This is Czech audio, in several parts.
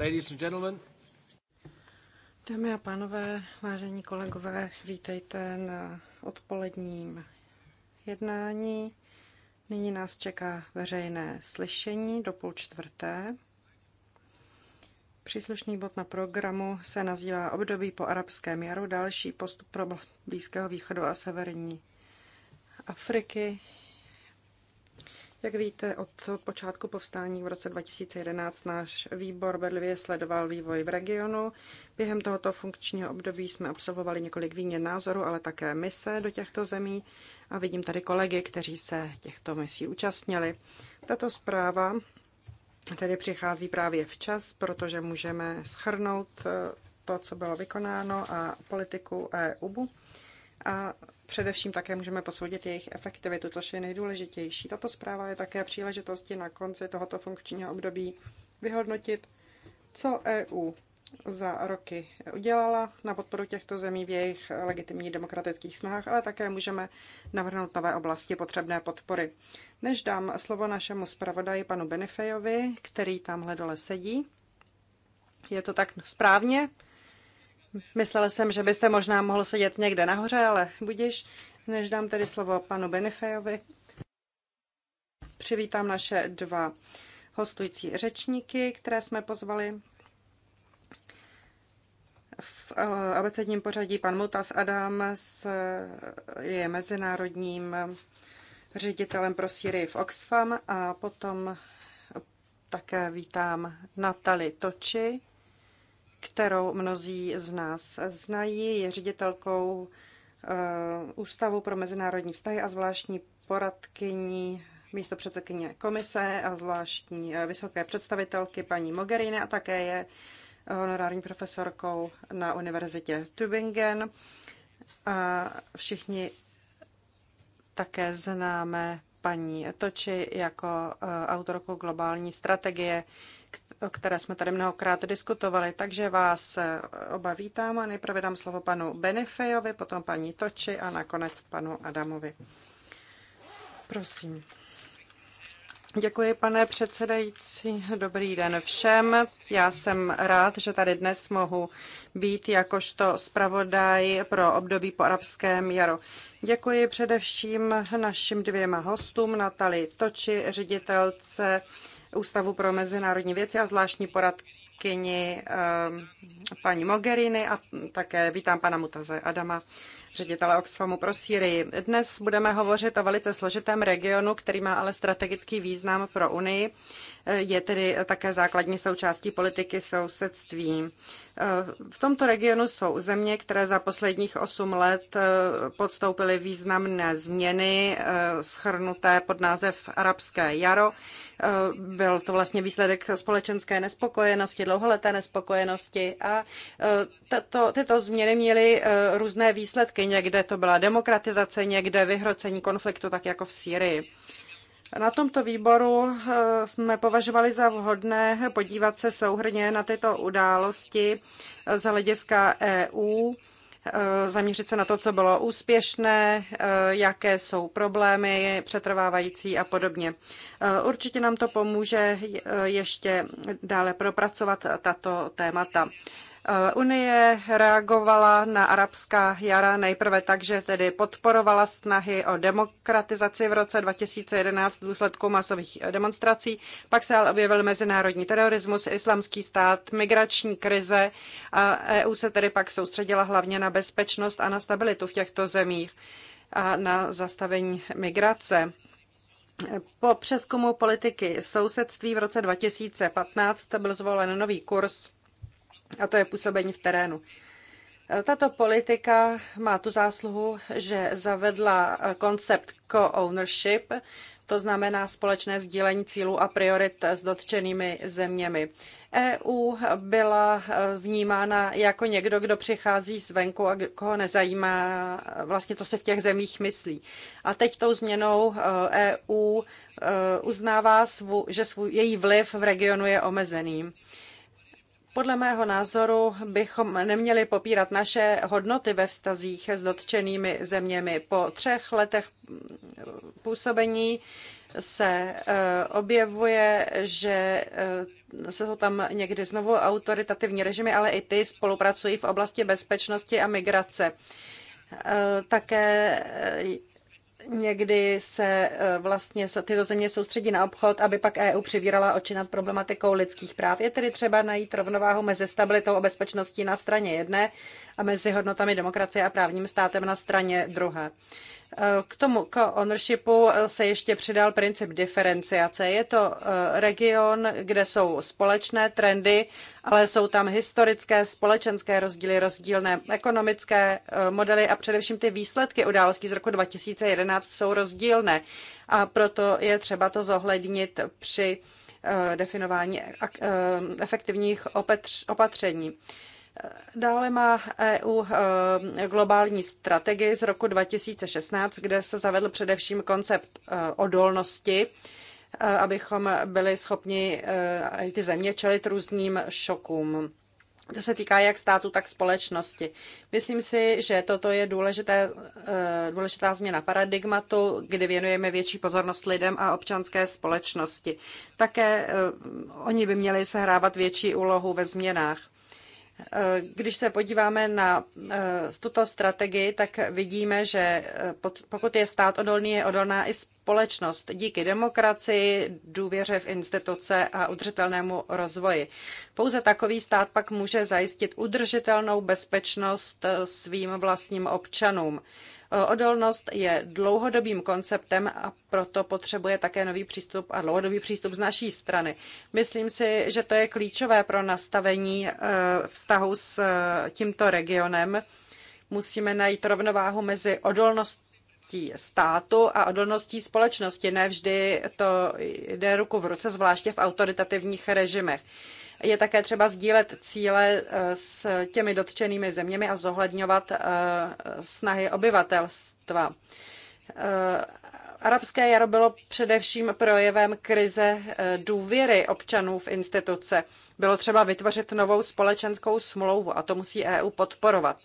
Ladies and gentlemen. Dámy a pánové, vážení kolegové, vítejte na odpoledním jednání. Nyní nás čeká veřejné slyšení do půl čtvrté. Příslušný bod na programu se nazývá Období po arabském jaru, další postup pro Blízkého východu a severní Afriky. Jak víte, od počátku povstání v roce 2011 náš výbor bedlivě sledoval vývoj v regionu. Během tohoto funkčního období jsme absolvovali několik výměn názorů, ale také mise do těchto zemí a vidím tady kolegy, kteří se těchto misí účastnili. Tato zpráva tedy přichází právě včas, protože můžeme schrnout eh, to, co bylo vykonáno a politiku EU. A Především také můžeme posoudit jejich efektivitu, což je nejdůležitější. Tato zpráva je také příležitosti na konci tohoto funkčního období vyhodnotit, co EU za roky udělala na podporu těchto zemí v jejich legitimních demokratických snahách, ale také můžeme navrhnout nové oblasti potřebné podpory. Než dám slovo našemu zpravodaji panu Benefejovi, který tamhle dole sedí, je to tak správně? Myslela jsem, že byste možná mohl sedět někde nahoře, ale budíš, než dám tedy slovo panu Benefejovi. Přivítám naše dva hostující řečníky, které jsme pozvali v eh, abecedním pořadí pan Mutas Adam eh, je mezinárodním ředitelem pro Syrii v Oxfam a potom také vítám Natali Toči, kterou mnozí z nás znají. Je ředitelkou eh, Ústavu pro mezinárodní vztahy a zvláštní poradkyní místo předsedkyně komise a zvláštní eh, vysoké představitelky paní Mogherini a také je eh, honorární profesorkou na univerzitě Tübingen. A všichni také známe paní Toči jako autorku globální strategie o které jsme tady mnohokrát diskutovali. Takže vás eh, oba vítám a nejprve dám slovo panu Benefejovi, potom paní Toči a nakonec panu Adamovi. Prosím. Děkuji, pane předsedající. Dobrý den všem. Já jsem rád, že tady dnes mohu být jakožto zpravodaj pro období po arabském jaru. Děkuji především našim dvěma hostům, Natali Toči, ředitelce Ústavu pro mezinárodní věci a zvláštní poradkyni ehm, paní Mogherini a také vítám pana Mutaze Adama ředitele Oxfamu pro Sýrii. Dnes budeme hovořit o velice složitém regionu, který má ale strategický význam pro Unii. Je tedy také základní součástí politiky sousedství. V tomto regionu jsou země, které za posledních osm let podstoupily významné změny, schrnuté pod název Arabské jaro. Byl to vlastně výsledek společenské nespokojenosti, dlouholeté nespokojenosti a tato, tyto změny měly různé výsledky války, někde to byla demokratizace, někde vyhrocení konfliktu, tak jako v Sýrii. Na tomto výboru eh, jsme považovali za vhodné podívat se souhrně na tyto události eh, z hlediska EU, eh, zaměřit se na to, co bylo úspěšné, jaké jsou problémy přetrvávající a podobně. Určitě nám to pomůže ještě dále propracovat tato témata. Eh, Unie reagovala na arabská jara nejprve tak, že tedy podporovala snahy o demokratizaci v roce 2011 v důsledku masových eh, demonstrací, pak se ale objevil mezinárodní terorismus, islamský stát, migrační krize a EU se tedy pak soustředila hlavně na bezpečnost a na stabilitu v těchto zemích a na zastavení migrace. Po přeskumu politiky sousedství v roce 2015 byl zvolen nový kurz a to je působení v terénu. Tato politika má tu zásluhu, že zavedla koncept co-ownership, to znamená společné sdílení cílů a priorit s dotčenými zeměmi. EU byla vnímána jako někdo, kdo přichází zvenku a koho nezajímá vlastně to se v těch zemích myslí. A teď tou změnou EU e e, uznává, svů, že svůj, její vliv v regionu je omezený. Podle mého názoru bychom neměli popírat naše hodnoty ve vztazích s dotčenými zeměmi. Po třech letech působení se eh, objevuje, že eh, se jsou tam někdy znovu autoritativní režimy, ale i ty spolupracují v oblasti bezpečnosti a migrace. Eh, také Někdy se e, vlastně tyto země soustředí na obchod, aby pak EU přivírala oči nad problematikou lidských práv. Je tedy třeba najít rovnováhu mezi stabilitou a bezpečností na straně jedné a mezi hodnotami demokracie a právním státem na straně druhé. K tomu co-ownershipu se ještě přidal princip diferenciace. Je to eh, region, kde jsou společné trendy, ale jsou tam historické, společenské rozdíly, rozdílné ekonomické eh, modely a především ty výsledky událostí z roku 2011 jsou rozdílné. A proto je třeba to zohlednit při eh, definování efektivních opatření. Dále má EU eh, globální strategii z roku 2016, kde se zavedl především koncept eh, odolnosti, eh, abychom byli schopni i ty země čelit různým šokům. To se týká jak státu, tak společnosti. Myslím si, že toto je důležité, důležitá změna paradigmatu, kdy věnujeme větší pozornost lidem a občanské společnosti. Také oni by měli sehrávat větší úlohu ve změnách. Eh, když se podíváme na eh, tuto strategii, tak vidíme, že eh, pokud je stát odolný, je odolná i společnost díky demokracii, důvěře v instituce a udržitelnému rozvoji. Pouze takový stát pak může zajistit udržitelnou bezpečnost svým vlastním občanům. Odolnost je dlouhodobým konceptem a proto potřebuje také nový přístup a dlouhodobý přístup z naší strany. Myslím si, že to je klíčové pro nastavení eh, vztahu s eh, tímto regionem. Musíme najít rovnováhu mezi odolností státu a odolností společnosti. Ne vždy to jde ruku v ruce, zvláště v autoritativních režimech. Je také třeba sdílet cíle eh, s těmi dotčenými zeměmi a zohledňovat eh, snahy obyvatelstva. Eh, arabské jaro bylo především projevem krize důvěry občanů v instituce. Bylo třeba vytvořit novou společenskou smlouvu a to musí EU podporovat.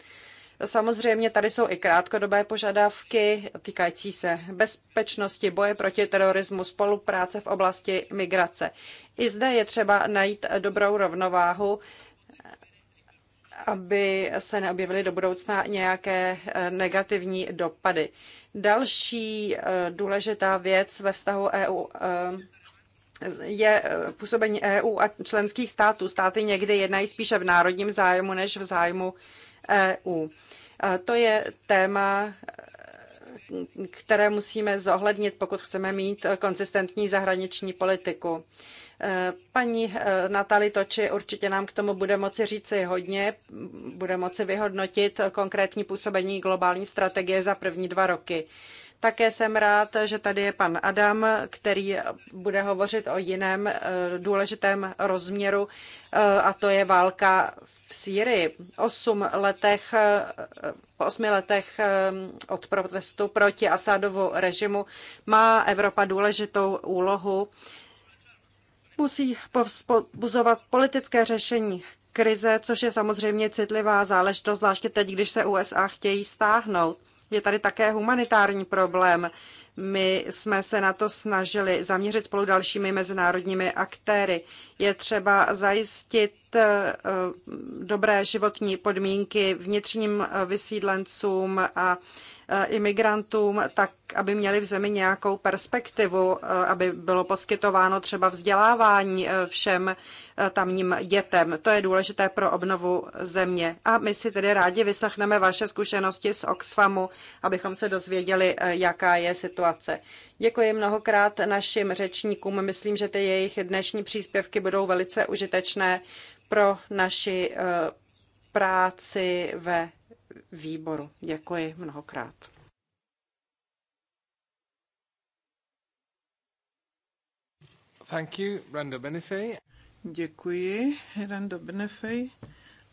Samozřejmě tady jsou i krátkodobé požadavky týkající se bezpečnosti, boje proti terorismu, spolupráce v oblasti migrace. I zde je třeba najít dobrou rovnováhu, aby se neobjevily do budoucna nějaké eh, negativní dopady. Další eh, důležitá věc ve vztahu EU eh, je působení EU a členských států. Státy někdy jednají spíše v národním zájmu než v zájmu EU. E, to je téma, které musíme zohlednit, pokud chceme mít konzistentní zahraniční politiku. E, paní e, Natali Toči určitě nám k tomu bude moci říci hodně, bude moci vyhodnotit konkrétní působení globální strategie za první dva roky. Také jsem rád, že tady je pan Adam, který bude hovořit o jiném eh, důležitém rozměru, eh, a to je válka v Sýrii. Osm letech, eh, po osmi letech od protestu proti Asádovu režimu má Evropa důležitou úlohu. Musí povzbuzovat politické řešení krize, což je samozřejmě citlivá záležitost, zvláště teď, když se USA chtějí stáhnout je tady také humanitární problém. My jsme se na to snažili zaměřit spolu dalšími mezinárodními aktéry. Je třeba zajistit eh, dobré životní podmínky vnitřním eh, vysídlencům a Eh, imigrantům, tak aby měli v zemi nějakou perspektivu, eh, aby bylo poskytováno třeba vzdělávání eh, všem tamním dětem. To je důležité pro obnovu země. A my si tedy rádi vyslechneme vaše zkušenosti z Oxfamu, abychom se dozvěděli, jaká je situace. Děkuji mnohokrát našim řečníkům. Myslím, že ty jejich dnešní příspěvky budou velice užitečné pro naši práci ve výboru. Děkuji mnohokrát. Thank you, Rando Benefej. Děkuji, Rando Benefej.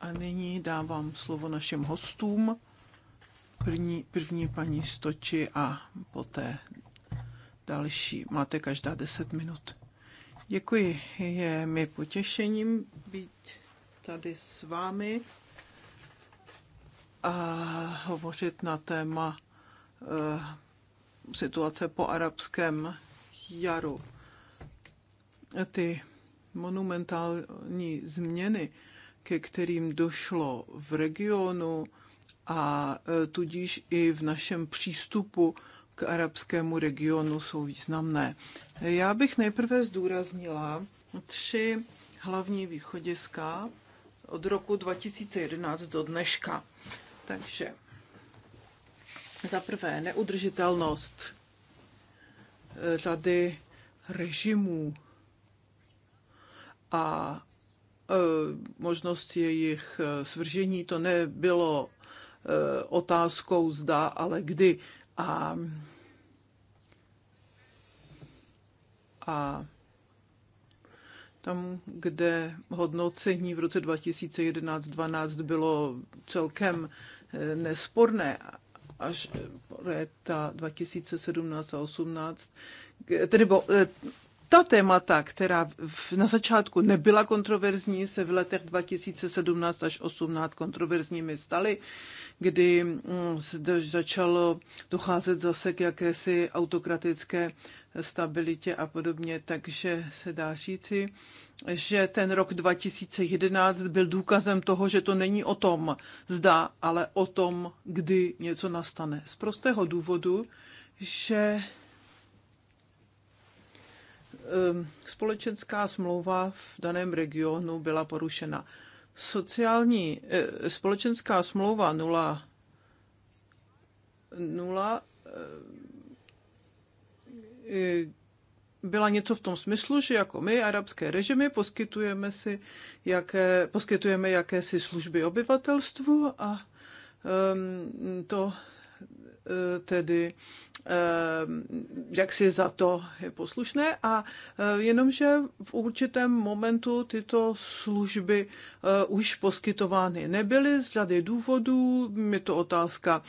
A nyní dávám slovo našim hostům. První, první paní Stoči a poté další. Máte každá 10 minut. Děkuji. Je mi potěšením být tady s vámi a hovořit na téma eh, situace po arabském jaru. Ty monumentální změny, ke kterým došlo v regionu a eh, tudíž i v našem přístupu k arabskému regionu, jsou významné. Já bych nejprve zdůraznila tři hlavní východiska od roku 2011 do dneška. Takže za prvé neudržitelnost eh, řady režimů a eh, možnost jejich eh, svržení, to nebylo otázkou zda, ale kdy. A, a tam, kde hodnocení v roce 2011-12 bylo celkem eh, nesporné, až léta 2017 a 18, eh, tedy bo, ta témata, která na začátku nebyla kontroverzní, se v letech 2017 až 18 kontroverzními staly, kdy mm, začalo docházet zase k jakési autokratické stabilitě a podobně, takže se dá říci, že ten rok 2011 byl důkazem toho, že to není o tom zda, ale o tom, kdy něco nastane. Z prostého důvodu, že Ehm, společenská smlouva v daném regionu byla porušena. Sociální, eh, společenská smlouva 0, 0 eh, eh, byla něco v tom smyslu, že jako my, arabské režimy, poskytujeme, si jaké, poskytujeme jakési služby obyvatelstvu a um, to Eh, tedy eh, jak si za to je poslušné a eh, jenomže v určitém momentu tyto služby už poskytovány nebyly z řady důvodů. Je to otázka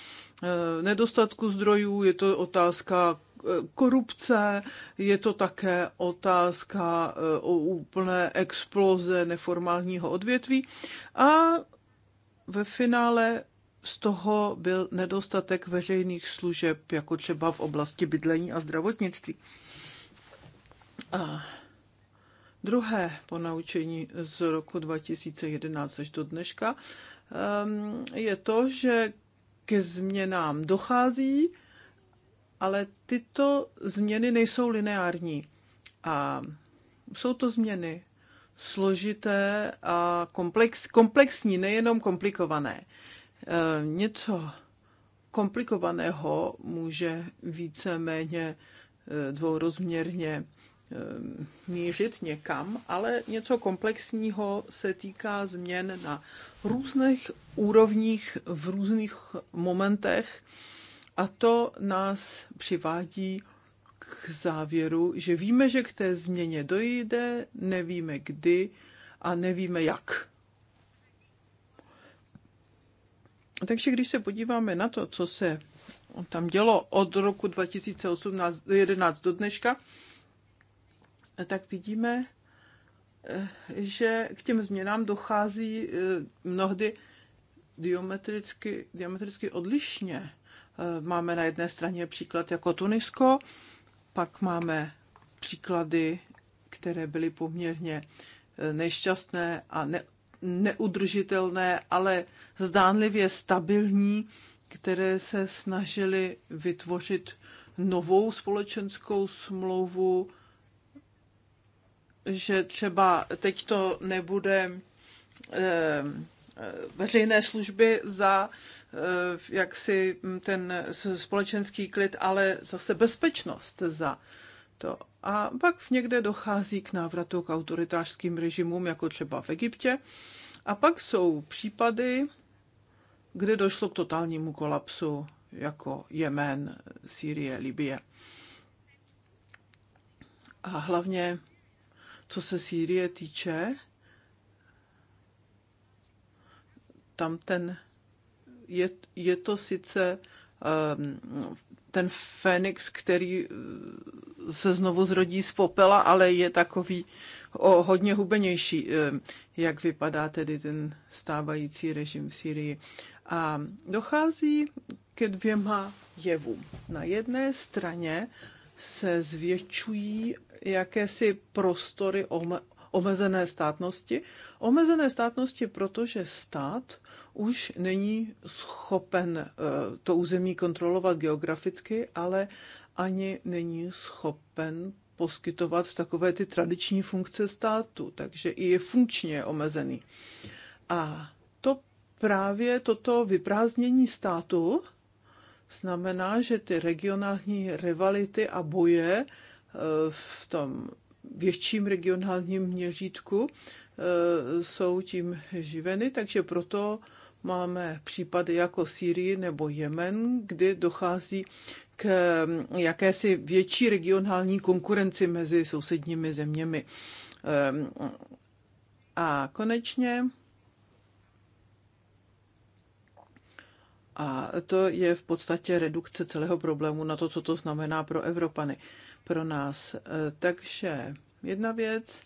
nedostatku zdrojů, je to otázka korupce, je to také otázka o úplné exploze neformálního odvětví a ve finále z toho byl nedostatek veřejných služeb, jako třeba v oblasti bydlení a zdravotnictví. A druhé ponaučení z roku 2011 až do dneška ehm, je to, že ke změnám dochází, ale tyto změny nejsou lineární. A jsou to změny složité a komplex, komplexní, nejenom komplikované. Eh, něco komplikovaného může víceméně eh, dvourozměrně eh, mířit někam, ale něco komplexního se týká změn na různých úrovních v různých momentech a to nás přivádí k závěru, že víme, že k té změně dojde, nevíme kdy a nevíme jak. Takže když se podíváme na to, co se tam dělo od roku 2011 do dneška, tak vidíme, eh, že k těm změnám dochází eh, mnohdy diametricky, diametricky odlišně. Eh, máme na jedné straně příklad jako Tunisko, pak máme příklady, které byly poměrně nešťastné a ne, neudržitelné, ale zdánlivě stabilní, které se snažili vytvořit novou společenskou smlouvu, že třeba teď to nebude eh, veřejné služby za eh, jaksi ten společenský klid, ale zase bezpečnost za to. A pak v někde dochází k návratu k autoritářským režimům, jako třeba v Egyptě. A pak jsou případy, kde došlo k totálnímu kolapsu, jako Jemen, Sýrie, Libie. A hlavně, co se Sýrie týče, tam ten, je, je to sice um, ten Fénix, který se znovu zrodí z popela, ale je takový o, hodně hubenější, eh, jak vypadá tedy ten stávající režim v Syrii. A dochází ke dvěma jevům. Na jedné straně se zvětšují jakési prostory omezené státnosti. Omezené státnosti, protože stát už není schopen eh, to území kontrolovat geograficky, ale ani není schopen poskytovat takové ty tradiční funkce státu, takže i je funkčně omezený. A to právě toto vyprázdnění státu znamená, že ty regionální rivality a boje eh, v tom větším regionálním měřítku eh, jsou tím živeny, takže proto Máme případy jako Sýrii nebo Jemen, kdy dochází k jakési větší regionální konkurenci mezi sousedními zeměmi. Ehm, a konečně A to je v podstatě redukce celého problému na to, co to znamená pro Evropany, pro nás. Ehm, takže jedna věc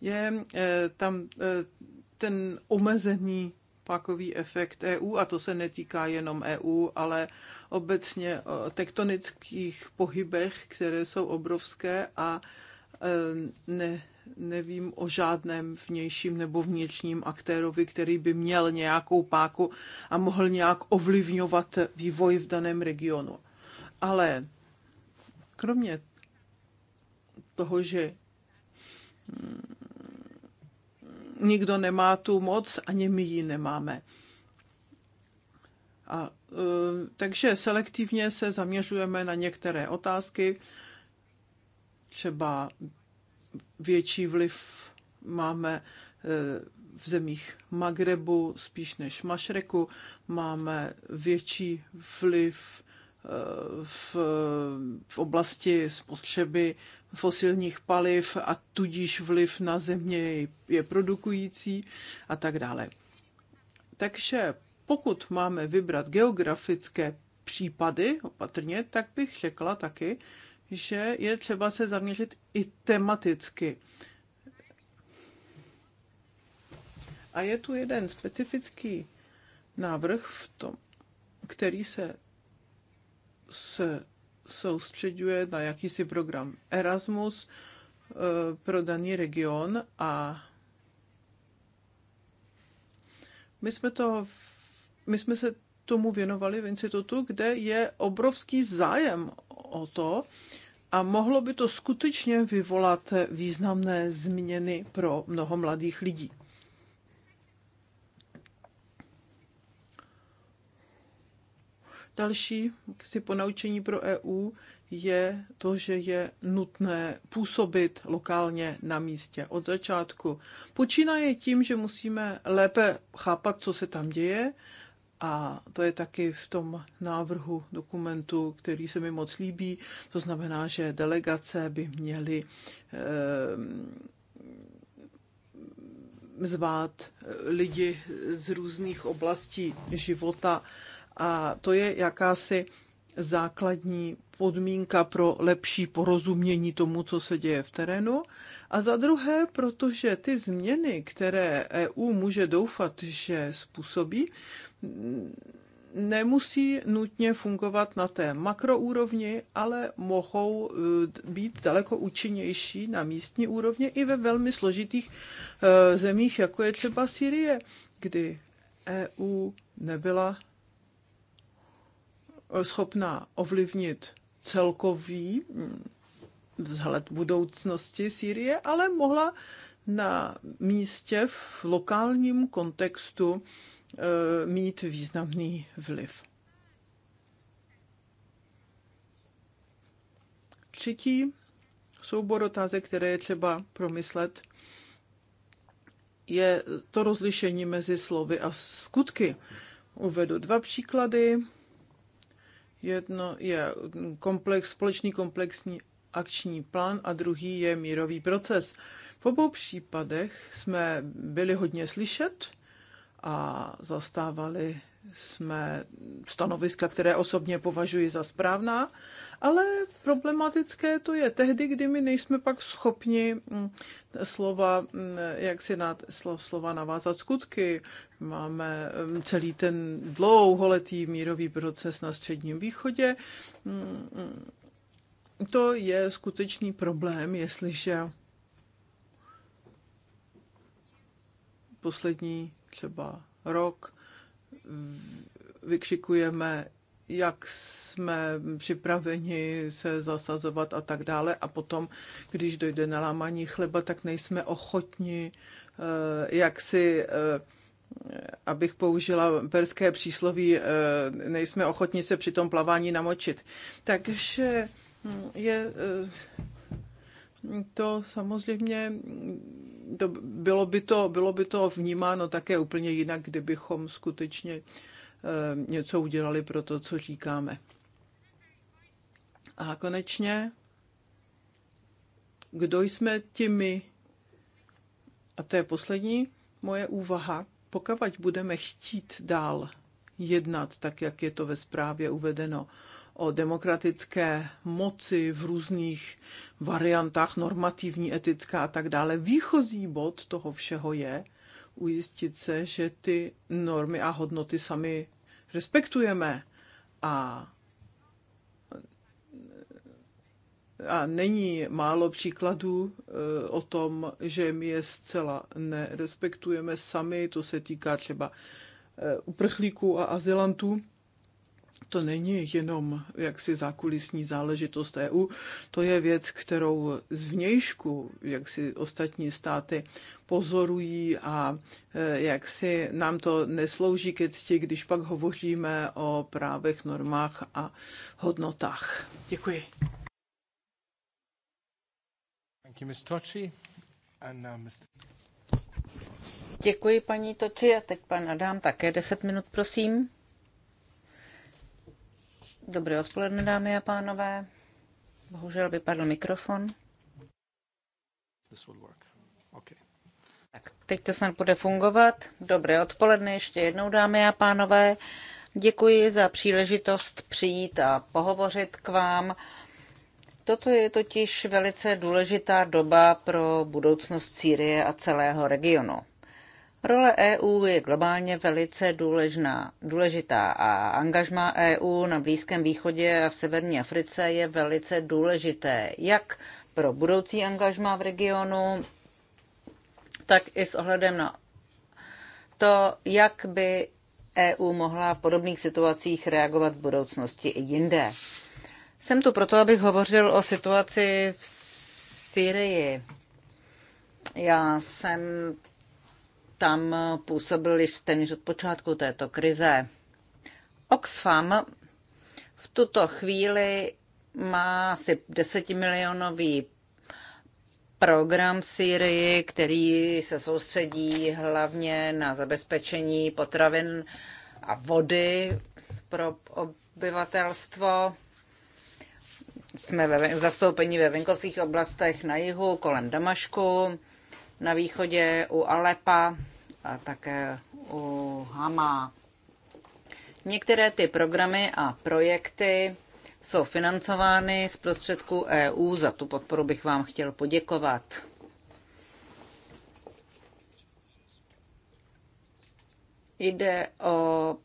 je eh, tam eh, ten omezený pákový efekt EU, a to se netýká jenom EU, ale obecně tektonických pohybech, které jsou obrovské a eh, ne, nevím o žádném vnějším nebo vnitřním aktérovi, který by měl nějakou páku a mohl nějak ovlivňovat vývoj v daném regionu. Ale kromě toho, že hm, nikdo nemá tu moc, ani my ji nemáme. A, e, takže selektivně se zaměřujeme na některé otázky, třeba větší vliv máme e, v zemích Magrebu spíš než Mašreku, máme větší vliv e, v, v oblasti spotřeby fosilních paliv a tudíž vliv na země je produkující a tak dále. Takže pokud máme vybrat geografické případy opatrně, tak bych řekla taky, že je třeba se zaměřit i tematicky. A je tu jeden specifický návrh v tom, který se, se soustředuje na jakýsi program Erasmus eh, pro daný region a my jsme, to, my jsme se tomu věnovali v institutu, kde je obrovský zájem o to a mohlo by to skutečně vyvolat významné změny pro mnoho mladých lidí. Další si ponaučení pro EU je to, že je nutné působit lokálně na místě od začátku. Počínaje tím, že musíme lépe chápat, co se tam děje, a to je taky v tom návrhu dokumentu, který se mi moc líbí. To znamená, že delegace by měly ehm, zvát eh, lidi z různých oblastí života a to je jakási základní podmínka pro lepší porozumění tomu, co se děje v terénu. A za druhé, protože ty změny, které EU může doufat, že způsobí, nemusí nutně fungovat na té makroúrovni, ale mohou eh, být daleko účinnější na místní úrovni i ve velmi složitých eh, zemích, jako je třeba Syrie, kdy EU nebyla Eh, schopna ovlivnit celkový mm, vzhled budoucnosti Sýrie, ale mohla na místě v lokálním kontextu eh, mít významný vliv. Třetí soubor otázek, které je třeba promyslet, je to rozlišení mezi slovy a skutky. Uvedu dva příklady. Jedno je komplex, společný komplexní akční plán a druhý je mírový proces. V obou případech jsme byli hodně slyšet a zastávali jsme stanoviska, které osobně považuji za správná, ale problematické to je tehdy, kdy my nejsme pak schopni mm, slova, mm, jak si na slova navázat skutky. Máme mm, celý ten dlouholetý mírový proces na Středním východě. To je skutečný problém, jestliže poslední třeba rok vykřikujeme, jak jsme připraveni se zasazovat a tak dále. A potom, když dojde na lámání chleba, tak nejsme ochotni eh, jak si eh, abych použila perské přísloví, eh, nejsme ochotni se při tom plavání namočit. Takže hm, je to samozřejmě to bylo, by to, bylo by to vnímáno také úplně jinak, kdybychom skutečně eh, něco udělali pro to, co říkáme. A konečně, kdo jsme ti my? A to je poslední moje úvaha. Pokud budeme chtít dál jednat tak, jak je to ve zprávě uvedeno, o demokratické moci v různých variantách, normativní, etická a tak dále. Výchozí bod toho všeho je ujistit se, že ty normy a hodnoty sami respektujeme a a není málo příkladů eh, o tom, že my je zcela nerespektujeme sami, to se týká třeba eh, uprchlíků a azylantů to není jenom jaksi zákulisní záležitost EU, to je věc, kterou zvnějšku jaksi ostatní státy pozorují a e, jak si nám to neslouží ke cti, když pak hovoříme o právech, normách a hodnotách. Děkuji. Děkuji, paní Toči. A teď pan Adam, také 10 minut, prosím. Dobré odpoledne, dámy a pánové. Bohužel vypadl mikrofon. This will work. Okay. Tak, teď to snad bude fungovat. Dobré odpoledne ještě jednou, dámy a pánové. Děkuji za příležitost přijít a pohovořit k vám. Toto je totiž velice důležitá doba pro budoucnost Sýrie a celého regionu. Role EU je globálně velice důležná, důležitá a angažma EU na Blízkém východě a v severní Africe je velice důležité, jak pro budoucí angažma v regionu, tak i s ohledem na to, jak by EU mohla v podobných situacích reagovat v budoucnosti i jinde. Jsem tu proto, abych hovořil o situaci v Syrii. Já jsem tam působil již téměř od počátku této krize. Oxfam v tuto chvíli má asi desetimilionový program v Syrii, který se soustředí hlavně na zabezpečení potravin a vody pro obyvatelstvo. Jsme ve, zastoupení ve venkovských oblastech na jihu kolem Damašku na východě u Alepa a také u Hama. Některé ty programy a projekty jsou financovány z prostředků EU. Za tu podporu bych vám chtěl poděkovat. Jde o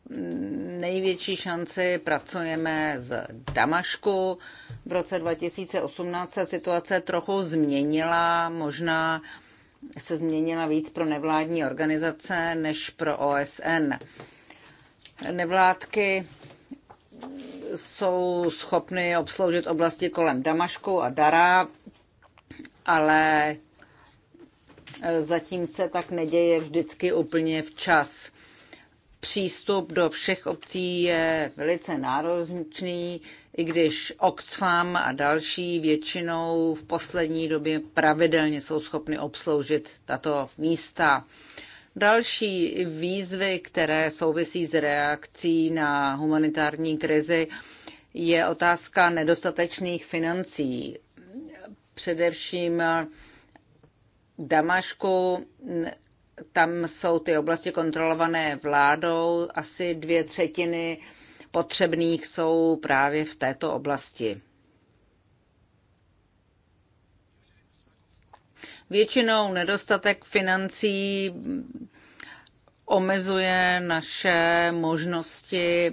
největší šanci, pracujeme z Damašku. V roce 2018 se situace trochu změnila, možná se změnila víc pro nevládní organizace než pro OSN. Nevládky jsou schopny obsloužit oblasti kolem Damašku a Dara, ale eh, zatím se tak neděje vždycky úplně včas. Přístup do všech obcí je velice náročný, i když Oxfam a další většinou v poslední době pravidelně jsou schopny obsloužit tato místa. Další výzvy, které souvisí s reakcí na humanitární krizi, je otázka nedostatečných financí. Především Damašku, tam jsou ty oblasti kontrolované vládou, asi dvě třetiny potřebných jsou právě v této oblasti. Většinou nedostatek financí omezuje naše možnosti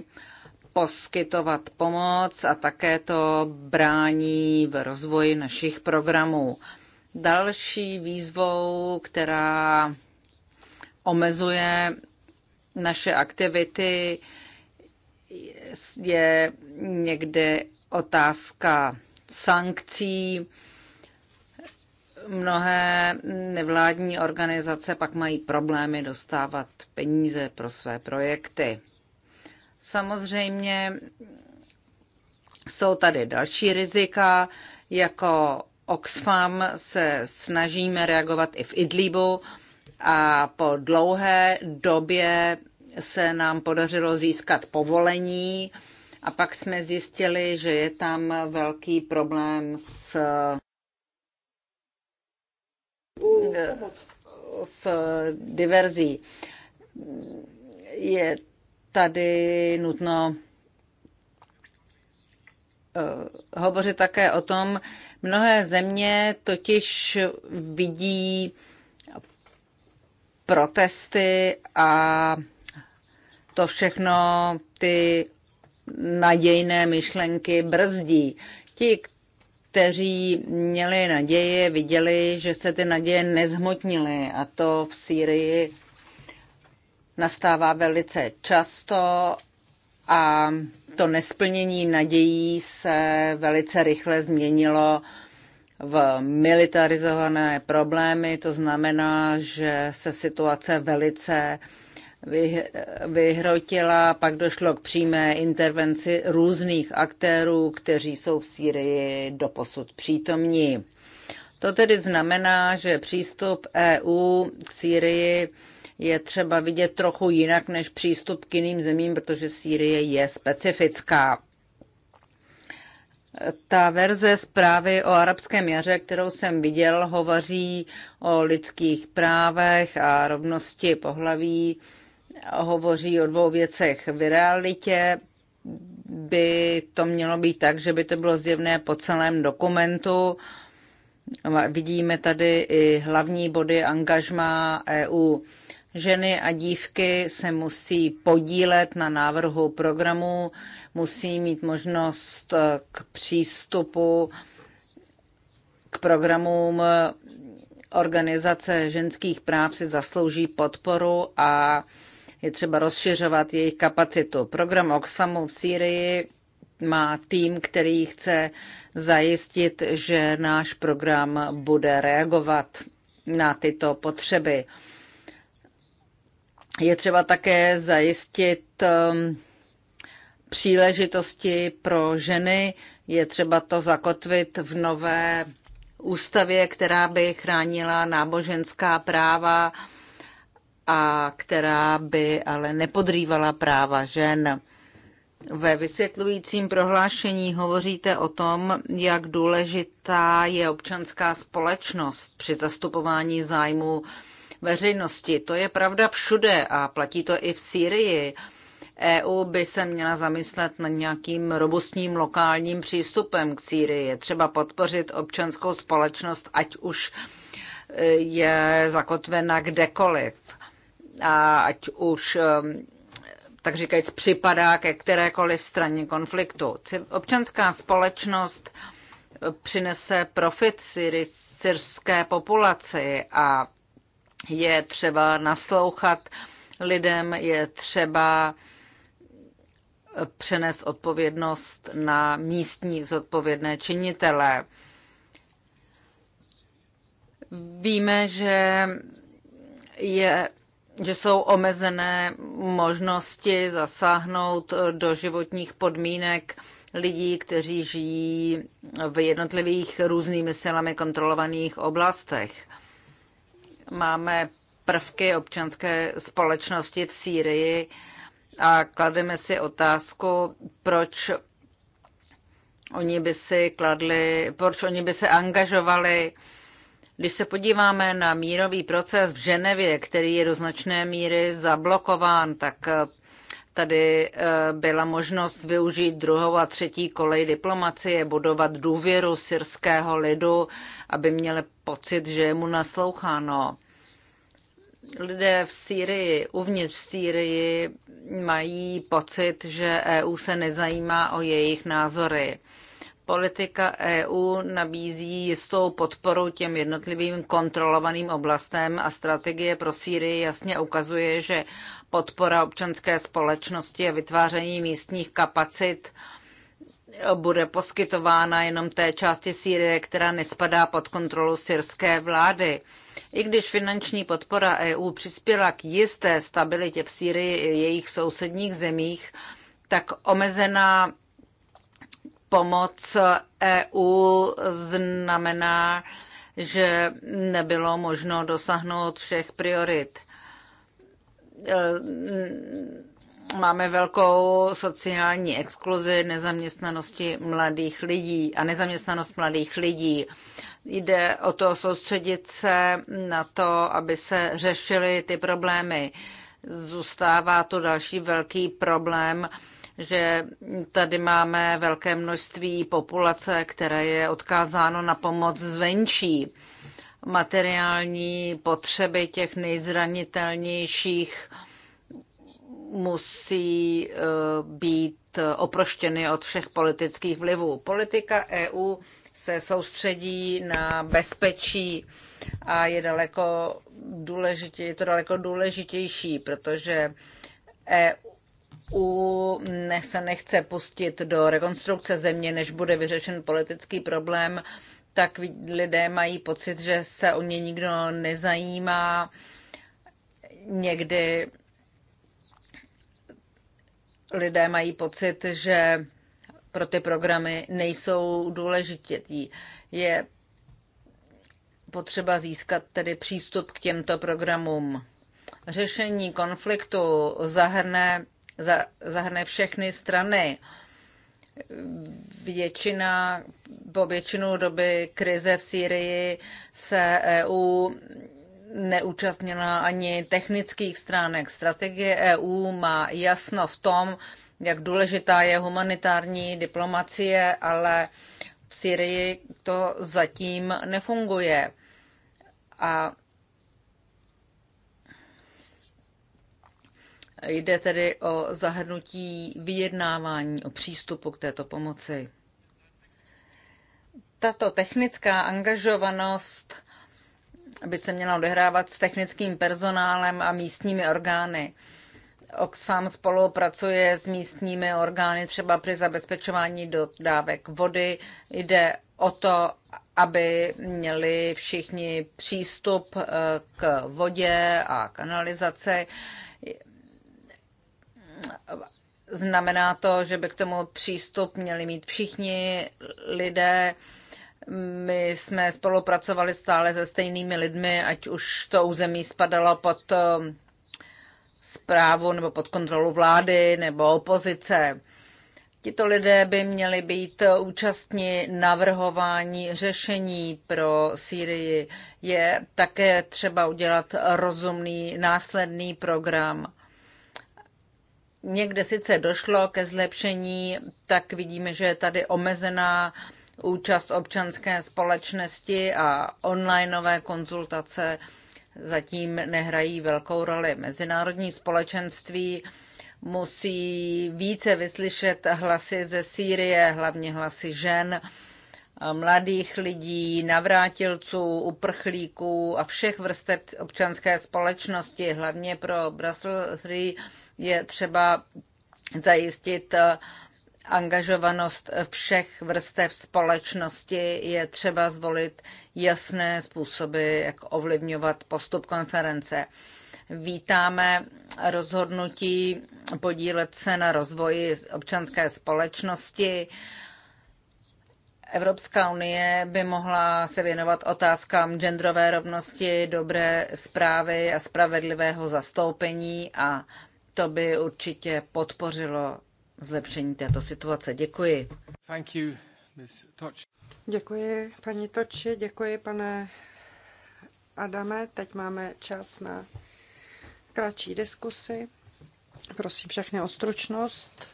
poskytovat pomoc a také to brání v rozvoji našich programů. Další výzvou, která omezuje naše aktivity, je někde otázka sankcí. Mnohé nevládní organizace pak mají problémy dostávat peníze pro své projekty. Samozřejmě jsou tady další rizika, jako Oxfam se snažíme reagovat i v Idlibu a po dlouhé době se nám podařilo získat povolení a pak jsme zjistili, že je tam velký problém s s diverzí. Je tady nutno eh, hovořit také o tom, mnohé země totiž vidí protesty a to všechno ty nadějné myšlenky brzdí. Ti, kteří měli naděje, viděli, že se ty naděje nezhmotnily a to v Sýrii nastává velice často a to nesplnění nadějí se velice rychle změnilo v militarizované problémy, to znamená, že se situace velice vyhrotila, pak došlo k přímé intervenci různých aktérů, kteří jsou v Sýrii doposud přítomní. To tedy znamená, že přístup EU k Sýrii je třeba vidět trochu jinak než přístup k jiným zemím, protože Sýrie je specifická. Ta verze zprávy o arabském jaře, kterou jsem viděl, hovoří o lidských právech a rovnosti pohlaví hovoří o dvou věcech. V realitě by to mělo být tak, že by to bylo zjevné po celém dokumentu. Vidíme tady i hlavní body angažma EU. Ženy a dívky se musí podílet na návrhu programu, musí mít možnost k přístupu k programům organizace ženských práv si zaslouží podporu a je třeba rozšiřovat jejich kapacitu. Program Oxfamu v Sýrii má tým, který chce zajistit, že náš program bude reagovat na tyto potřeby. Je třeba také zajistit um, příležitosti pro ženy, je třeba to zakotvit v nové ústavě, která by chránila náboženská práva, a která by ale nepodrývala práva žen. Ve vysvětlujícím prohlášení hovoříte o tom, jak důležitá je občanská společnost při zastupování zájmu veřejnosti. To je pravda všude a platí to i v Sýrii. EU by se měla zamyslet nad nějakým robustním lokálním přístupem k Sýrii. Třeba podpořit občanskou společnost, ať už je zakotvena kdekoliv a ať už um, tak říkajíc připadá ke kterékoliv straně konfliktu. Občanská společnost přinese profit syrské populaci a je třeba naslouchat lidem, je třeba přenes odpovědnost na místní zodpovědné činitele. Víme, že je že jsou omezené možnosti zasáhnout do životních podmínek lidí, kteří žijí v jednotlivých různými silami kontrolovaných oblastech. Máme prvky občanské společnosti v Sýrii a klademe si otázku, proč oni by si kladli, proč oni by se angažovali když se podíváme na mírový proces v Ženevě, který je do značné míry zablokován, tak eh, tady eh, byla možnost využít druhou a třetí kolej diplomacie, budovat důvěru syrského lidu, aby měli pocit, že je mu nasloucháno. Lidé v Sýrii, uvnitř Sýrii, mají pocit, že EU se nezajímá o jejich názory politika EU nabízí jistou podporu těm jednotlivým kontrolovaným oblastem a strategie pro Sýrii jasně ukazuje, že podpora občanské společnosti a vytváření místních kapacit bude poskytována jenom té části Sýrie, která nespadá pod kontrolu syrské vlády. I když finanční podpora EU přispěla k jisté stabilitě v Sýrii i jejich sousedních zemích, tak omezená pomoc EU znamená, že nebylo možno dosáhnout všech priorit. E, máme velkou sociální exkluzi nezaměstnanosti mladých lidí a nezaměstnanost mladých lidí. Jde o to soustředit se na to, aby se řešily ty problémy. Zůstává to další velký problém že tady máme velké množství populace, které je odkázáno na pomoc zvenčí. Materiální potřeby těch nejzranitelnějších musí e, být oproštěny od všech politických vlivů. Politika EU se soustředí na bezpečí a je, daleko důležitě, je to daleko důležitější, protože EU EU se nechce pustit do rekonstrukce země, než bude vyřešen politický problém, tak lidé mají pocit, že se o ně nikdo nezajímá. Někdy lidé mají pocit, že pro ty programy nejsou důležitý. Je potřeba získat tedy přístup k těmto programům. Řešení konfliktu zahrne zahrne všechny strany. Většina, po většinu doby krize v Sýrii se EU neúčastnila ani technických stránek. Strategie EU má jasno v tom, jak důležitá je humanitární diplomacie, ale v Syrii to zatím nefunguje. A Jde tedy o zahrnutí vyjednávání o přístupu k této pomoci. Tato technická angažovanost by se měla odehrávat s technickým personálem a místními orgány. Oxfam spolupracuje s místními orgány třeba při zabezpečování dodávek vody. Jde o to, aby měli všichni přístup eh, k vodě a kanalizaci. Znamená to, že by k tomu přístup měli mít všichni lidé. My jsme spolupracovali stále se stejnými lidmi, ať už to území spadalo pod zprávu um, nebo pod kontrolu vlády nebo opozice. Tito lidé by měli být účastní navrhování řešení pro Sýrii. Je také třeba udělat rozumný následný program někde sice došlo ke zlepšení, tak vidíme, že je tady omezená účast občanské společnosti a onlineové konzultace zatím nehrají velkou roli. Mezinárodní společenství musí více vyslyšet hlasy ze Sýrie, hlavně hlasy žen, mladých lidí, navrátilců, uprchlíků a všech vrstev občanské společnosti, hlavně pro Brussels 3 je třeba zajistit eh, angažovanost všech vrstev společnosti, je třeba zvolit jasné způsoby, jak ovlivňovat postup konference. Vítáme rozhodnutí podílet se na rozvoji občanské společnosti. Evropská unie by mohla se věnovat otázkám genderové rovnosti, dobré zprávy a spravedlivého zastoupení a to by určitě podpořilo zlepšení této situace. Děkuji. Thank you, Ms. Toči. Děkuji, paní Toči, děkuji, pane Adame. Teď máme čas na kratší diskusy. Prosím všechny o stručnost,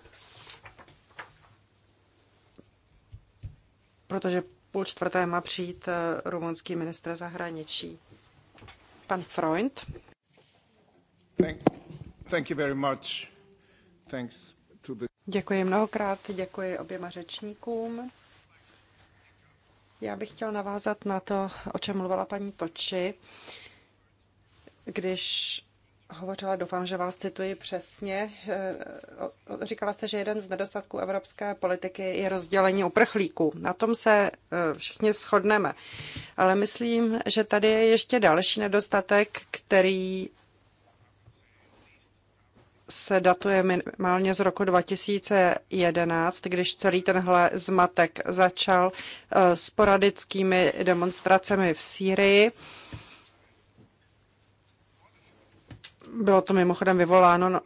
protože půl čtvrté má přijít eh, rumunský ministr zahraničí. Pan Freund. Thank you. Děkuji mnohokrát, děkuji oběma řečníkům. Já bych chtěl navázat na to, o čem mluvila paní Toči, když hovořila, doufám, že vás cituji přesně, eh, říkala jste, že jeden z nedostatků evropské politiky je rozdělení uprchlíků. Na tom se eh, všichni shodneme. Ale myslím, že tady je ještě další nedostatek, který se datuje minimálně z roku 2011, když celý tenhle zmatek začal eh, sporadickými demonstracemi v Sýrii. Bylo to mimochodem vyvoláno uh,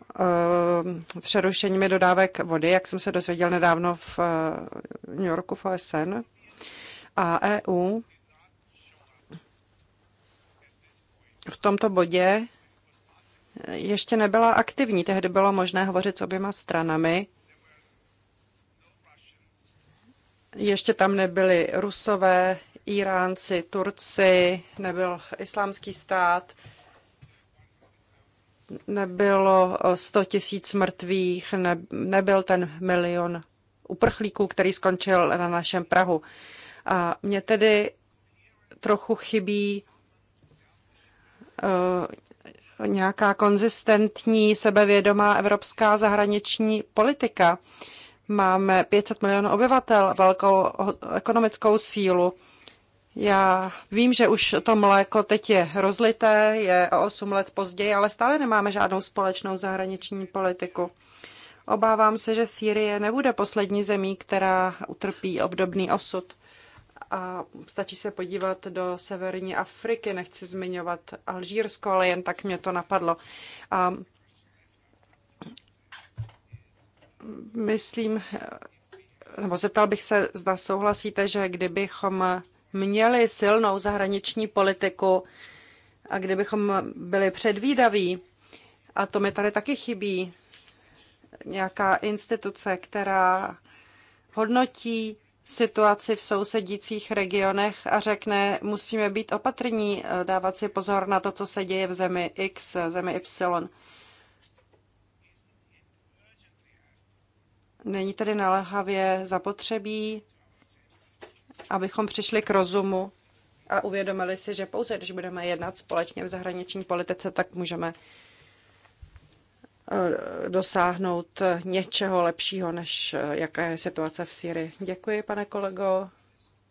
přerušeními dodávek vody, jak jsem se dozvěděl nedávno v uh, New Yorku v OSN. A EU v tomto bodě ještě nebyla aktivní. Tehdy bylo možné hovořit s oběma stranami. Ještě tam nebyli Rusové, Iránci, Turci, nebyl islámský stát, nebylo 100 tisíc mrtvých, ne, nebyl ten milion uprchlíků, který skončil na našem Prahu. A mě tedy trochu chybí eh, nějaká konzistentní, sebevědomá evropská zahraniční politika. Máme 500 milionů obyvatel, velkou ekonomickou sílu. Já vím, že už to mléko teď je rozlité, je o 8 let později, ale stále nemáme žádnou společnou zahraniční politiku. Obávám se, že Sýrie nebude poslední zemí, která utrpí obdobný osud a stačí se podívat do severní Afriky, nechci zmiňovat Alžírsko, ale jen tak mě to napadlo. A myslím, nebo zeptal bych se, zda souhlasíte, že kdybychom měli silnou zahraniční politiku a kdybychom byli předvídaví, a to mi tady taky chybí, nějaká instituce, která hodnotí situaci v sousedících regionech a řekne, musíme být opatrní, eh, dávat si pozor na to, co se děje v zemi X, zemi Y. Není tedy naléhavě zapotřebí, abychom přišli k rozumu a uvědomili si, že pouze když budeme jednat společně v zahraniční politice, tak můžeme Eh, dosáhnout něčeho lepšího, než eh, jaká je situace v Syrii. Děkuji, pane kolego.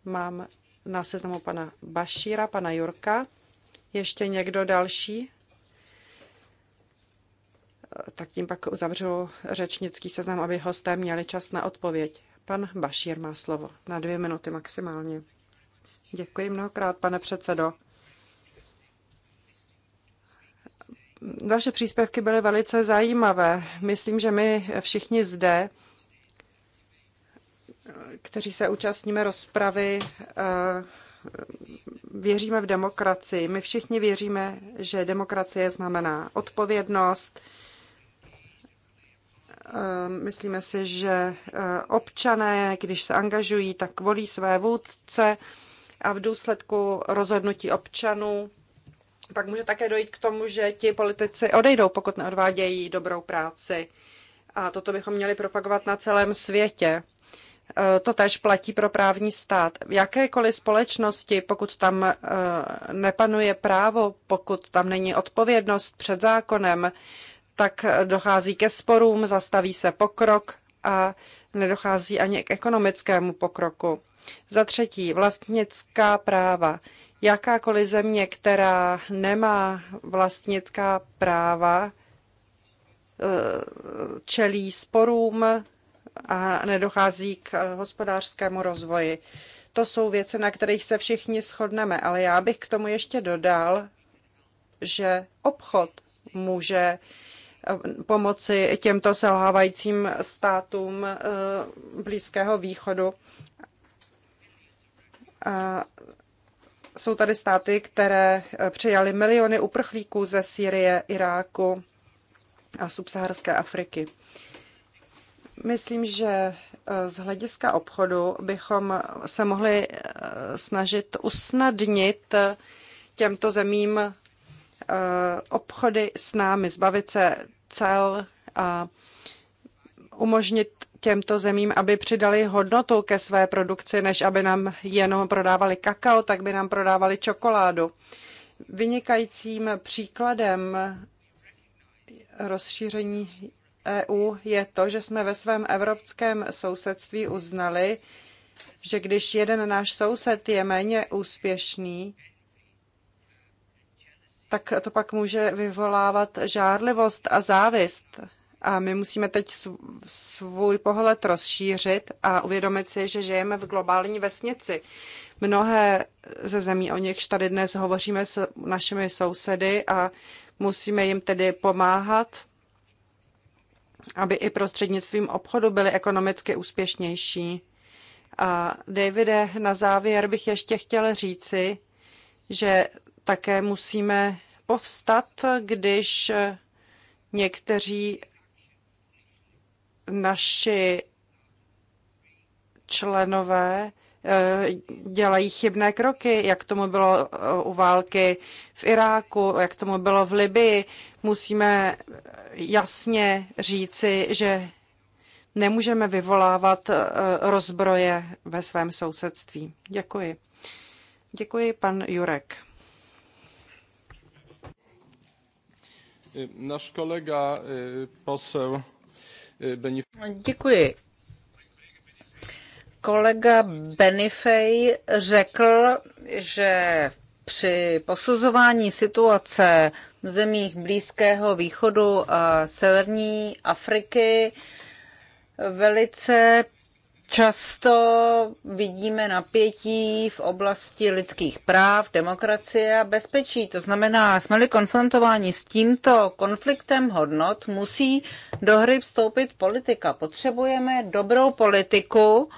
Mám na seznamu pana Bašíra, pana Jurka. Ještě někdo další? Eh, tak tím pak uzavřu řečnický seznam, aby hosté měli čas na odpověď. Pan Bašír má slovo na dvě minuty maximálně. Děkuji mnohokrát, pane předsedo. Vaše příspěvky byly velice zajímavé. Myslím, že my všichni zde, kteří se účastníme rozpravy, eh, věříme v demokracii. My všichni věříme, že demokracie znamená odpovědnost. Eh, myslíme si, že eh, občané, když se angažují, tak volí své vůdce a v důsledku rozhodnutí občanů pak může také dojít k tomu, že ti politici odejdou, pokud neodvádějí dobrou práci. A toto bychom měli propagovat na celém světě. E, to tež platí pro právní stát. V jakékoliv společnosti, pokud tam e, nepanuje právo, pokud tam není odpovědnost před zákonem, tak e, dochází ke sporům, zastaví se pokrok a nedochází ani k ekonomickému pokroku. Za třetí, vlastnická práva. Jakákoliv země, která nemá vlastnická práva, eh, čelí sporům a nedochází k hospodářskému rozvoji. To jsou věci, na kterých se všichni shodneme, ale já bych k tomu ještě dodal, že obchod může eh, pomoci těmto selhávajícím státům eh, Blízkého východu. A jsou tady státy, které eh, přijali miliony uprchlíků ze Sýrie, Iráku a subsaharské Afriky. Myslím, že eh, z hlediska obchodu bychom se mohli eh, snažit usnadnit těmto zemím obchody s námi, zbavit se cel a umožnit těmto zemím, aby přidali hodnotu ke své produkci, než aby nám jenom prodávali kakao, tak by nám prodávali čokoládu. Vynikajícím příkladem rozšíření EU je to, že jsme ve svém evropském sousedství uznali, že když jeden náš soused je méně úspěšný, tak to pak může vyvolávat žárlivost a závist a my musíme teď svůj pohled rozšířit a uvědomit si, že žijeme v globální vesnici. Mnohé ze zemí, o nichž tady dnes hovoříme s našimi sousedy a musíme jim tedy pomáhat, aby i prostřednictvím obchodu byly ekonomicky úspěšnější. A Davide, na závěr bych ještě chtěl říci, že také musíme povstat, když někteří naši členové eh, dělají chybné kroky, jak tomu bylo eh, u války v Iráku, jak tomu bylo v Libii. Musíme jasně říci, že nemůžeme vyvolávat eh, rozbroje ve svém sousedství. Děkuji. Děkuji, pan Jurek. Náš kolega posel Děkuji. Kolega Benifej řekl, že při posuzování situace v zemích Blízkého východu a Severní Afriky velice Často vidíme napětí v oblasti lidských práv, demokracie a bezpečí. To znamená, jsme-li konfrontováni s tímto konfliktem hodnot, musí do hry vstoupit politika. Potřebujeme dobrou politiku,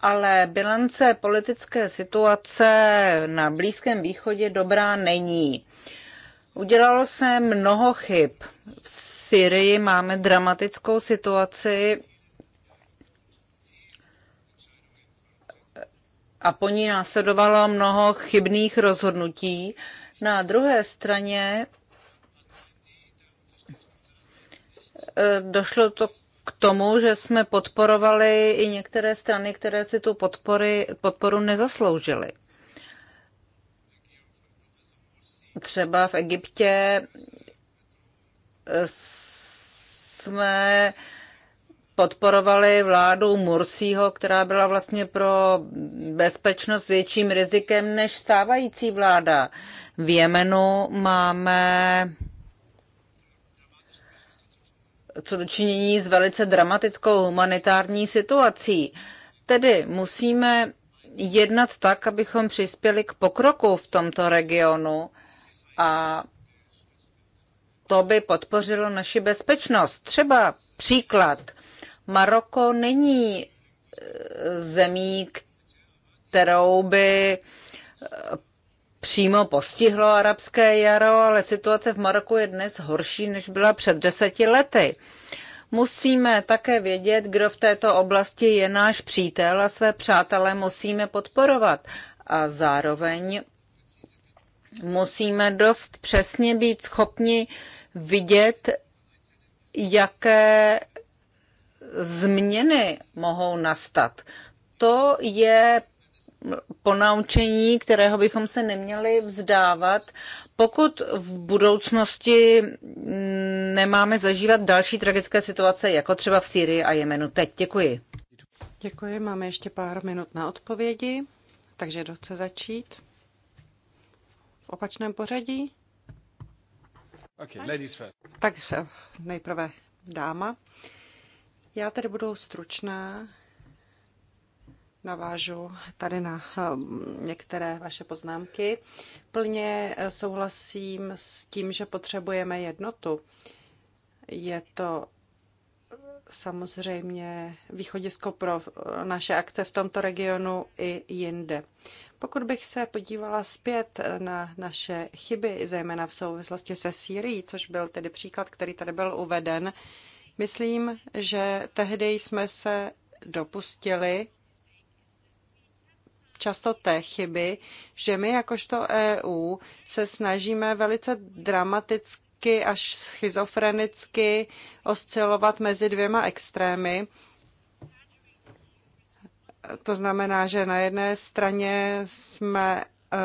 ale bilance politické situace na Blízkém východě dobrá není. Udělalo se mnoho chyb. V Syrii máme dramatickou situaci a po ní následovalo mnoho chybných rozhodnutí. Na druhé straně e, došlo to k tomu, že jsme podporovali i některé strany, které si tu podpory, podporu nezasloužily. Třeba v Egyptě e, jsme podporovali vládu Mursího, která byla vlastně pro bezpečnost větším rizikem než stávající vláda. V Jemenu máme co dočinění s velice dramatickou humanitární situací. Tedy musíme jednat tak, abychom přispěli k pokroku v tomto regionu a to by podpořilo naši bezpečnost. Třeba příklad – Maroko není eh, zemí, kterou by eh, přímo postihlo arabské jaro, ale situace v Maroku je dnes horší, než byla před deseti lety. Musíme také vědět, kdo v této oblasti je náš přítel a své přátelé musíme podporovat. A zároveň musíme dost přesně být schopni vidět, jaké změny mohou nastat. To je ponaučení, kterého bychom se neměli vzdávat, pokud v budoucnosti nemáme zažívat další tragické situace, jako třeba v Sýrii a Jemenu. Teď děkuji. Děkuji, máme ještě pár minut na odpovědi, takže kdo chce začít? V opačném pořadí? Okay, ladies first. Tak eh, nejprve dáma. Já tedy budu stručná, navážu tady na eh, některé vaše poznámky. Plně eh, souhlasím s tím, že potřebujeme jednotu. Je to eh, samozřejmě východisko pro naše akce v tomto regionu i jinde. Pokud bych se podívala zpět na naše chyby, zejména v souvislosti se Sýrií, což byl tedy příklad, který tady byl uveden, Myslím, že tehdy jsme se dopustili často té chyby, že my jakožto EU se snažíme velice dramaticky až schizofrenicky oscilovat mezi dvěma extrémy. To znamená, že na jedné straně jsme eh,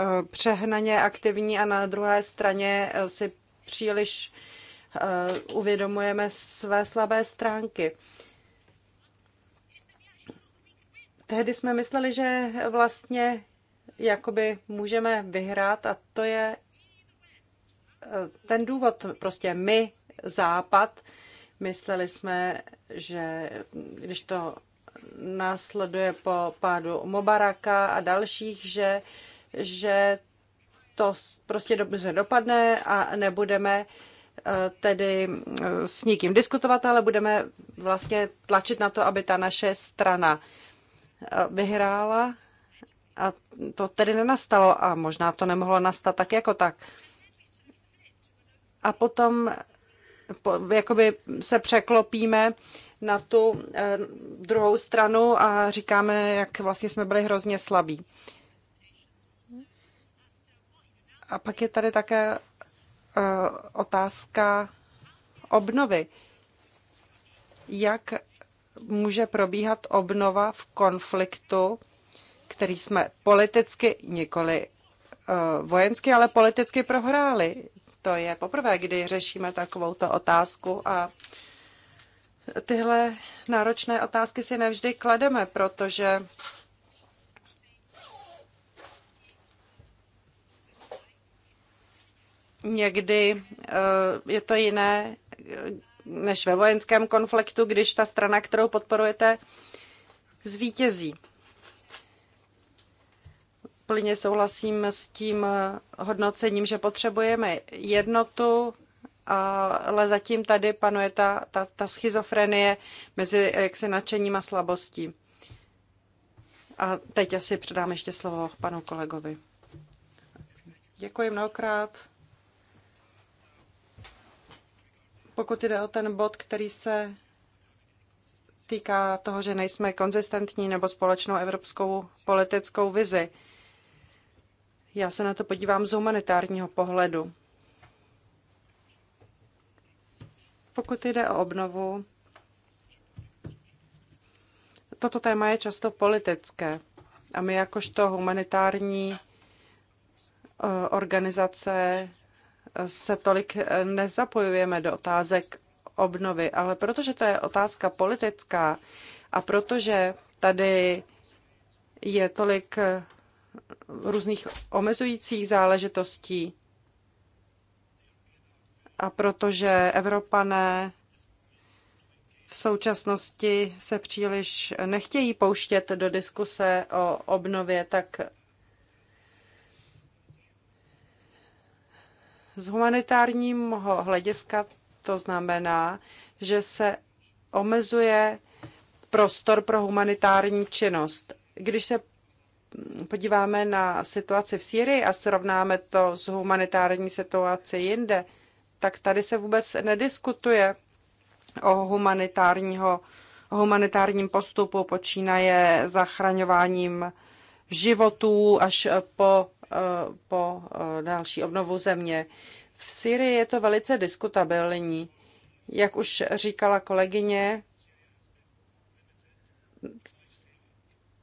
eh, přehnaně aktivní a na druhé straně si příliš uh, Eh, uvědomujeme své slabé stránky. Tehdy jsme mysleli, že vlastně jakoby můžeme vyhrát a to je eh, ten důvod, prostě my, Západ, mysleli jsme, že když to následuje po pádu Mobaraka a dalších, že, že to prostě dobře dopadne a nebudeme uh, Eh, tedy eh, s nikým diskutovat, ale budeme vlastně tlačit na to, aby ta naše strana eh, vyhrála. A to tedy nenastalo a možná to nemohlo nastat tak jako tak. A potom po, jakoby se překlopíme na tu eh, druhou stranu a říkáme, jak vlastně jsme byli hrozně slabí. A pak je tady také Eh, otázka obnovy. Jak může probíhat obnova v konfliktu, který jsme politicky nikoli eh, vojensky, ale politicky prohráli. To je poprvé, kdy řešíme takovouto otázku a tyhle náročné otázky si nevždy klademe, protože Někdy eh, je to jiné eh, než ve vojenském konfliktu, když ta strana, kterou podporujete, zvítězí. Plně souhlasím s tím eh, hodnocením, že potřebujeme jednotu, ale zatím tady panuje ta, ta, ta schizofrenie mezi jaksi nadšením a slabostí. A teď asi předám ještě slovo panu kolegovi. Děkuji mnohokrát. Pokud jde o ten bod, který se týká toho, že nejsme konzistentní nebo společnou evropskou politickou vizi, já se na to podívám z humanitárního pohledu. Pokud jde o obnovu, toto téma je často politické a my jakožto humanitární eh, organizace se tolik eh, nezapojujeme do otázek obnovy, ale protože to je otázka politická a protože tady je tolik eh, různých omezujících záležitostí a protože Evropané v současnosti se příliš nechtějí pouštět do diskuse o obnově, tak Z humanitárního hlediska to znamená, že se omezuje prostor pro humanitární činnost. Když se podíváme na situaci v Sýrii a srovnáme to s humanitární situací jinde, tak tady se vůbec nediskutuje o humanitárního, o humanitárním postupu. Počínaje zachraňováním životů až po Eh, po eh, další obnovu země. V Syrii je to velice diskutabilní. Jak už říkala kolegyně,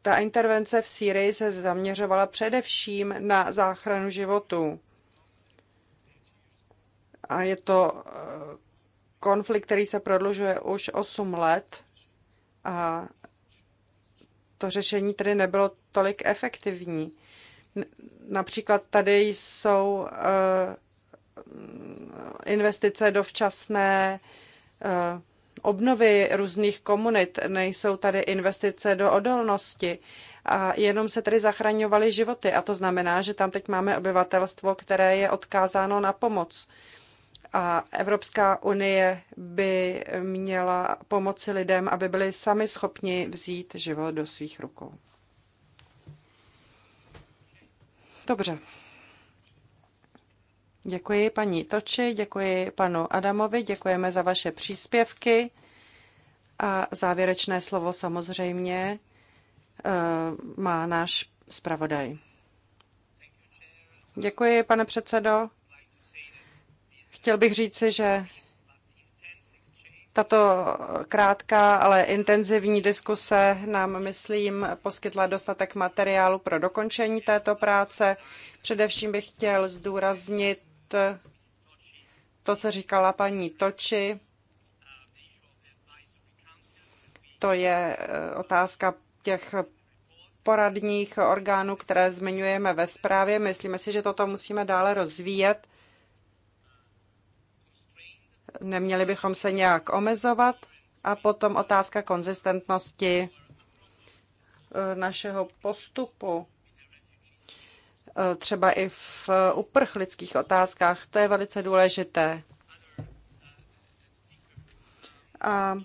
ta intervence v Syrii se zaměřovala především na záchranu životů. A je to eh, konflikt, který se prodlužuje už 8 let a to řešení tedy nebylo tolik efektivní. Například tady jsou eh, investice do včasné eh, obnovy různých komunit, nejsou tady investice do odolnosti a jenom se tady zachraňovaly životy. A to znamená, že tam teď máme obyvatelstvo, které je odkázáno na pomoc. A Evropská unie by měla pomoci lidem, aby byli sami schopni vzít život do svých rukou. Dobře. Děkuji paní Toči, děkuji panu Adamovi, děkujeme za vaše příspěvky a závěrečné slovo samozřejmě eh, má náš zpravodaj. Děkuji, pane předsedo. Chtěl bych říci, že tato krátká, ale intenzivní diskuse nám, myslím, poskytla dostatek materiálu pro dokončení této práce. Především bych chtěl zdůraznit to, co říkala paní Toči. To je eh, otázka těch poradních orgánů, které zmiňujeme ve zprávě. Myslíme si, že toto musíme dále rozvíjet neměli bychom se nějak omezovat. A potom otázka konzistentnosti eh, našeho postupu, eh, třeba i v eh, uprchlických otázkách, to je velice důležité. A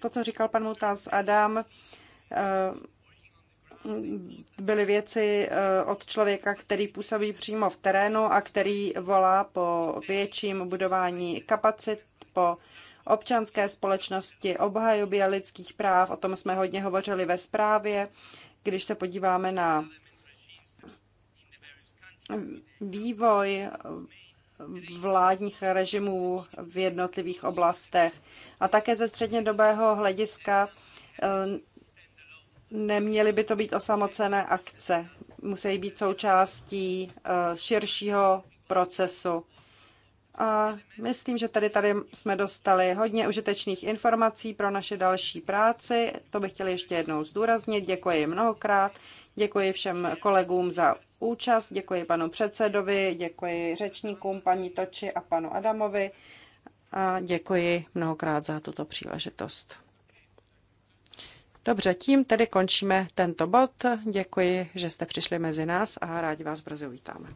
to, co říkal pan Mutaz Adam, byly věci eh, od člověka, který působí přímo v terénu a který volá po větším budování kapacit, po občanské společnosti, obhajobě lidských práv, o tom jsme hodně hovořili ve zprávě, když se podíváme na vývoj vládních režimů v jednotlivých oblastech. A také ze střednědobého hlediska eh, Neměly by to být osamocené akce, musí být součástí eh, širšího procesu. A myslím, že tady, tady jsme dostali hodně užitečných informací pro naše další práci. To bych chtěla ještě jednou zdůraznit. Děkuji mnohokrát. Děkuji všem kolegům za účast. Děkuji panu předsedovi, děkuji řečníkům, paní Toči a panu Adamovi. A děkuji mnohokrát za tuto příležitost. Dobře, tím tedy končíme tento bod. Děkuji, že jste přišli mezi nás a rádi vás brzy uvítáme.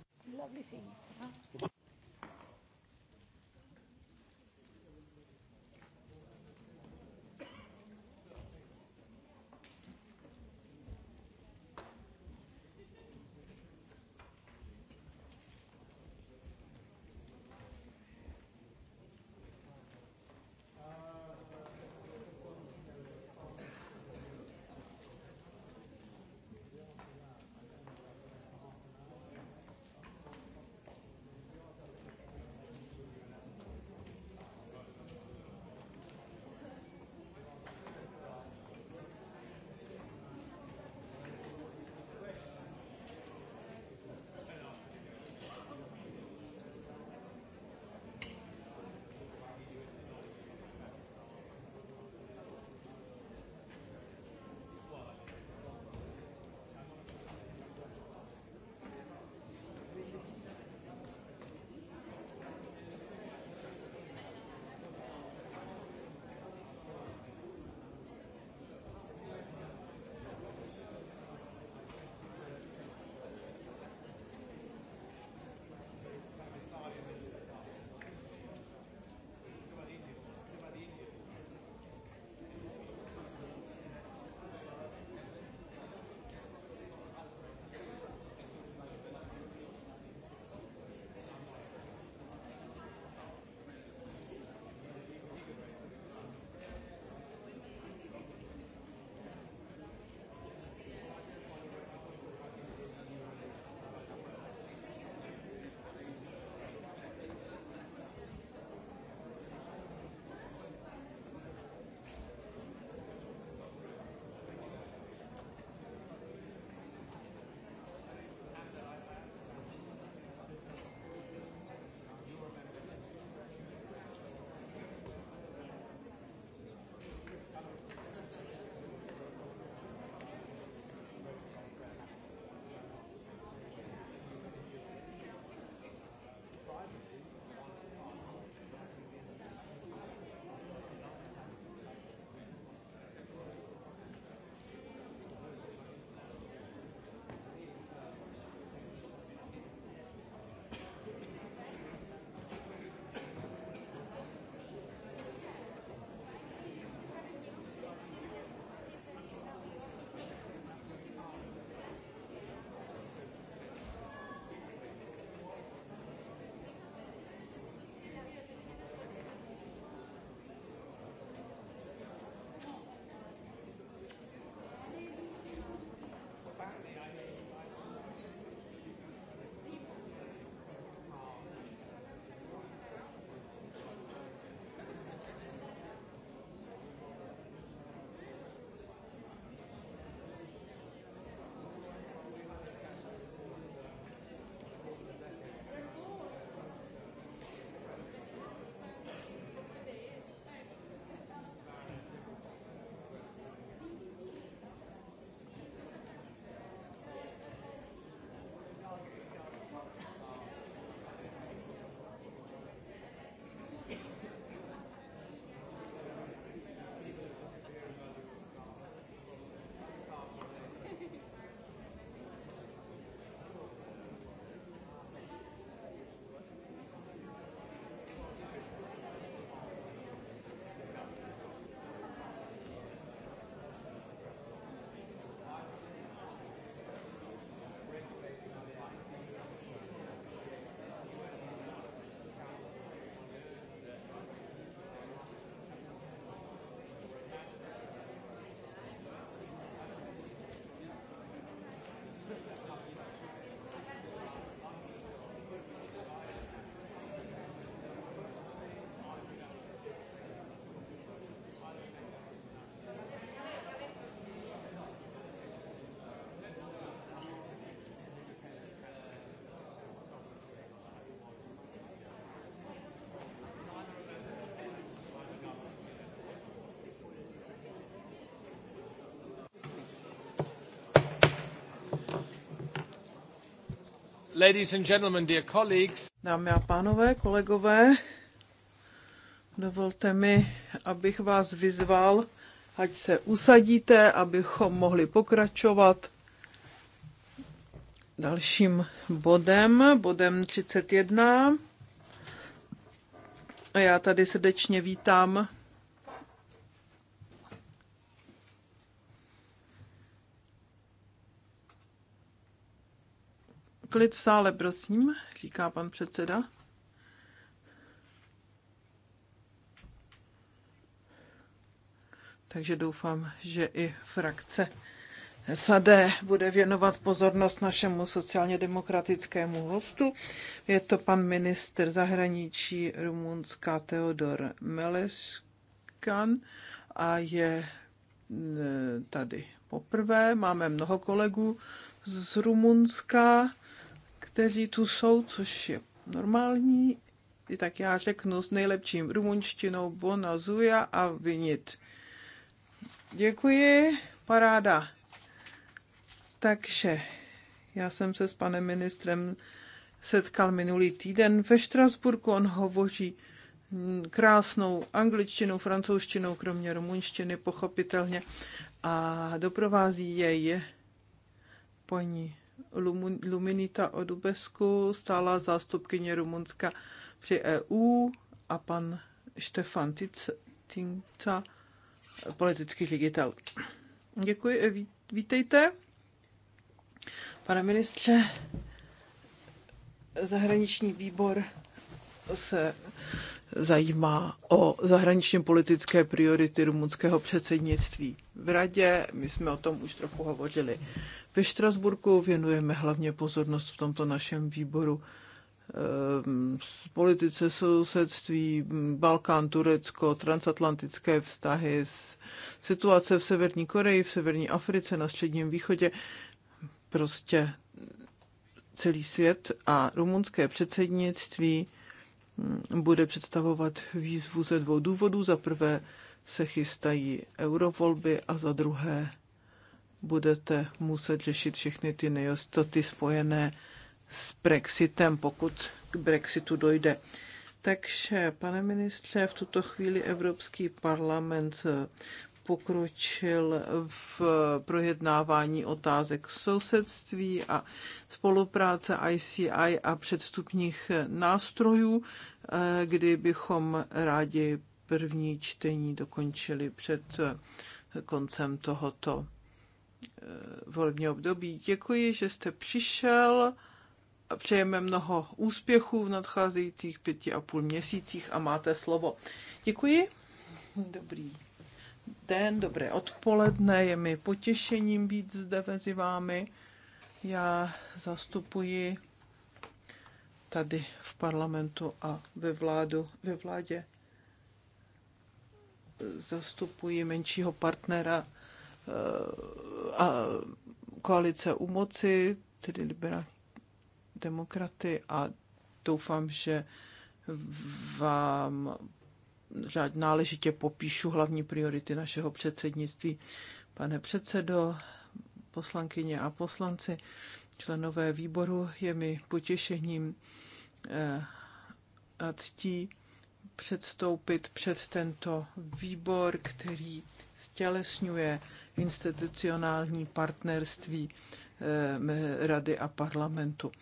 Ladies and gentlemen, dear colleagues. Dámy a pánové, kolegové, dovolte mi, abych vás vyzval, ať se usadíte, abychom mohli pokračovat dalším bodem, bodem 31. A já tady srdečně vítám Klid v sále, prosím, říká pan předseda. Takže doufám, že i frakce SAD bude věnovat pozornost našemu sociálně demokratickému hostu. Je to pan minister zahraničí Rumunska Teodor Meleskan a je e, tady poprvé. Máme mnoho kolegů z Rumunska kteří tu jsou, což je normální, tak já řeknu s nejlepším rumunštinou Bona Zuja a Vinit. Děkuji, paráda. Takže já jsem se s panem ministrem setkal minulý týden ve Štrasburku. On hovoří krásnou angličtinou, francouzštinou, kromě rumunštiny, pochopitelně. A doprovází jej paní Luminita Odubesku stála zástupkyně Rumunska při EU a pan Štefan Tinca, politický ředitel. Děkuji, e, vítejte. Pane ministře, zahraniční výbor se zajímá o zahraničně politické priority rumunského předsednictví v radě, my jsme o tom už trochu hovořili. Ve Štrasburku věnujeme hlavně pozornost v tomto našem výboru z ehm, politice sousedství, Balkán, Turecko, transatlantické vztahy, situace v Severní Koreji, v Severní Africe, na Středním východě, prostě celý svět a rumunské předsednictví hm, bude představovat výzvu ze dvou důvodů. Za prvé se chystají eurovolby a za druhé budete muset řešit všechny ty nejistoty spojené s Brexitem, pokud k Brexitu dojde. Takže, pane ministře, v tuto chvíli Evropský parlament eh, pokročil v projednávání otázek sousedství a spolupráce ICI a předstupních eh, nástrojů, eh, kdy bychom rádi první čtení dokončili před eh, koncem tohoto eh, volebního období. Děkuji, že jste přišel a přejeme mnoho úspěchů v nadcházejících pěti a půl měsících a máte slovo. Děkuji. Dobrý den, dobré odpoledne. Je mi potěšením být zde mezi vámi. Já zastupuji tady v parlamentu a ve, vládu, ve vládě zastupují menšího partnera eh, a koalice u moci, tedy liberální demokraty a doufám, že vám náležitě popíšu hlavní priority našeho předsednictví. Pane předsedo, poslankyně a poslanci, členové výboru, je mi potěšením eh, a ctí předstoupit před tento výbor, který stělesňuje institucionální partnerství eh, Rady a parlamentu.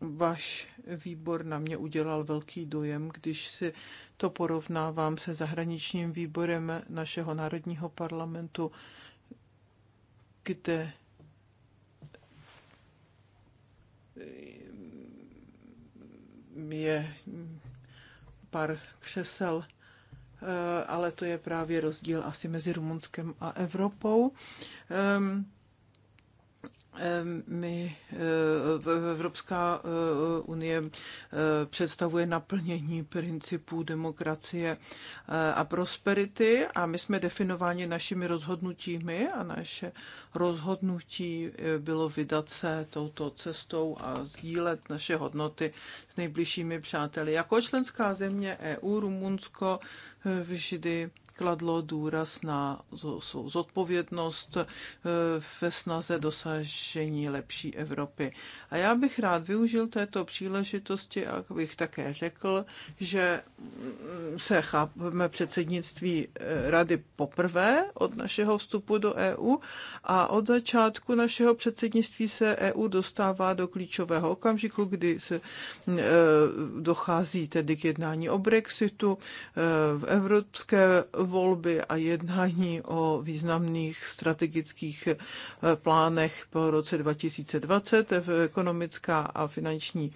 Váš výbor na mě udělal velký dojem, když si to porovnávám se zahraničním výborem našeho národního parlamentu, kde eh, je pár křesel, eh, ale to je právě rozdíl asi mezi Rumunskem a Evropou. Ehm, my eh, Evropská eh, unie eh, představuje naplnění principů demokracie a prosperity a my jsme definováni našimi rozhodnutími a naše rozhodnutí bylo vydat se touto cestou a sdílet naše hodnoty s nejbližšími přáteli. Jako členská země EU Rumunsko vždy kladlo důraz na svou zodpovědnost eh, ve snaze dosažení lepší Evropy. A já bych rád využil této příležitosti, abych také řekl, že mm, se chápeme předsednictví eh, rady poprvé od našeho vstupu do EU a od začátku našeho předsednictví se EU dostává do klíčového okamžiku, kdy se mm, eh, dochází tedy k jednání o Brexitu v Evropské volby a jednání o významných strategických eh, plánech po roce 2020 eh, v ekonomická a finanční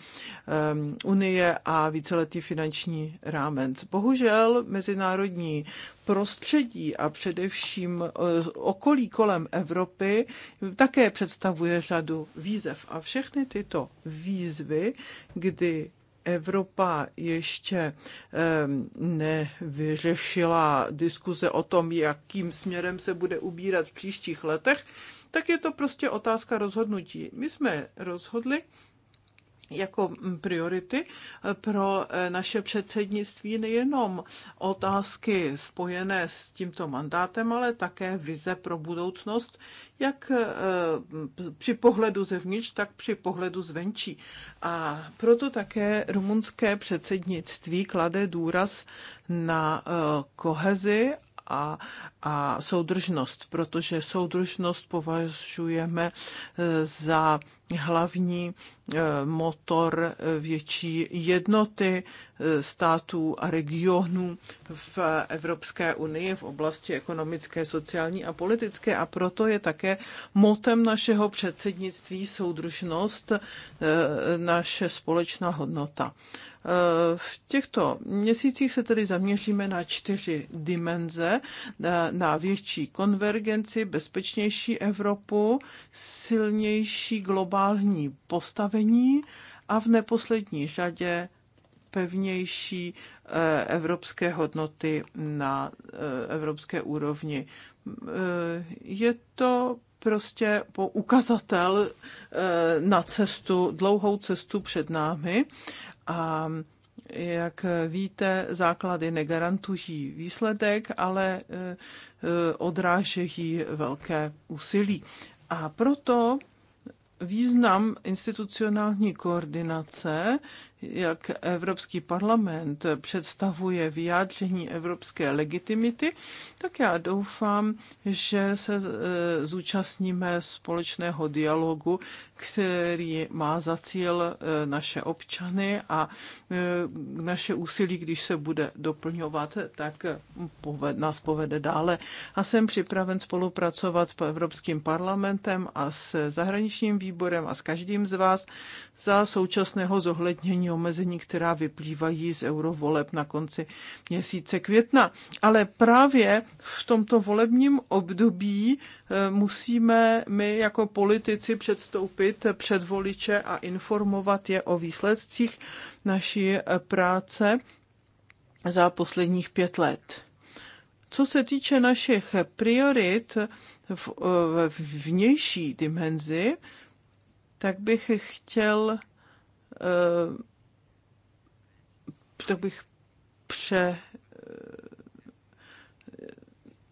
ehm, unie a víceletý finanční rámec. Bohužel mezinárodní prostředí a především eh, okolí kolem Evropy také představuje řadu výzev. A všechny tyto výzvy, kdy Evropa ještě nevyřešila diskuze o tom, jakým směrem se bude ubírat v příštích letech, tak je to prostě otázka rozhodnutí. My jsme rozhodli, jako priority pro eh, naše předsednictví nejenom otázky spojené s tímto mandátem, ale také vize pro budoucnost, jak eh, při pohledu zevnitř, tak při pohledu zvenčí. A proto také rumunské předsednictví klade důraz na eh, kohezi a, a soudržnost, protože soudržnost považujeme za hlavní eh, motor eh, větší jednoty eh, států a regionů v Evropské unii v oblasti ekonomické, sociální a politické. A proto je také motem našeho předsednictví soudružnost, naše společná hodnota. V těchto měsících se tedy zaměříme na čtyři dimenze, na větší konvergenci, bezpečnější Evropu, silnější globální globální postavení a v neposlední řadě pevnější eh, evropské hodnoty na eh, evropské úrovni. Eh, je to prostě po ukazatel na cestu, dlouhou cestu před námi a jak víte, základy negarantují výsledek, ale odrážejí velké úsilí. A proto význam institucionální koordinace jak Evropský parlament představuje vyjádření evropské legitimity, tak já doufám, že se e, zúčastníme společného dialogu, který má za cíl e, naše občany a e, naše úsilí, když se bude doplňovat, tak nás povede dále. A jsem připraven spolupracovat s Evropským parlamentem a s zahraničním výborem a s každým z vás za současného zohlednění omezení, která vyplývají z eurovoleb na konci měsíce května. Ale právě v tomto volebním období eh, musíme my jako politici předstoupit před voliče a informovat je o výsledcích naší práce za posledních pět let. Co se týče našich priorit v, eh, v vnější dimenzi, tak bych chtěl eh, tak bych pře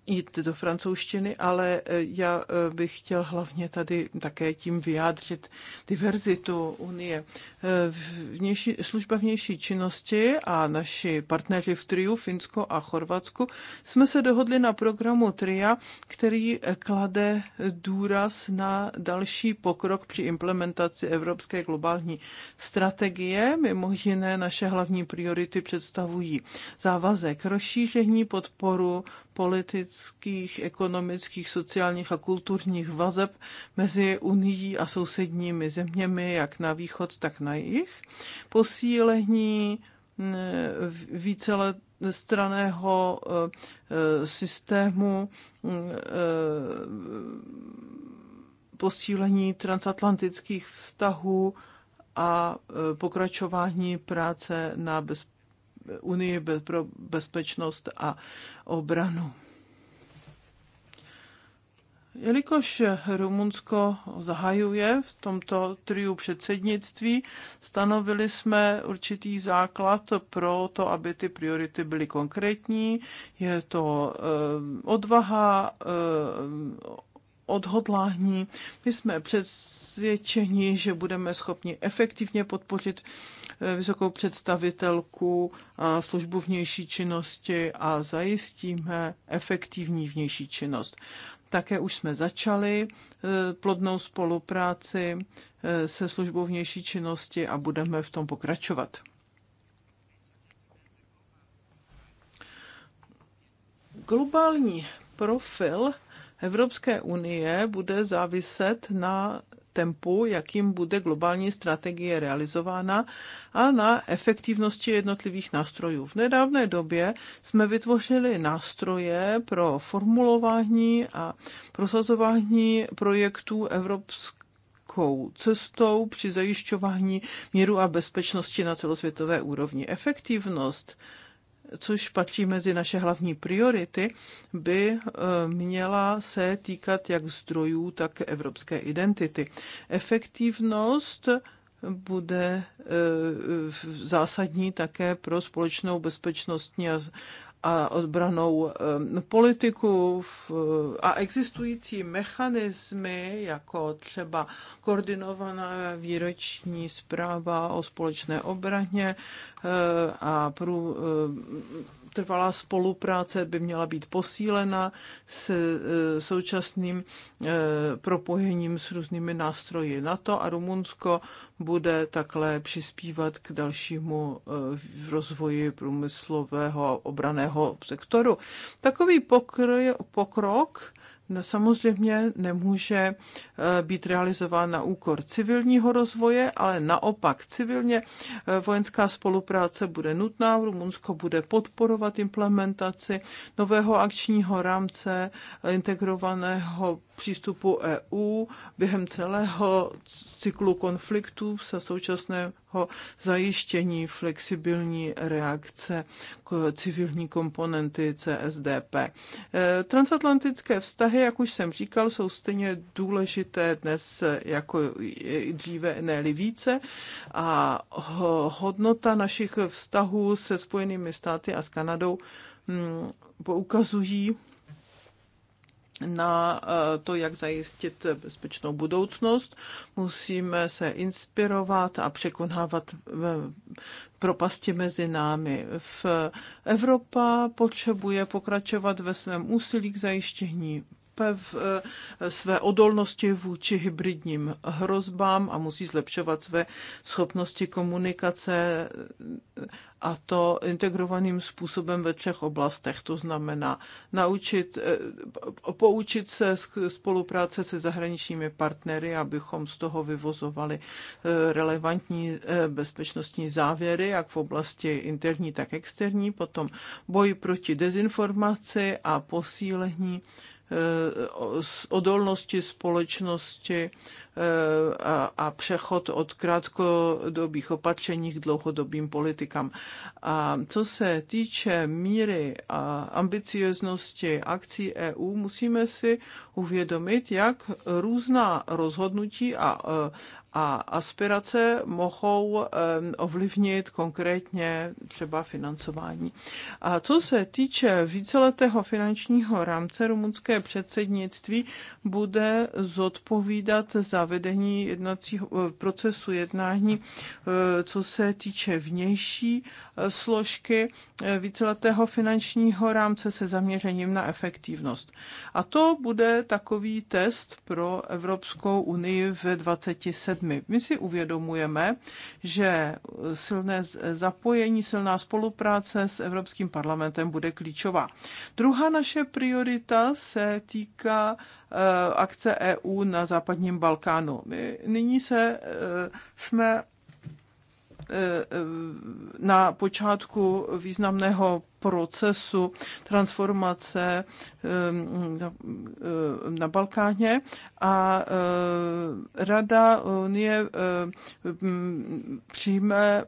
jít do francouzštiny, ale e, já e, bych chtěl hlavně tady také tím vyjádřit diverzitu Unie. E, vnější, služba vnější činnosti a naši partneři v TRIU, Finsko a Chorvatsku, jsme se dohodli na programu TRIA, který klade důraz na další pokrok při implementaci Evropské globální strategie. Mimo jiné naše hlavní priority představují závazek rozšíření, podporu politiky politických, ekonomických, sociálních a kulturních vazeb mezi Unií a sousedními zeměmi, jak na východ, tak na jih. Posílení mm, vícelet straného eh, systému mm, eh, posílení transatlantických vztahů a eh, pokračování práce na bez, Unii pro bezpečnost a obranu. Jelikož Rumunsko zahajuje v tomto triu předsednictví, stanovili jsme určitý základ pro to, aby ty priority byly konkrétní. Je to eh, odvaha, eh, odhodlání. My jsme přesvědčeni, že budeme schopni efektivně podpořit eh, vysokou představitelku službu vnější činnosti a zajistíme efektivní vnější činnost. Také už jsme začali eh, plodnou spolupráci eh, se službou vnější činnosti a budeme v tom pokračovat. Globální profil Evropské unie bude záviset na tempu, jakým bude globální strategie realizována a na efektivnosti jednotlivých nástrojů. V nedávné době jsme vytvořili nástroje pro formulování a prosazování projektů evropské cestou při zajišťování míru a bezpečnosti na celosvětové úrovni. Efektivnost což patří mezi naše hlavní priority, by eh, měla se týkat jak zdrojů, tak evropské identity. Efektivnost bude eh, zásadní také pro společnou bezpečnostní a a odbranou politiku a existující mechanismy, jako třeba koordinovaná výroční zpráva o společné obraně eh, a trvalá spolupráce by měla být posílena s e, současným e, propojením s různými nástroji NATO a Rumunsko bude takhle přispívat k dalšímu e, rozvoji průmyslového a obraného sektoru. Takový pokrok No, samozřejmě nemůže eh, být realizován na úkor civilního rozvoje, ale naopak civilně eh, vojenská spolupráce bude nutná. Rumunsko bude podporovat implementaci nového akčního rámce eh, integrovaného přístupu EU během celého cyklu konfliktů se současné jeho zajištění flexibilní reakce k civilní komponenty CSDP. Eh, transatlantické vztahy, jak už jsem říkal, jsou stejně důležité dnes jako dříve, ne více a hodnota našich vztahů se Spojenými státy a s Kanadou hm, poukazují na eh, to, jak zajistit bezpečnou budoucnost. Musíme se inspirovat a překonávat eh, propasti mezi námi. V Evropa potřebuje pokračovat ve svém úsilí k zajištění v eh, své odolnosti vůči hybridním hrozbám a musí zlepšovat své schopnosti komunikace a to integrovaným způsobem ve třech oblastech. To znamená naučit, eh, poučit se spolupráce se zahraničními partnery, abychom z toho vyvozovali eh, relevantní bezpečnostní závěry, jak v oblasti interní, tak externí, potom boj proti dezinformaci a posílení Eh, odolnosti společnosti eh, a přechod od krátkodobých opatření k dlouhodobým politikám. A co se týče míry a ambicioznosti akcí EU, musíme si uvědomit, jak různá rozhodnutí a eh, a aspirace mohou ovlivnit konkrétně třeba financování. A co se týče víceletého finančního rámce, rumunské předsednictví bude zodpovídat za vedení jednacího, e, procesu jednání, e, co se týče vnější e, složky víceletého finančního rámce se zaměřením na efektivnost. A to bude takový test pro Evropskou unii v 27 lidmi. My si uvědomujeme, že silné zapojení, silná spolupráce s Evropským parlamentem bude klíčová. Druhá naše priorita se týká eh, akce EU na západním Balkánu. My nyní se eh, jsme Eh, na počátku významného procesu transformace eh, eh, na Balkáně a Rada Unie mm, přijme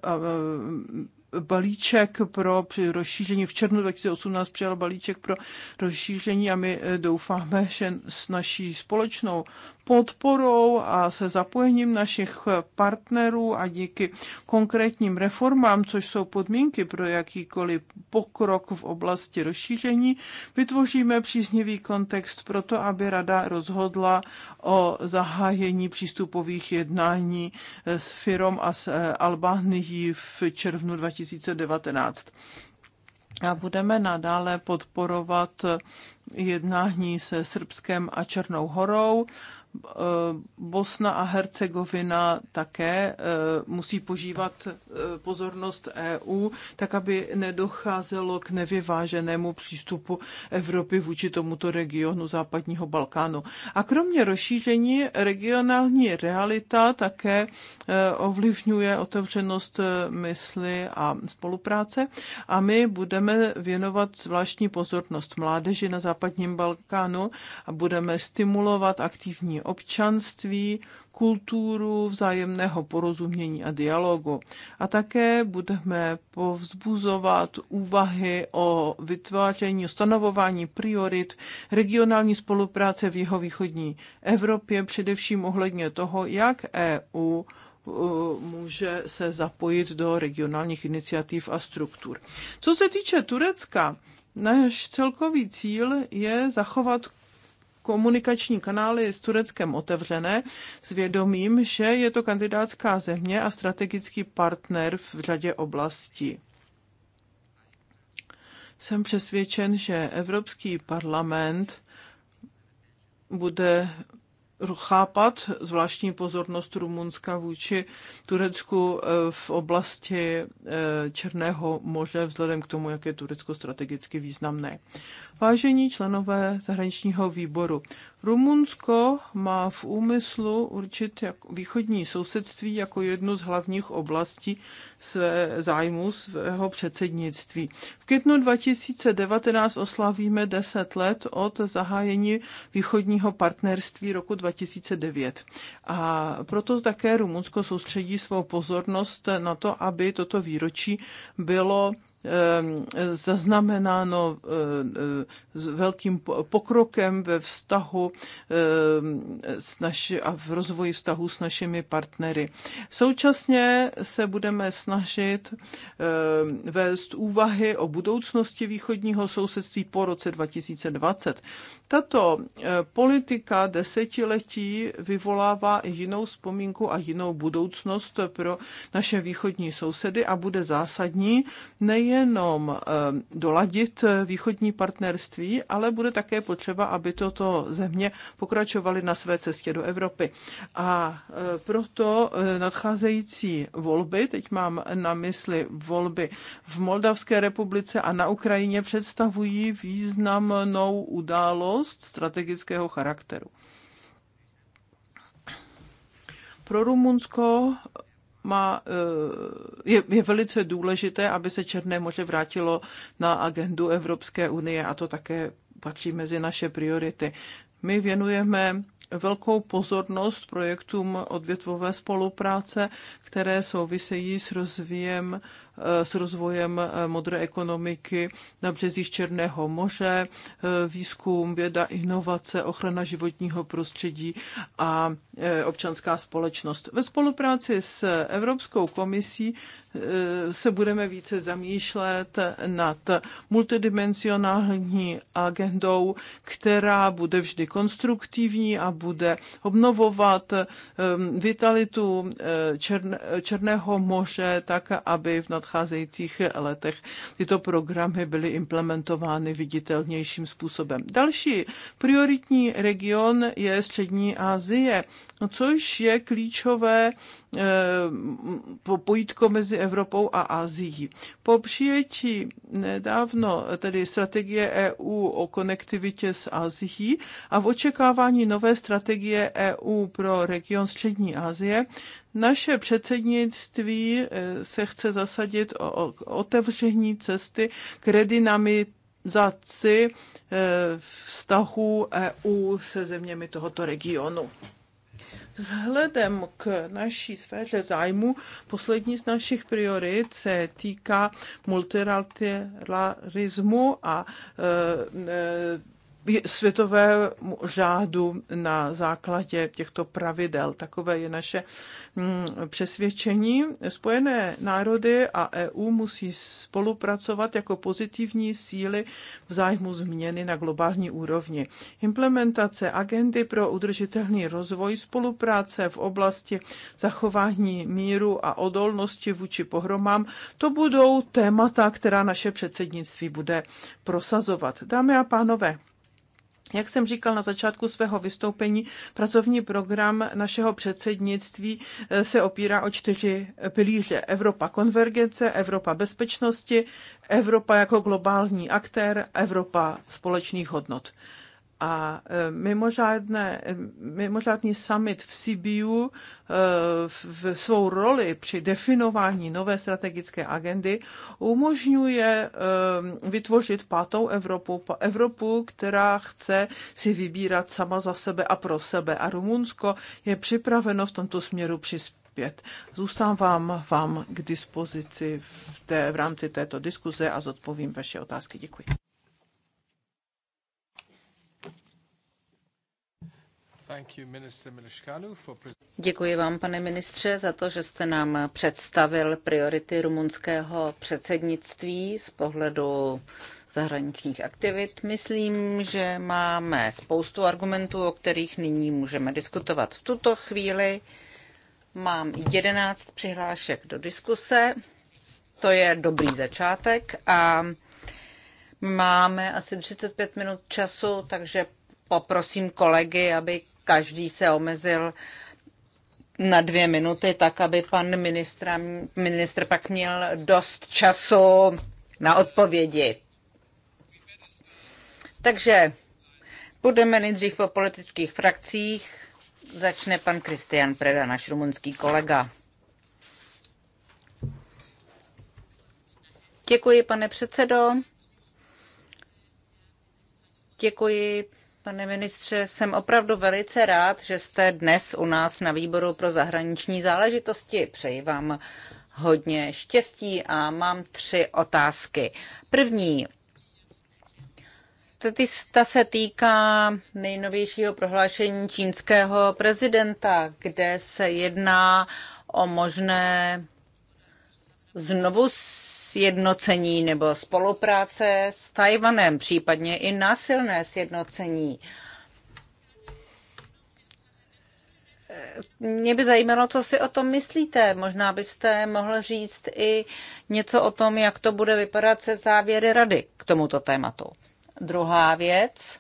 balíček pro rozšíření. V červnu 2018 přijal balíček pro rozšíření a my doufáme, že s naší společnou podporou a se zapojením našich partnerů a díky konkrétním reformám, což jsou podmínky pro jakýkoliv pokrok v oblasti rozšíření, vytvoříme příznivý kontext pro to, aby Rada rozhodla o zahájení přístupových jednání s Firom a s eh, Albánií v červnu 2019 a budeme nadále podporovat jednání se Srbskem a Černou horou Eh, Bosna a Hercegovina také eh, musí požívat eh, pozornost EU, tak aby nedocházelo k nevyváženému přístupu Evropy vůči tomuto regionu západního Balkánu. A kromě rozšíření regionální realita také ovlivňuje otevřenost mysli a spolupráce a my budeme věnovat zvláštní pozornost mládeži na západním Balkánu a budeme stimulovat aktivní občanství, kulturu vzájemného porozumění a dialogu. A také budeme povzbuzovat úvahy o vytváření, stanovování priorit regionální spolupráce v jeho východní Evropě, především ohledně toho, jak EU uh, může se zapojit do regionálních iniciativ a struktur. Co se týče Turecka, Náš celkový cíl je zachovat komunikační kanály s Tureckem otevřené s vědomím, že je to kandidátská země a strategický partner v řadě oblastí. Jsem přesvědčen, že Evropský parlament bude chápat zvláštní pozornost Rumunska vůči Turecku eh, v oblasti eh, Černého moře, vzhledem k tomu, jak je Turecko strategicky významné. Vážení členové zahraničního výboru, Rumunsko má v úmyslu určit jak východní sousedství jako jednu z hlavních oblastí své zájmu svého předsednictví. V květnu 2019 oslavíme 10 let od zahájení východního partnerství roku 2009. A proto také Rumunsko soustředí svou pozornost na to, aby toto výročí bylo Ehm, zaznamenáno eh, s velkým pokrokem ve vztahu ehm, s naši, a v rozvoji vztahu s našimi partnery. Současně se budeme snažit ehm, vést úvahy o budoucnosti východního sousedství po roce 2020. Tato eh, politika desetiletí vyvolává i jinou vzpomínku a jinou budoucnost pro naše východní sousedy a bude zásadní nejen nejenom ehm, doladit eh, východní partnerství, ale bude také potřeba, aby toto země pokračovaly na své cestě do Evropy. A eh, proto eh, nadcházející volby, teď mám na mysli volby v Moldavské republice a na Ukrajině, představují významnou událost strategického charakteru pro Rumunsko má, eh, je, je velice důležité, aby se Černé moře vrátilo na agendu Evropské unie a to také patří mezi naše priority. My věnujeme velkou pozornost projektům odvětvové spolupráce, které souvisejí s rozvíjem s rozvojem eh, modré ekonomiky na březích Černého moře, eh, výzkum, věda, inovace, ochrana životního prostředí a eh, občanská společnost. Ve spolupráci s Evropskou komisí se budeme více zamýšlet nad multidimenzionální agendou, která bude vždy konstruktivní a bude obnovovat vitalitu Černého moře tak, aby v nad nadcházejících letech tyto programy byly implementovány viditelnějším způsobem. Další prioritní region je Střední Asie, což je klíčové eh, pojítko mezi Evropou a Azií. Po přijetí nedávno tedy strategie EU o konektivitě s Azií a v očekávání nové strategie EU pro region Střední Asie naše předsednictví eh, se chce zasadit o otevření cesty k redynamizaci eh, vztahů EU se zeměmi tohoto regionu. Vzhledem k naší sféře zájmu, poslední z našich priorit se týká multilateralismu a e, světové řádu na základě těchto pravidel. Takové je naše mm, přesvědčení. Spojené národy a EU musí spolupracovat jako pozitivní síly v zájmu změny na globální úrovni. Implementace agendy pro udržitelný rozvoj, spolupráce v oblasti zachování míru a odolnosti vůči pohromám, to budou témata, která naše předsednictví bude prosazovat. Dámy a pánové, jak jsem říkal na začátku svého vystoupení, pracovní program našeho předsednictví eh, se opírá o čtyři pilíře. Evropa konvergence, Evropa bezpečnosti, Evropa jako globální aktér, Evropa společných hodnot a e, mimořádné, e, mimořádný summit v Sibiu e, v svou roli při definování nové strategické agendy umožňuje vytvořit pátou Evropu, Evropu, která chce si vybírat sama za sebe a pro sebe. A Rumunsko je připraveno v tomto směru přispět. Zůstávám vám k dispozici v, té, v rámci této diskuze a zodpovím vaše otázky. Děkuji. Děkuji vám, pane ministře, za to, že jste nám představil priority rumunského předsednictví z pohledu zahraničních aktivit. Myslím, že máme spoustu argumentů, o kterých nyní můžeme diskutovat. V tuto chvíli mám 11 přihlášek do diskuse. To je dobrý začátek a máme asi 35 minut času, takže poprosím kolegy, aby každý se omezil na dvě minuty, tak aby pan ministra ministr pak měl dost času na odpovědi. Takže budeme nejdřív po politických frakcích. Začne pan Kristian Preda, náš rumunský kolega. Děkuji, pane předsedo. Děkuji Pane ministře, jsem opravdu velice rád, že jste dnes u nás na výboru pro zahraniční záležitosti. Přeji vám hodně štěstí a mám tři otázky. První, ta se týká nejnovějšího prohlášení čínského prezidenta, kde se jedná o možné znovu sjednocení nebo spolupráce s Tajvanem, případně i násilné sjednocení. Mě by zajímalo, co si o tom myslíte. Možná byste mohl říct i něco o tom, jak to bude vypadat se závěry rady k tomuto tématu. Druhá věc.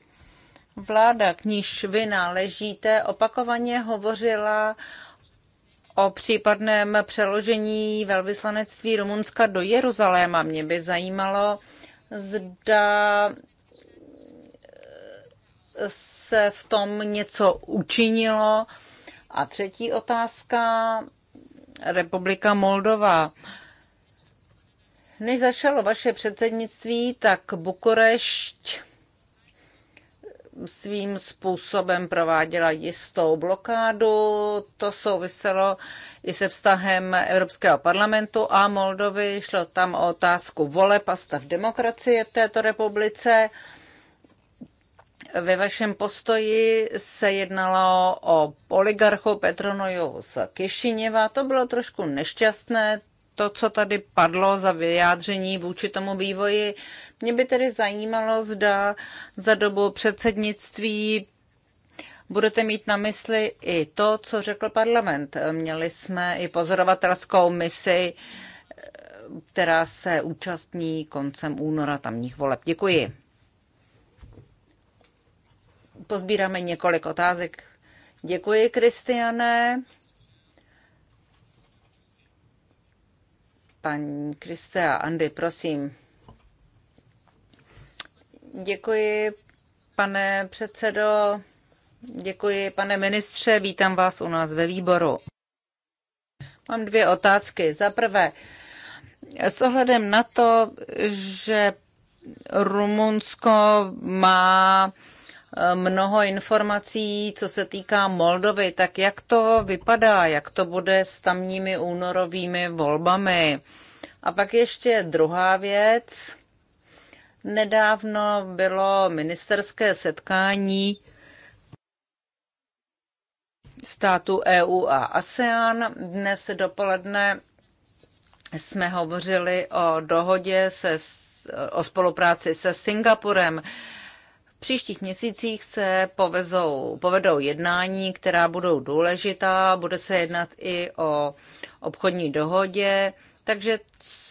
Vláda, k níž vy náležíte, opakovaně hovořila o případném přeložení velvyslanectví Rumunska do Jeruzaléma. Mě by zajímalo, zda eh, se v tom něco učinilo. A třetí otázka, Republika Moldova. Než začalo vaše předsednictví, tak Bukurešť svým způsobem prováděla jistou blokádu. To souviselo i se vztahem Evropského parlamentu a Moldovy. Šlo tam o otázku voleb a stav demokracie v této republice. Ve vašem postoji se jednalo o oligarchu Petronoju z Kišiněva. To bylo trošku nešťastné, to, co tady padlo za vyjádření vůči tomu vývoji. Mě by tedy zajímalo, zda za dobu předsednictví budete mít na mysli i to, co řekl parlament. Měli jsme i pozorovatelskou misi, která se účastní koncem února tamních voleb. Děkuji. Pozbíráme několik otázek. Děkuji, Kristiane. Paní Kriste a Andy, prosím. Děkuji, pane předsedo. Děkuji, pane ministře. Vítám vás u nás ve výboru. Mám dvě otázky. Za prvé, s ohledem na to, že Rumunsko má mnoho informací, co se týká Moldovy, tak jak to vypadá, jak to bude s tamními únorovými volbami. A pak ještě druhá věc. Nedávno bylo ministerské setkání států EU a ASEAN. Dnes dopoledne jsme hovořili o dohodě se, o spolupráci se Singapurem příštích měsících se povezou, povedou jednání, která budou důležitá. Bude se jednat i o obchodní dohodě. Takže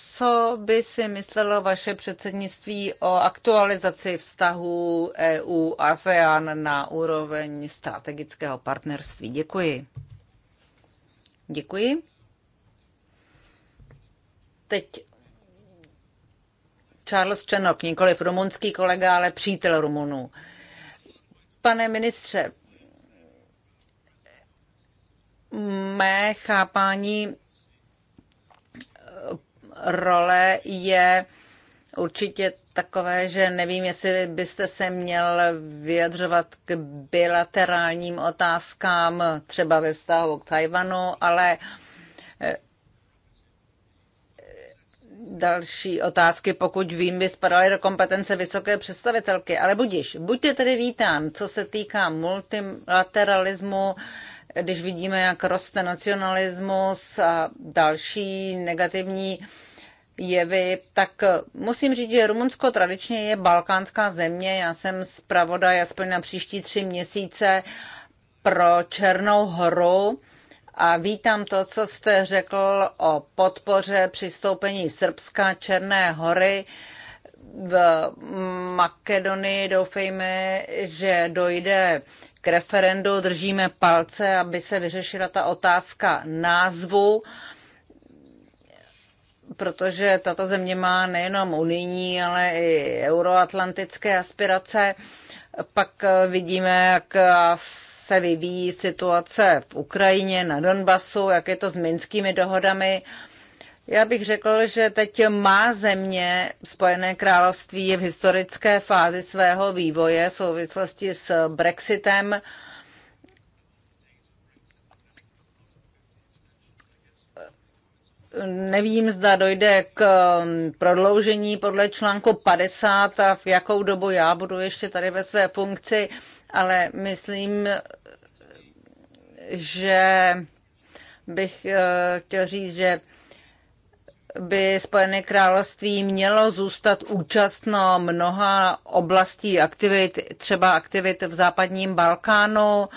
co by si myslelo vaše předsednictví o aktualizaci vztahu e EU-ASEAN na úroveň strategického partnerství? Děkuji. Děkuji. Teď Charles Čenok, nikoliv rumunský kolega, ale přítel Rumunů. Pane ministře, mé chápání eh, role je určitě takové, že nevím, jestli byste se měl vyjadřovat k bilaterálním otázkám, třeba ve vztahu k Tajvanu, ale uh, další otázky, pokud vím, by spadaly do kompetence vysoké představitelky. Ale budiš, buďte tedy vítán, co se týká multilateralismu, když vidíme, jak roste nacionalismus a další negativní jevy, tak musím říct, že Rumunsko tradičně je balkánská země. Já jsem zpravodaj aspoň na příští tři měsíce pro Černou horu a vítám to, co jste řekl o podpoře přistoupení Srbska Černé hory v Makedonii. Doufejme, že dojde k referendu, držíme palce, aby se vyřešila ta otázka názvu, protože tato země má nejenom unijní, ale i euroatlantické aspirace. Pak vidíme, jak se vyvíjí situace v Ukrajině, na Donbasu, jak je to s minskými dohodami. Já bych řekl, že teď má země Spojené království je v historické fázi svého vývoje v souvislosti s Brexitem. Nevím, zda dojde k um, prodloužení podle článku 50 a v jakou dobu já budu ještě tady ve své funkci ale myslím, že bych eh, chtěl říct, že by Spojené království mělo zůstat účastno mnoha oblastí aktivit, třeba aktivit v západním Balkánu,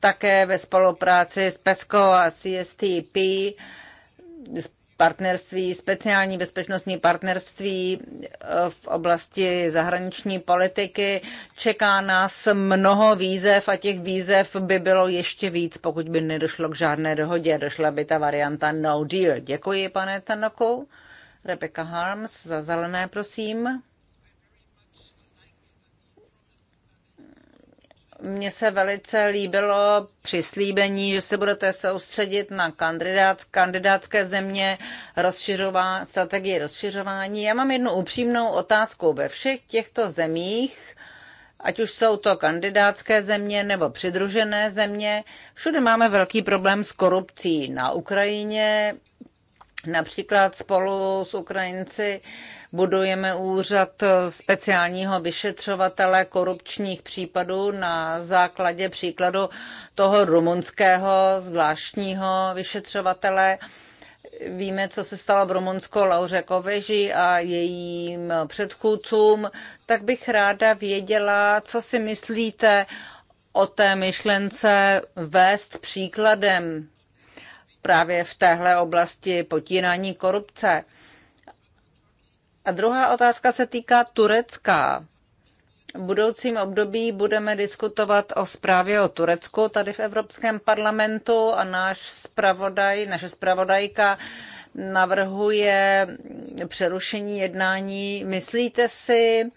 také ve spolupráci s PESCO a CSTP, partnerství, speciální bezpečnostní partnerství eh, v oblasti zahraniční politiky. Čeká nás mnoho výzev a těch výzev by bylo ještě víc, pokud by nedošlo k žádné dohodě. Došla by ta varianta no deal. Děkuji, pane Tanoku. Rebecca Harms za zelené, prosím. Mně se velice líbilo přislíbení, že se budete soustředit na kandidát, kandidátské země, rozšiřová, strategii rozšiřování. Já mám jednu upřímnou otázku. Ve všech těchto zemích, ať už jsou to kandidátské země nebo přidružené země, všude máme velký problém s korupcí. Na Ukrajině Například spolu s Ukrajinci budujeme úřad speciálního vyšetřovatele korupčních případů na základě příkladu toho rumunského zvláštního vyšetřovatele. Víme, co se stalo v Rumunsku Lauře Koveži a jejím předchůdcům, tak bych ráda věděla, co si myslíte o té myšlence vést příkladem právě v téhle oblasti potírání korupce. A druhá otázka se týká Turecka. V budoucím období budeme diskutovat o zprávě o Turecku tady v Evropském parlamentu a náš spravodaj, naše spravodajka navrhuje přerušení jednání. Myslíte si,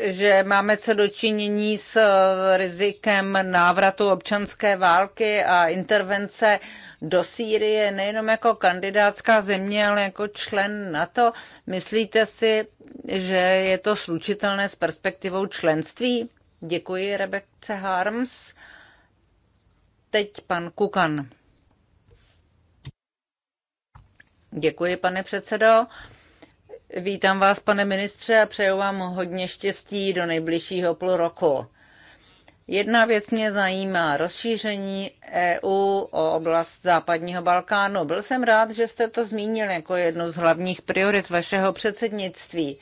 že máme co dočinění s eh, rizikem návratu občanské války a intervence do Sýrie nejenom jako kandidátská země, ale jako člen NATO. Myslíte si, že je to slučitelné s perspektivou členství? Děkuji Rebekce Harms. Teď pan Kukan. Děkuji, pane předsedo. Vítám vás, pane ministře, a přeju vám hodně štěstí do nejbližšího půl roku. Jedna věc mě zajímá, rozšíření EU o oblast západního Balkánu. Byl jsem rád, že jste to zmínil jako jednu z hlavních priorit vašeho předsednictví.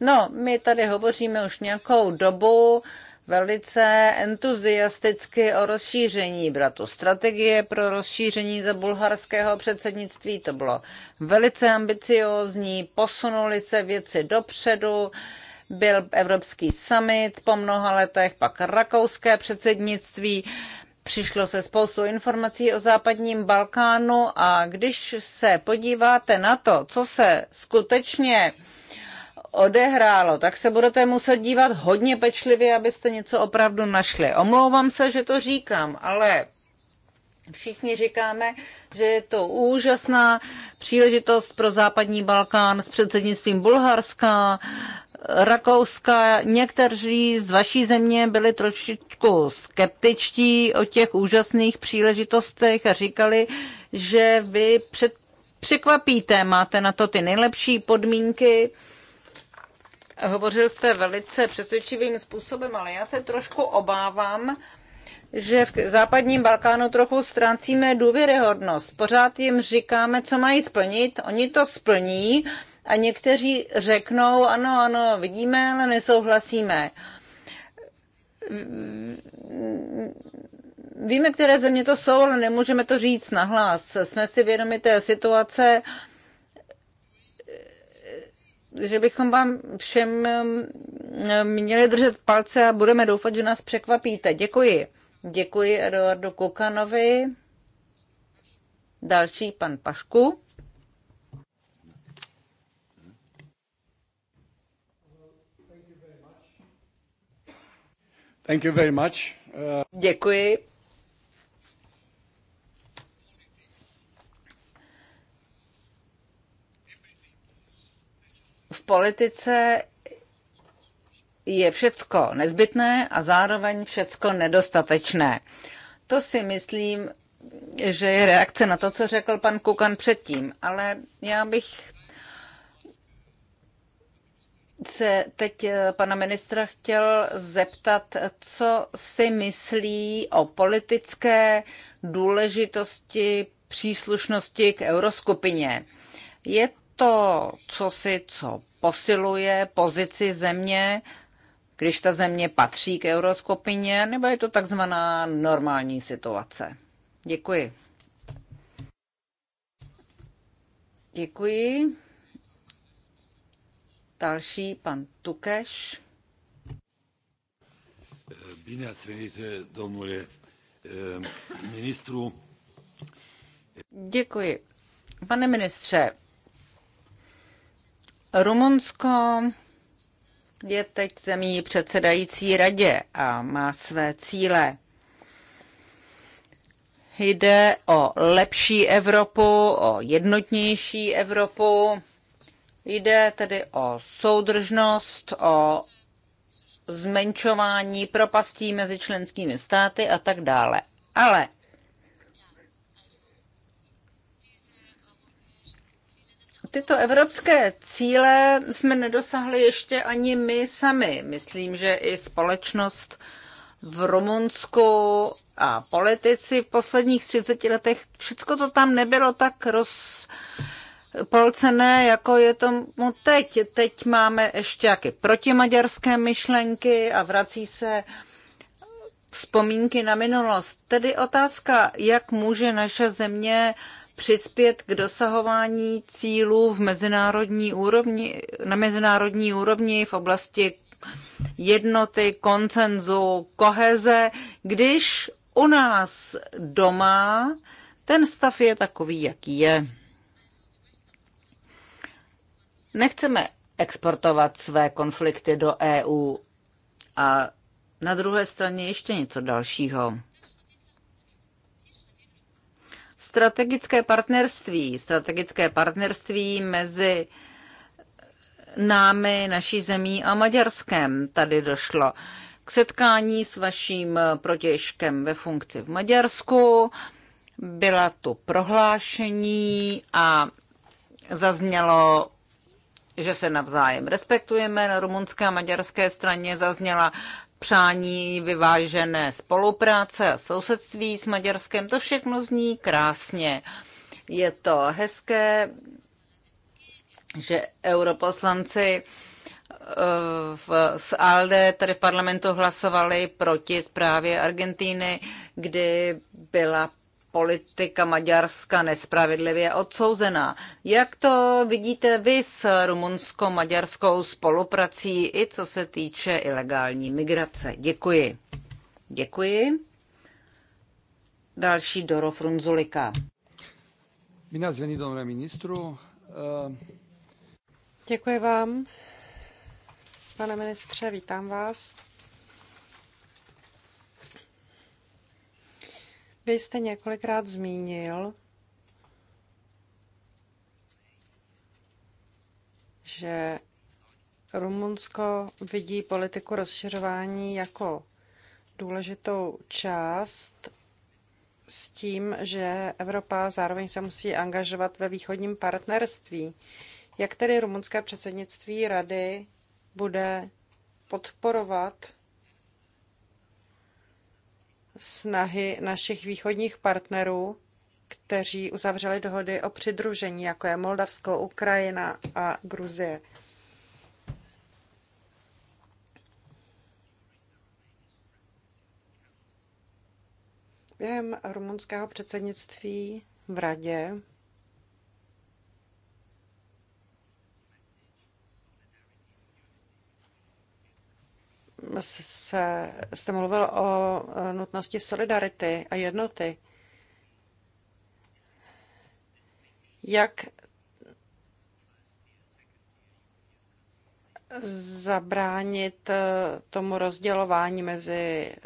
No, my tady hovoříme už nějakou dobu, velice entuziasticky o rozšíření bratu. Strategie pro rozšíření za bulharského předsednictví to bylo velice ambiciózní, posunuli se věci dopředu, byl Evropský summit po mnoha letech, pak rakouské předsednictví, Přišlo se spoustu informací o západním Balkánu a když se podíváte na to, co se skutečně odehrálo, tak se budete muset dívat hodně pečlivě, abyste něco opravdu našli. Omlouvám se, že to říkám, ale všichni říkáme, že je to úžasná příležitost pro západní Balkán s předsednictvím Bulharska, Rakouska. Někteří z vaší země byli trošičku skeptičtí o těch úžasných příležitostech a říkali, že vy před překvapíte, máte na to ty nejlepší podmínky. Hovořil jste velice přesvědčivým způsobem, ale já se trošku obávám, že v západním Balkánu trochu ztrácíme důvěryhodnost. Pořád jim říkáme, co mají splnit, oni to splní a někteří řeknou, ano, ano, vidíme, ale nesouhlasíme. Víme, které země to jsou, ale nemůžeme to říct nahlas. Jsme si vědomi té situace, že bychom vám všem um, um, měli držet palce a budeme doufat, že nás překvapíte. Děkuji. Děkuji Eduardu Kukanovi. Další pan Pašku. Thank you very much. Uh... Děkuji. politice je všecko nezbytné a zároveň všecko nedostatečné. To si myslím, že je reakce na to, co řekl pan Kukan předtím, ale já bych se teď eh, pana ministra chtěl zeptat, co si myslí o politické důležitosti příslušnosti k euroskupině. Je to co si, co posiluje pozici země, když ta země patří k euroskopině, nebo je to takzvaná normální situace? Děkuji. Děkuji. Další, pan Tukeš. Bine ați venit, domnule eh, ministru. Děkuji. Pane ministře, Rumunsko je teď zemí předsedající radě a má své cíle. Jde o lepší Evropu, o jednotnější Evropu. Jde tedy o soudržnost, o zmenšování propastí mezi členskými státy a tak dále. Ale tyto evropské cíle jsme nedosáhli ještě ani my sami. Myslím, že i společnost v Rumunsku a politici v posledních 30 letech, všechno to tam nebylo tak roz, polcené, jako je tomu teď. Teď máme ještě jaké protimaďarské myšlenky a vrací se vzpomínky na minulost. Tedy otázka, jak může naše země přispět k dosahování cílů v mezinárodní úrovni, na mezinárodní úrovni v oblasti jednoty, koncenzu, koheze, když u nás doma ten stav je takový, jaký je. Nechceme exportovat své konflikty do EU. A na druhé straně ještě něco dalšího strategické partnerství. Strategické partnerství mezi námi, naší zemí a Maďarskem tady došlo k setkání s vaším protěžkem ve funkci v Maďarsku. Byla tu prohlášení a zaznělo, že se navzájem respektujeme. Na rumunské a maďarské straně zazněla přání vyvážené spolupráce a sousedství s Maďarskem. To všechno zní krásně. Je to hezké, že europoslanci eh, v, z ALDE tady v parlamentu hlasovali proti zprávě Argentíny, kdy byla politika Maďarska nespravedlivě odsouzená. Jak to vidíte vy s rumunsko-maďarskou spoluprací i co se týče ilegální migrace? Děkuji. Děkuji. Další Doro Frunzulika. ministru. Děkuji vám, pane ministře, vítám vás. Vy jste několikrát zmínil, že Rumunsko vidí politiku rozšiřování jako důležitou část s tím, že Evropa zároveň se musí angažovat ve východním partnerství. Jak tedy rumunské předsednictví rady bude podporovat snahy našich východních partnerů, kteří uzavřeli dohody o přidružení, jako je Moldavsko, Ukrajina a Gruzie. Během rumunského předsednictví v Radě se, jste mluvil o nutnosti solidarity a jednoty. Jak zabránit eh, tomu rozdělování mezi eh,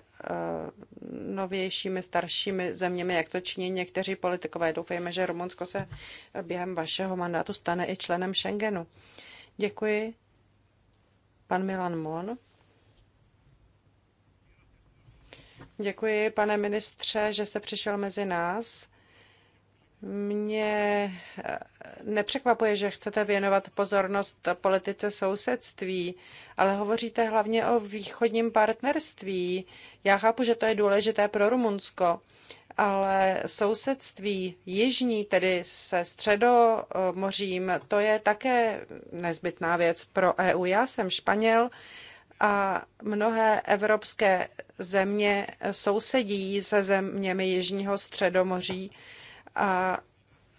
novějšími, staršími zeměmi, jak to činí někteří politikové. Doufejme, že Rumunsko se během vašeho mandátu stane i členem Schengenu. Děkuji. Pan Milan Mon. Děkuji, pane ministře, že jste přišel mezi nás. Mě eh, nepřekvapuje, že chcete věnovat pozornost politice sousedství, ale hovoříte hlavně o východním partnerství. Já chápu, že to je důležité pro Rumunsko, ale sousedství jižní, tedy se středomořím, to je také nezbytná věc pro EU. Já jsem Španěl a mnohé evropské země sousedí se zeměmi Jižního středomoří. A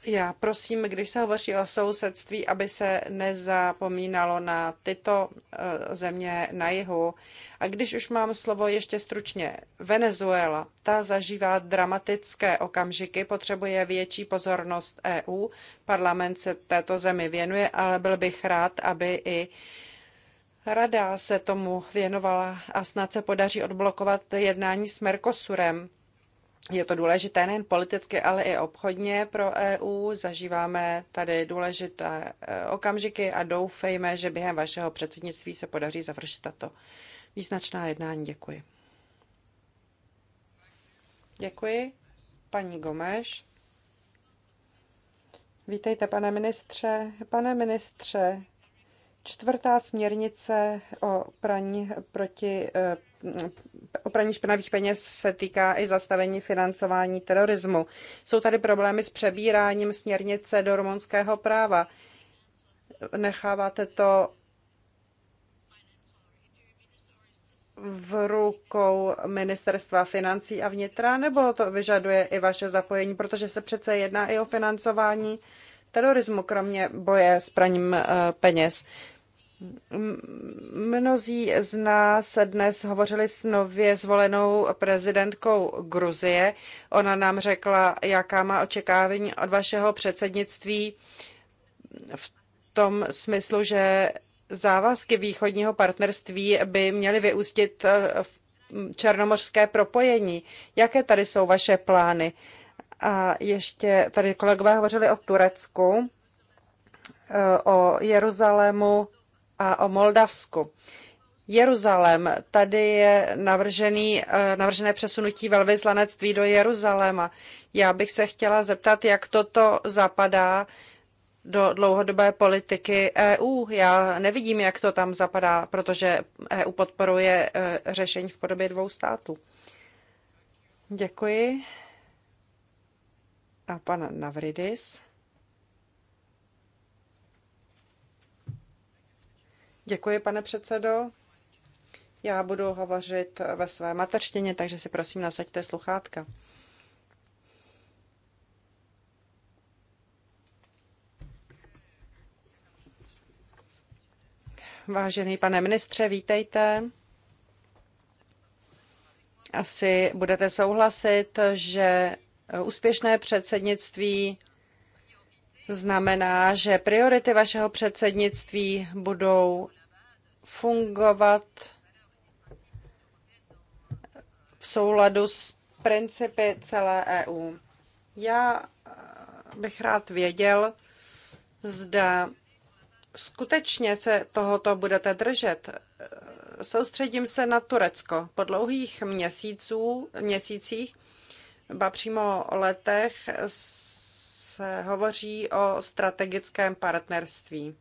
já prosím, když se hovoří o sousedství, aby se nezapomínalo na tyto eh, země na jihu. A když už mám slovo ještě stručně, Venezuela, ta zažívá dramatické okamžiky, potřebuje větší pozornost EU, parlament se této zemi věnuje, ale byl bych rád, aby i uh, Rada se tomu věnovala a snad se podaří odblokovat jednání s Mercosurem. Je to důležité nejen politicky, ale i obchodně pro EU. Zažíváme tady důležité eh, okamžiky a doufejme, že během vašeho předsednictví se podaří završit tato význačná jednání. Děkuji. Děkuji. Paní Gomeš. Vítejte, pane ministře. Pane ministře, Čtvrtá směrnice o praní, proti, eh, o praní špinavých peněz se týká i zastavení financování terorismu. Jsou tady problémy s přebíráním směrnice do rumunského práva. Necháváte to v rukou ministerstva financí a vnitra, nebo to vyžaduje i vaše zapojení, protože se přece jedná i o financování terorismu, kromě boje s praním eh, peněz. Mnozí z nás dnes hovořili s nově zvolenou prezidentkou Gruzie. Ona nám řekla, jaká má očekávání od vašeho předsednictví v tom smyslu, že závazky východního partnerství by měly vyústit v černomořské propojení. Jaké tady jsou vaše plány? A ještě tady kolegové hovořili o Turecku, o Jeruzalému, a o Moldavsku. Jeruzalém. Tady je navržený, eh, navržené přesunutí velvyslanectví do Jeruzaléma. Já bych se chtěla zeptat, jak toto zapadá do dlouhodobé politiky EU. Já nevidím, jak to tam zapadá, protože EU podporuje eh, řešení v podobě dvou států. Děkuji. A pan Navridis. Děkuji, pane předsedo. Já budu hovořit ve své mateřtině, takže si prosím nasaďte sluchátka. Vážený pane ministře, vítejte. Asi budete souhlasit, že úspěšné předsednictví znamená, že priority vašeho předsednictví budou fungovat v souladu s principy celé EU. Já bych rád věděl, zda skutečně se tohoto budete držet. Soustředím se na Turecko. Po dlouhých měsíců, měsících, ba přímo letech, se hovoří o strategickém partnerství.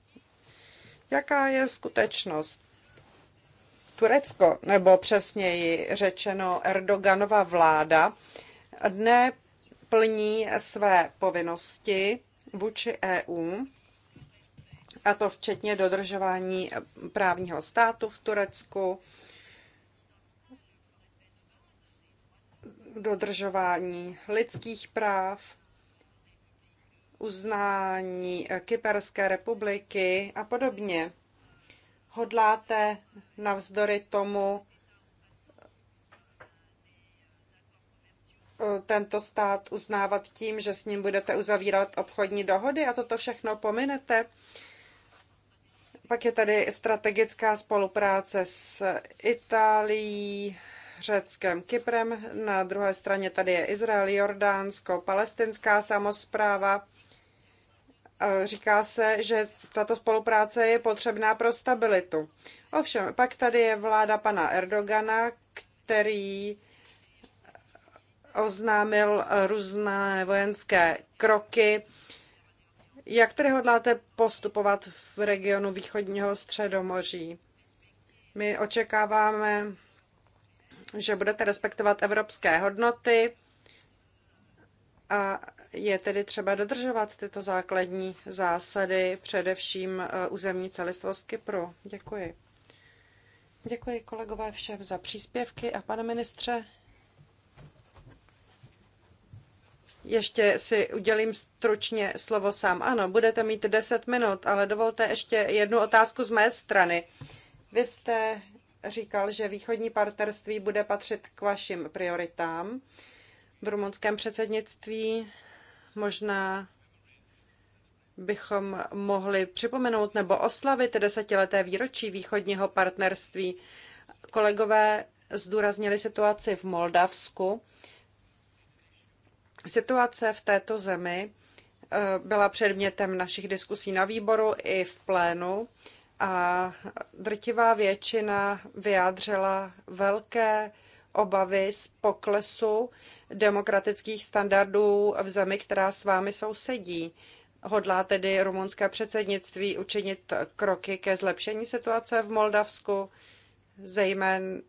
Jaká je skutečnost? Turecko, nebo přesněji řečeno Erdoganova vláda, dne plní své povinnosti vůči EU, a to včetně dodržování právního státu v Turecku, dodržování lidských práv uznání eh, Kyperské republiky a podobně. Hodláte navzdory tomu eh, tento stát uznávat tím, že s ním budete uzavírat obchodní dohody a toto všechno pominete? Pak je tady strategická spolupráce s Itálií, Řeckem, Kyprem. Na druhé straně tady je Izrael, Jordánsko, palestinská samozpráva. Říká se, že tato spolupráce je potřebná pro stabilitu. Ovšem, pak tady je vláda pana Erdogana, který oznámil různé vojenské kroky. Jak tedy hodláte postupovat v regionu východního středomoří? My očekáváme, že budete respektovat evropské hodnoty, a je tedy třeba dodržovat tyto základní zásady, především e, územní celistvost Kypru. Děkuji. Děkuji kolegové všem za příspěvky a pane ministře, ještě si udělím stručně slovo sám. Ano, budete mít 10 minut, ale dovolte ještě jednu otázku z mé strany. Vy jste říkal, že východní partnerství bude patřit k vašim prioritám v rumunském předsednictví. Možná bychom mohli připomenout nebo oslavit desetileté výročí východního partnerství. Kolegové zdůraznili situaci v Moldavsku. Situace v této zemi eh, byla předmětem našich diskusí na výboru i v plénu a drtivá většina vyjádřila velké obavy z poklesu demokratických standardů v zemi, která s vámi sousedí. Hodlá tedy rumunské předsednictví učinit kroky ke zlepšení situace v Moldavsku, zejména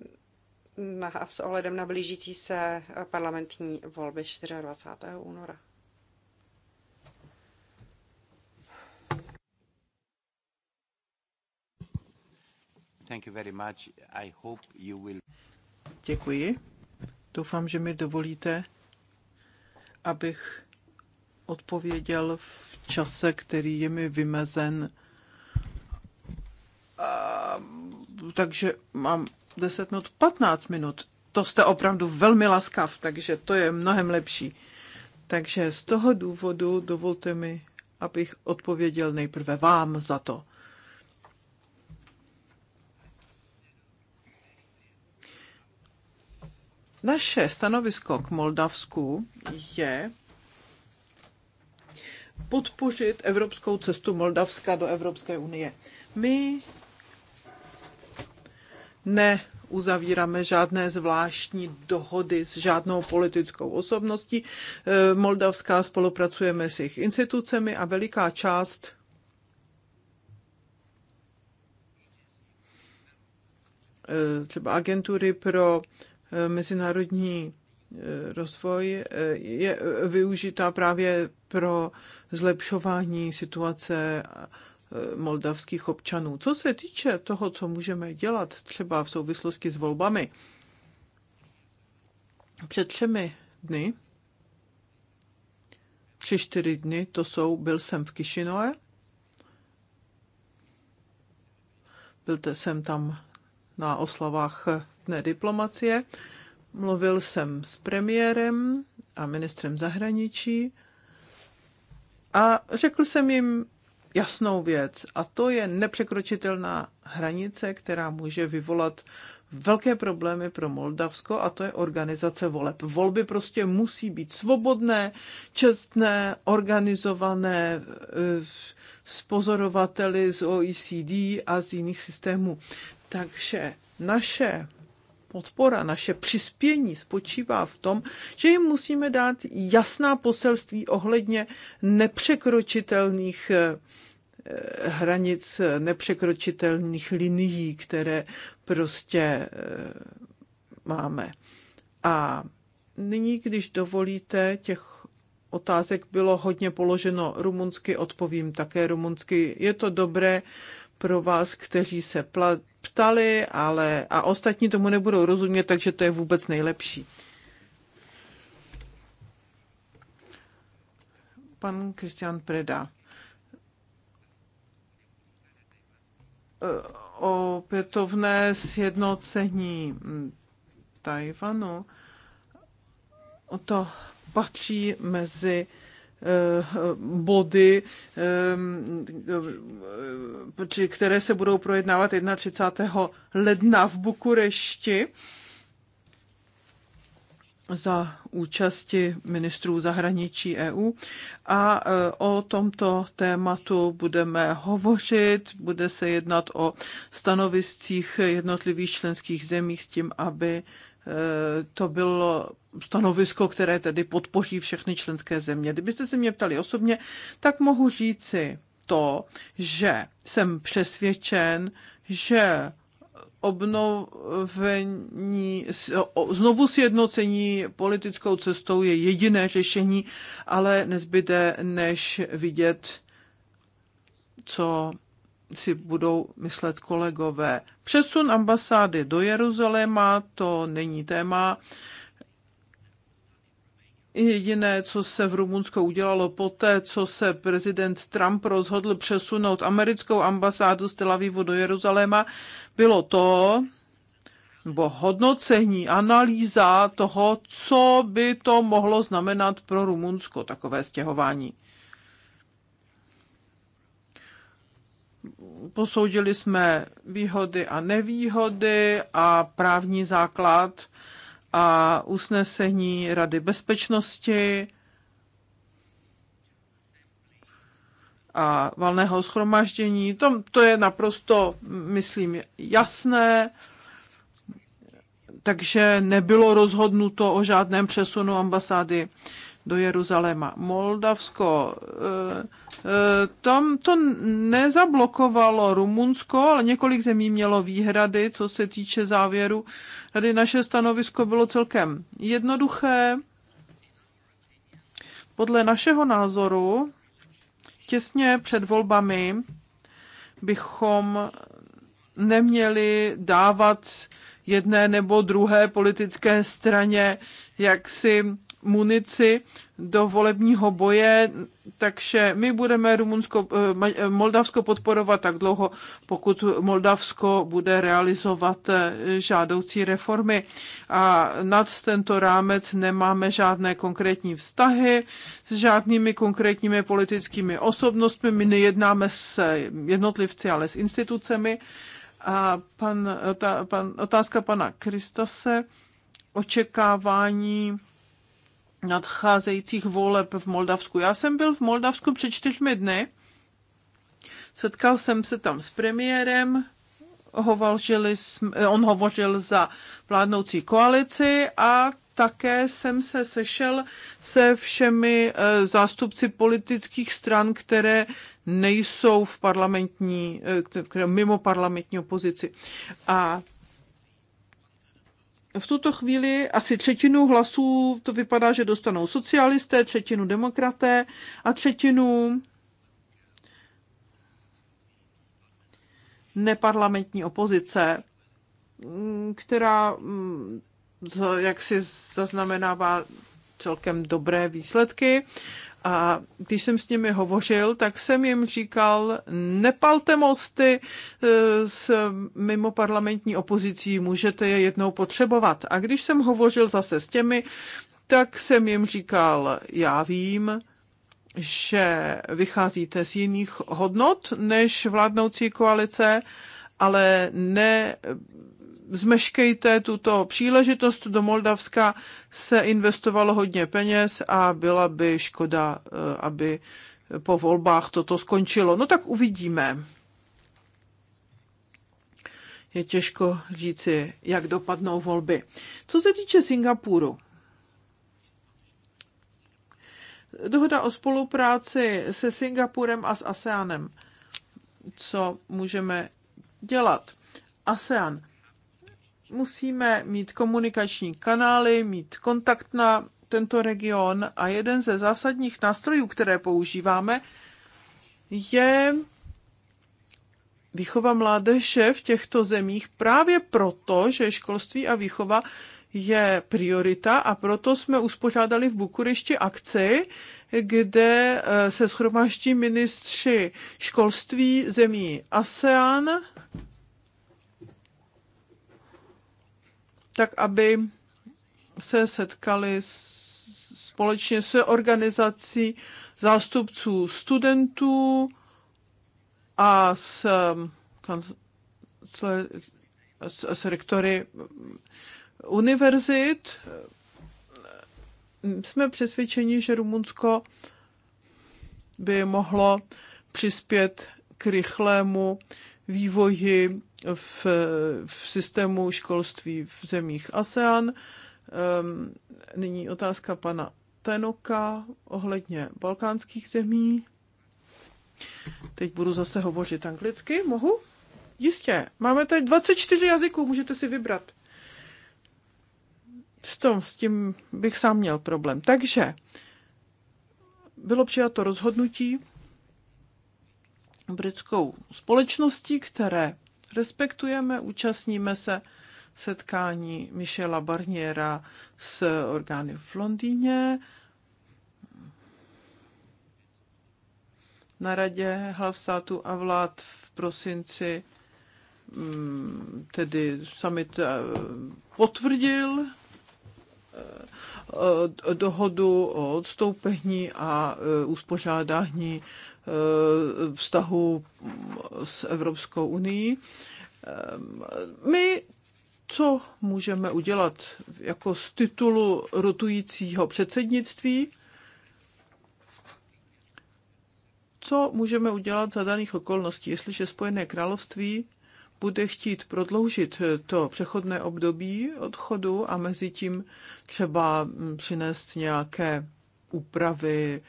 s ohledem na blížící se parlamentní volby 24. února. Thank you very much. I hope you will... Děkuji. Doufám, že mi dovolíte, abych odpověděl v čase, který je mi vymezen. A, takže mám 10 minut, 15 minut. To jste opravdu velmi laskav, takže to je mnohem lepší. Takže z toho důvodu dovolte mi, abych odpověděl nejprve vám za to. Naše stanovisko k Moldavsku je podpořit evropskou cestu Moldavska do Evropské unie. My ne uzavíráme žádné zvláštní dohody s žádnou politickou osobností. E, Moldavská spolupracujeme s jejich institucemi a veliká část e, třeba agentury pro Eh, mezinárodní eh, rozvoj eh, je využitá právě pro zlepšování situace moldavských občanů. Co se týče toho, co můžeme dělat třeba v souvislosti s volbami, před třemi dny, tři, čtyři dny, to jsou, byl jsem v Kišinoe, byl jsem tam na oslavách jednotné diplomacie. Mluvil jsem s premiérem a ministrem zahraničí a řekl jsem jim jasnou věc a to je nepřekročitelná hranice, která může vyvolat velké problémy pro Moldavsko a to je organizace voleb. Volby prostě musí být svobodné, čestné, organizované eh, s pozorovateli z OECD a z jiných systémů. Takže naše podpora, naše přispění spočívá v tom, že jim musíme dát jasná poselství ohledně nepřekročitelných eh, hranic, nepřekročitelných linií, které prostě eh, máme. A nyní, když dovolíte, těch otázek bylo hodně položeno rumunsky, odpovím také rumunsky. Je to dobré pro vás, kteří se plat, ptali, ale a ostatní tomu nebudou rozumět, takže to je vůbec nejlepší. Pan Kristian Preda. Eh, opětovné sjednocení hm, Tajvanu. To patří mezi Eh, body, eh, eh, které se budou projednávat 31. ledna v Bukurešti za účasti ministrů zahraničí EU a o tomto tématu budeme hovořit. Bude se jednat o stanoviscích jednotlivých členských zemí s tím, aby Eh, to bylo stanovisko, které tedy podpoří všechny členské země. Kdybyste se mě ptali osobně, tak mohu říci to, že jsem přesvědčen, že obnovení, znovu sjednocení politickou cestou je jediné řešení, ale nezbyde než vidět, co si budou myslet kolegové. Přesun ambasády do Jeruzaléma, to není téma. Jediné, co se v Rumunsku udělalo poté, co se prezident Trump rozhodl přesunout americkou ambasádu z Tel Avivu do Jeruzaléma, bylo to, nebo hodnocení, analýza toho, co by to mohlo znamenat pro Rumunsko, takové stěhování. posoudili jsme výhody a nevýhody a právní základ a usnesení Rady bezpečnosti a valného schromaždění. To, to je naprosto, myslím, jasné takže nebylo rozhodnuto o žádném přesunu ambasády do Jeruzaléma. Moldavsko, eh, eh, tam to nezablokovalo Rumunsko, ale několik zemí mělo výhrady, co se týče závěru. Tady naše stanovisko bylo celkem jednoduché. Podle našeho názoru, těsně před volbami bychom neměli dávat jedné nebo druhé politické straně jaksi munici do volebního boje, takže my budeme Rumunsko, eh, eh, Moldavsko podporovat tak dlouho, pokud Moldavsko bude realizovat eh, žádoucí reformy. A nad tento rámec nemáme žádné konkrétní vztahy s žádnými konkrétními politickými osobnostmi. My nejednáme s jednotlivci, ale s institucemi. A pan, ta, pan, otázka pana Kristose, očekávání nadcházejících voleb v Moldavsku. Já jsem byl v Moldavsku před čtyřmi dny. Setkal jsem se tam s premiérem, hovořili, on hovořil za vládnoucí koalici a také jsem se sešel se všemi eh, zástupci politických stran, které nejsou v parlamentní, eh, které mimo parlamentní opozici. A v tuto chvíli asi třetinu hlasů, to vypadá, že dostanou socialisté, třetinu demokraté a třetinu neparlamentní opozice, která mm, jak si zaznamenává celkem dobré výsledky. A když jsem s nimi hovořil, tak jsem jim říkal, nepalte mosty e, s mimo parlamentní opozicí, můžete je jednou potřebovat. A když jsem hovořil zase s těmi, tak jsem jim říkal, já vím, že vycházíte z jiných hodnot než vládnoucí koalice, ale ne zmeškejte tuto příležitost. Do Moldavska se investovalo hodně peněz a byla by škoda, eh, aby po volbách toto skončilo. No tak uvidíme. Je těžko říci, jak dopadnou volby. Co se týče Singapuru, dohoda o spolupráci se Singapurem a s ASEANem. Co můžeme dělat? ASEAN Musíme mít komunikační kanály, mít kontakt na tento region a jeden ze zásadních nástrojů, které používáme, je výchova mládeže v těchto zemích právě proto, že školství a výchova je priorita a proto jsme uspořádali v Bukurešti akci, kde eh, se schromaští ministři školství zemí ASEAN tak aby se setkali společně se organizací zástupců studentů a s, um, kancle, s, s rektory univerzit. Jsme přesvědčeni, že Rumunsko by mohlo přispět k rychlému vývoji v, v systému školství v zemích ASEAN. Ehm, nyní otázka pana Tenoka ohledně balkánských zemí. Teď budu zase hovořit anglicky, mohu? Jistě, máme tady 24 jazyků, můžete si vybrat. S, tom, s tím bych sám měl problém. Takže bylo přijato rozhodnutí britskou společností, které respektujeme, účastníme se setkání Michela Barniera s orgány v Londýně. Na radě hlav státu a vlád v prosinci mm, tedy summit eh, potvrdil Eh, dohodu o odstoupení a eh, uspořádání eh, vztahu s Evropskou unii. My co můžeme udělat jako z titulu rotujícího předsednictví? Co můžeme udělat za daných okolností, jestliže Spojené království bude chtít prodloužit eh, to přechodné období odchodu a mezi tím třeba mm, přinést nějaké úpravy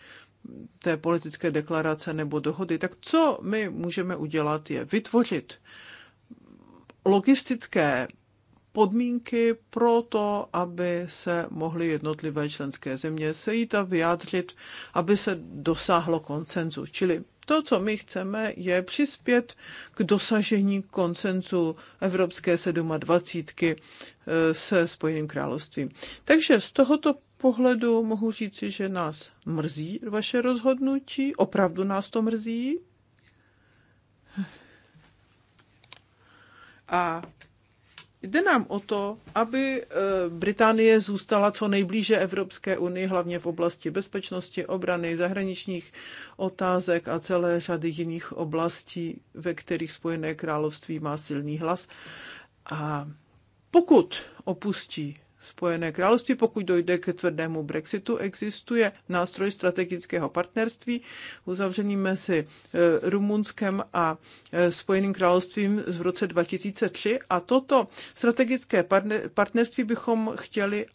mm, té politické deklarace nebo dohody, tak co my můžeme udělat je vytvořit logistické podmínky pro to, aby se mohly jednotlivé členské země sejít a vyjádřit, aby se dosáhlo koncenzu. Čili to, co my chceme, je přispět k dosažení koncenzu Evropské 27 eh, se Spojeným královstvím. Takže z tohoto pohledu mohu říci, že nás mrzí vaše rozhodnutí, opravdu nás to mrzí. A Jde nám o to, aby e, Británie zůstala co nejblíže Evropské unii, hlavně v oblasti bezpečnosti, obrany, zahraničních otázek a celé řady jiných oblastí, ve kterých Spojené království má silný hlas. A pokud opustí Spojené království, pokud dojde k tvrdému Brexitu, existuje nástroj strategického partnerství uzavřený mezi e, Rumunskem a e, Spojeným královstvím v roce 2003 a toto strategické partnerství bychom chtěli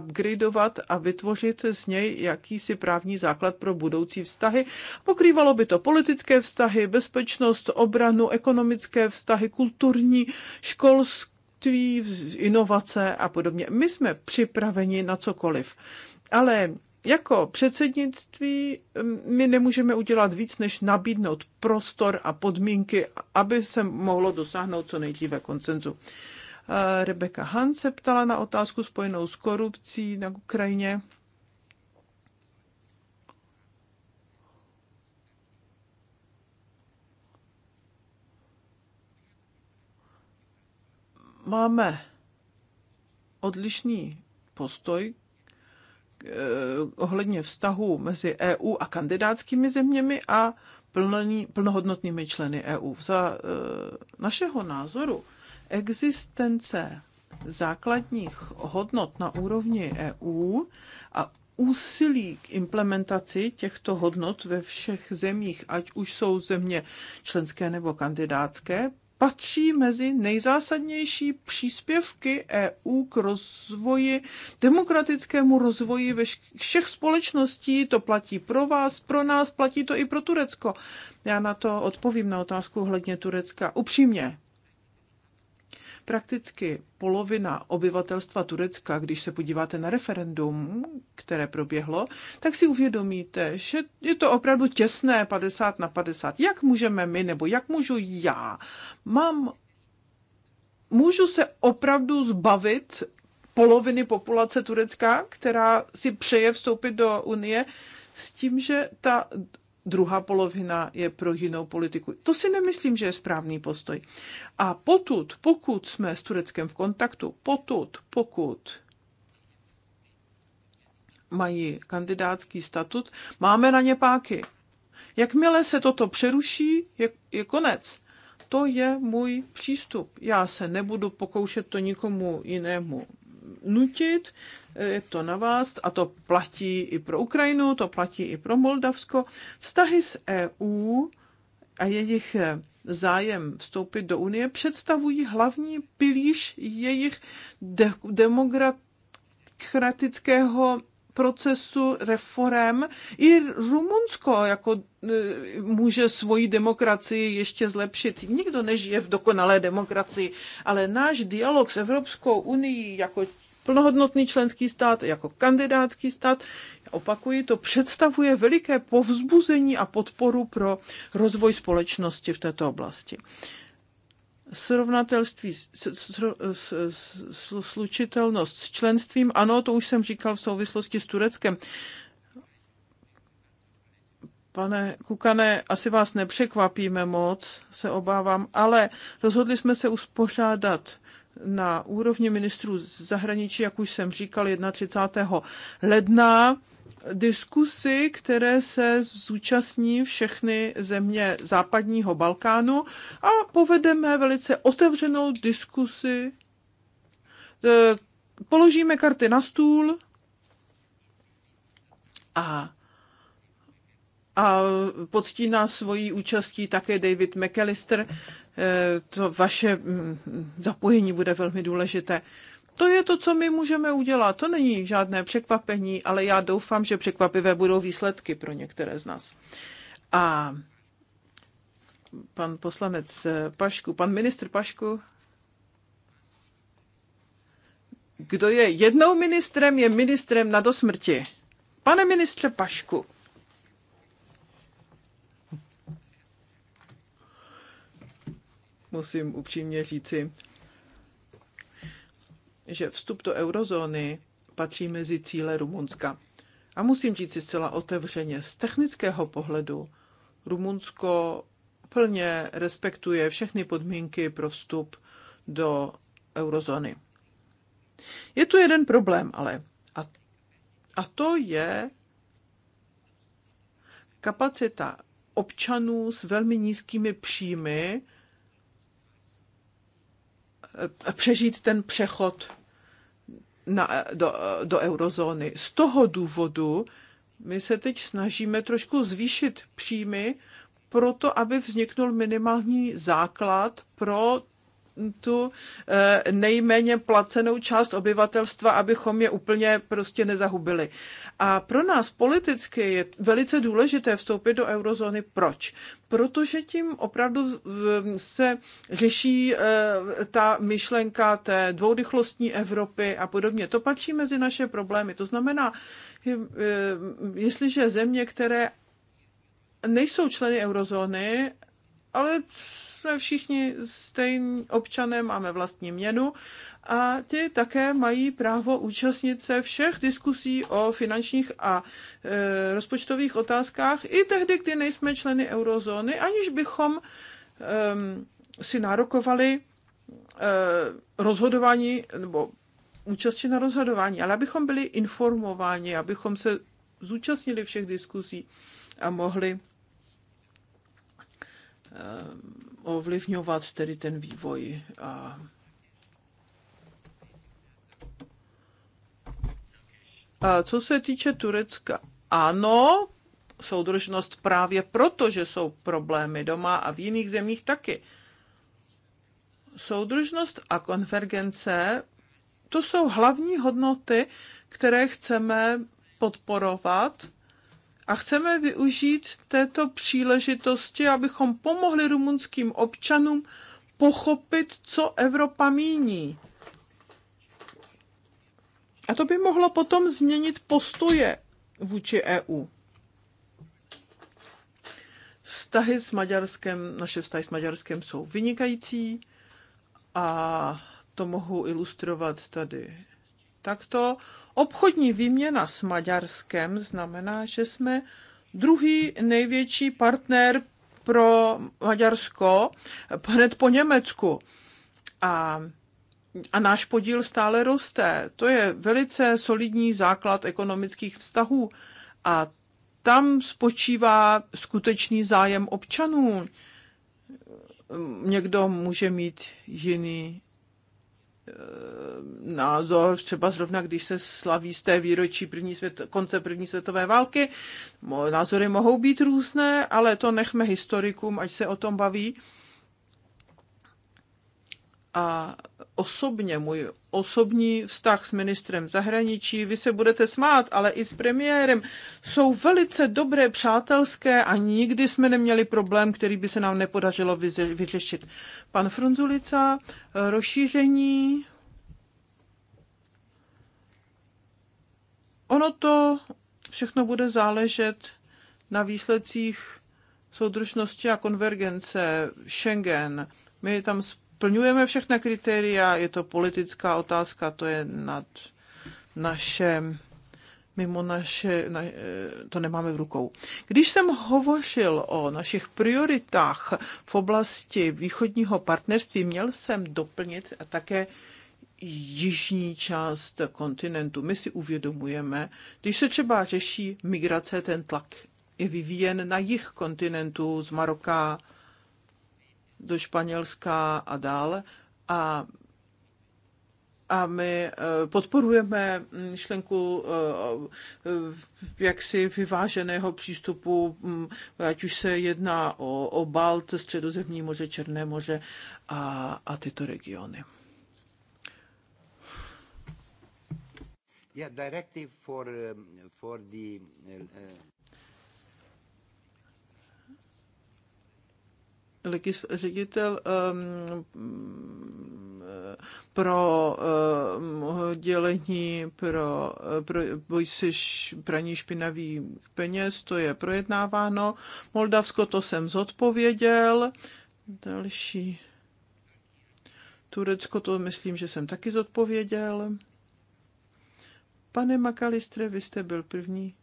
upgradeovat a vytvořit z něj jakýsi právní základ pro budoucí vztahy. Pokrývalo by to politické vztahy, bezpečnost, obranu, ekonomické vztahy, kulturní, školské, odvětví, inovace a podobně. My jsme připraveni na cokoliv. Ale jako předsednictví my nemůžeme udělat víc, než nabídnout prostor a podmínky, aby se mohlo dosáhnout co nejdříve koncenzu. Eh, Rebeka Han se ptala na otázku spojenou s korupcí na Ukrajině. máme odlišný postoj eh, ohledně vztahu mezi EU a kandidátskými zeměmi a plnení, plnohodnotnými členy EU. Za eh, našeho názoru existence základních hodnot na úrovni EU a úsilí k implementaci těchto hodnot ve všech zemích, ať už jsou země členské nebo kandidátské, patří mezi nejzásadnější příspěvky EU k rozvoji, demokratickému rozvoji všech společností. To platí pro vás, pro nás, platí to i pro Turecko. Já na to odpovím na otázku ohledně Turecka. Upřímně, Prakticky polovina obyvatelstva Turecka, když se podíváte na referendum, které proběhlo, tak si uvědomíte, že je to opravdu těsné 50 na 50. Jak můžeme my, nebo jak můžu já? Mám můžu se opravdu zbavit poloviny populace Turecka, která si přeje vstoupit do Unie, s tím, že ta druhá polovina je pro jinou politiku. To si nemyslím, že je správný postoj. A potud, pokud jsme s Tureckem v kontaktu, potud, pokud mají kandidátský statut, máme na ně páky. Jakmile se toto přeruší, je, je konec. To je můj přístup. Já se nebudu pokoušet to nikomu jinému nutit, eh, je to na vás a to platí i pro Ukrajinu, to platí i pro Moldavsko. Vztahy s EU a jejich eh, zájem vstoupit do Unie představují hlavní pilíř jejich de- demokratického procesu reform. I Rumunsko jako e, může svoji demokracii ještě zlepšit. Nikdo nežije v dokonalé demokracii, ale náš dialog s Evropskou unii jako plnohodnotný členský stát, jako kandidátský stát, opakuji, to představuje veliké povzbuzení a podporu pro rozvoj společnosti v této oblasti srovnatelství, slučitelnost s členstvím, ano, to už jsem říkal v souvislosti s Tureckem. Pane Kukane, asi vás nepřekvapíme moc, se obávám, ale rozhodli jsme se uspořádat na úrovni ministrů zahraničí, jak už jsem říkal, 31. ledna diskusy, které se zúčastní všechny země západního Balkánu a povedeme velice otevřenou diskusi. E, položíme karty na stůl a a poctí nás svojí účastí také David McAllister. E, to vaše mm, zapojení bude velmi důležité. To je to, co my můžeme udělat. To není žádné překvapení, ale já doufám, že překvapivé budou výsledky pro některé z nás. A pan poslanec Pašku, pan ministr Pašku, kdo je jednou ministrem, je ministrem na dosmrti. Pane ministře Pašku, musím upřímně říci, že vstup do eurozóny patří mezi cíle Rumunska. A musím říct si zcela otevřeně, z technického pohledu Rumunsko plně respektuje všechny podmínky pro vstup do eurozóny. Je tu jeden problém ale, a, a to je kapacita občanů s velmi nízkými příjmy Eh, přežít ten přechod na, eh, do, eh, do eurozóny. Z toho důvodu my se teď snažíme trošku zvýšit příjmy, proto aby vzniknul minimální základ pro tu eh, nejméně placenou část obyvatelstva, abychom je úplně prostě nezahubili. A pro nás politicky je velice důležité vstoupit do eurozóny. Proč? Protože tím opravdu se řeší eh, ta myšlenka té dvoudychlostní Evropy a podobně. To patří mezi naše problémy. To znamená, eh, jestliže země, které nejsou členy eurozóny, ale jsme všichni stejní občané, máme vlastní měnu a ty také mají právo účastnit se všech diskusí o finančních a e, rozpočtových otázkách i tehdy, kdy nejsme členy eurozóny, aniž bychom e, si nárokovali e, rozhodování nebo účasti na rozhodování, ale abychom byli informováni, abychom se zúčastnili všech diskusí a mohli Eh, ovlivňovat tedy ten vývoj. A, a co se týče Turecka, ano, soudržnost právě proto, že jsou problémy doma a v jiných zemích taky. Soudržnost a konvergence to jsou hlavní hodnoty, které chceme podporovat a chceme využít této příležitosti, abychom pomohli rumunským občanům pochopit, co Evropa míní. A to by mohlo potom změnit postoje vůči EU. Vztahy s Maďarskem, naše vztahy s Maďarskem jsou vynikající a to mohu ilustrovat tady takto. Obchodní výměna s Maďarskem znamená, že jsme druhý největší partner pro Maďarsko hned po Německu. A, a náš podíl stále roste. To je velice solidní základ ekonomických vztahů. A tam spočívá skutečný zájem občanů. Někdo může mít jiný Eh, názor, třeba zrovna když se slaví z té výročí první svět, konce první světové války. Názory mohou být různé, ale to nechme historikům, ať se o tom baví a osobně, můj osobní vztah s ministrem zahraničí, vy se budete smát, ale i s premiérem, jsou velice dobré, přátelské a nikdy jsme neměli problém, který by se nám nepodařilo vyřešit. Pan Frunzulica, rozšíření. Ono to všechno bude záležet na výsledcích soudržnosti a konvergence Schengen. My tam splňujeme všechna kritéria, je to politická otázka, to je nad našem mimo naše, na, eh, to nemáme v rukou. Když jsem hovořil o našich prioritách v oblasti východního partnerství, měl jsem doplnit a také jižní část kontinentu. My si uvědomujeme, když se třeba řeší migrace, ten tlak je vyvíjen na jih kontinentu z Maroka, do Španělska a dál. A a my eh, podporujeme mm, myšlenku eh, jaksi vyváženého přístupu, mm, ať už se jedná o, o Balt, Středozemní moře, Černé moře a, a tyto regiony. Yeah, directive for, eh, for the, ředitel um, pro uh, dělení pro, eh, pro boj se š, praní špinavých peněz, to je projednáváno. Moldavsko to jsem zodpověděl. Další. Turecko to myslím, že jsem taky zodpověděl. Pane Makalistre, vy jste byl první,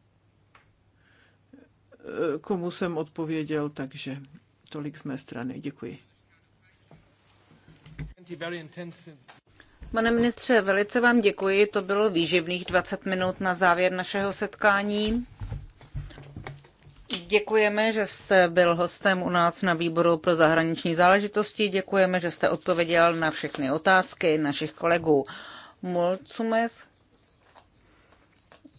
komu jsem odpověděl, takže Tolik z mé strany. Děkuji. Pane ministře, velice vám děkuji. To bylo výživných 20 minut na závěr našeho setkání. Děkujeme, že jste byl hostem u nás na výboru pro zahraniční záležitosti. Děkujeme, že jste odpověděl na všechny otázky našich kolegů. Mulțumesc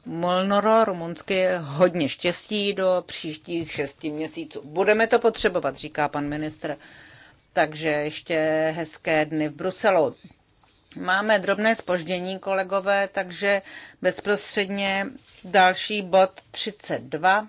Molnoro, rumunsky, hodně štěstí do příštích šesti měsíců. Budeme to potřebovat, říká pan ministr. Takže ještě hezké dny v Bruselu. Máme drobné spoždění, kolegové, takže bezprostředně další bod 32.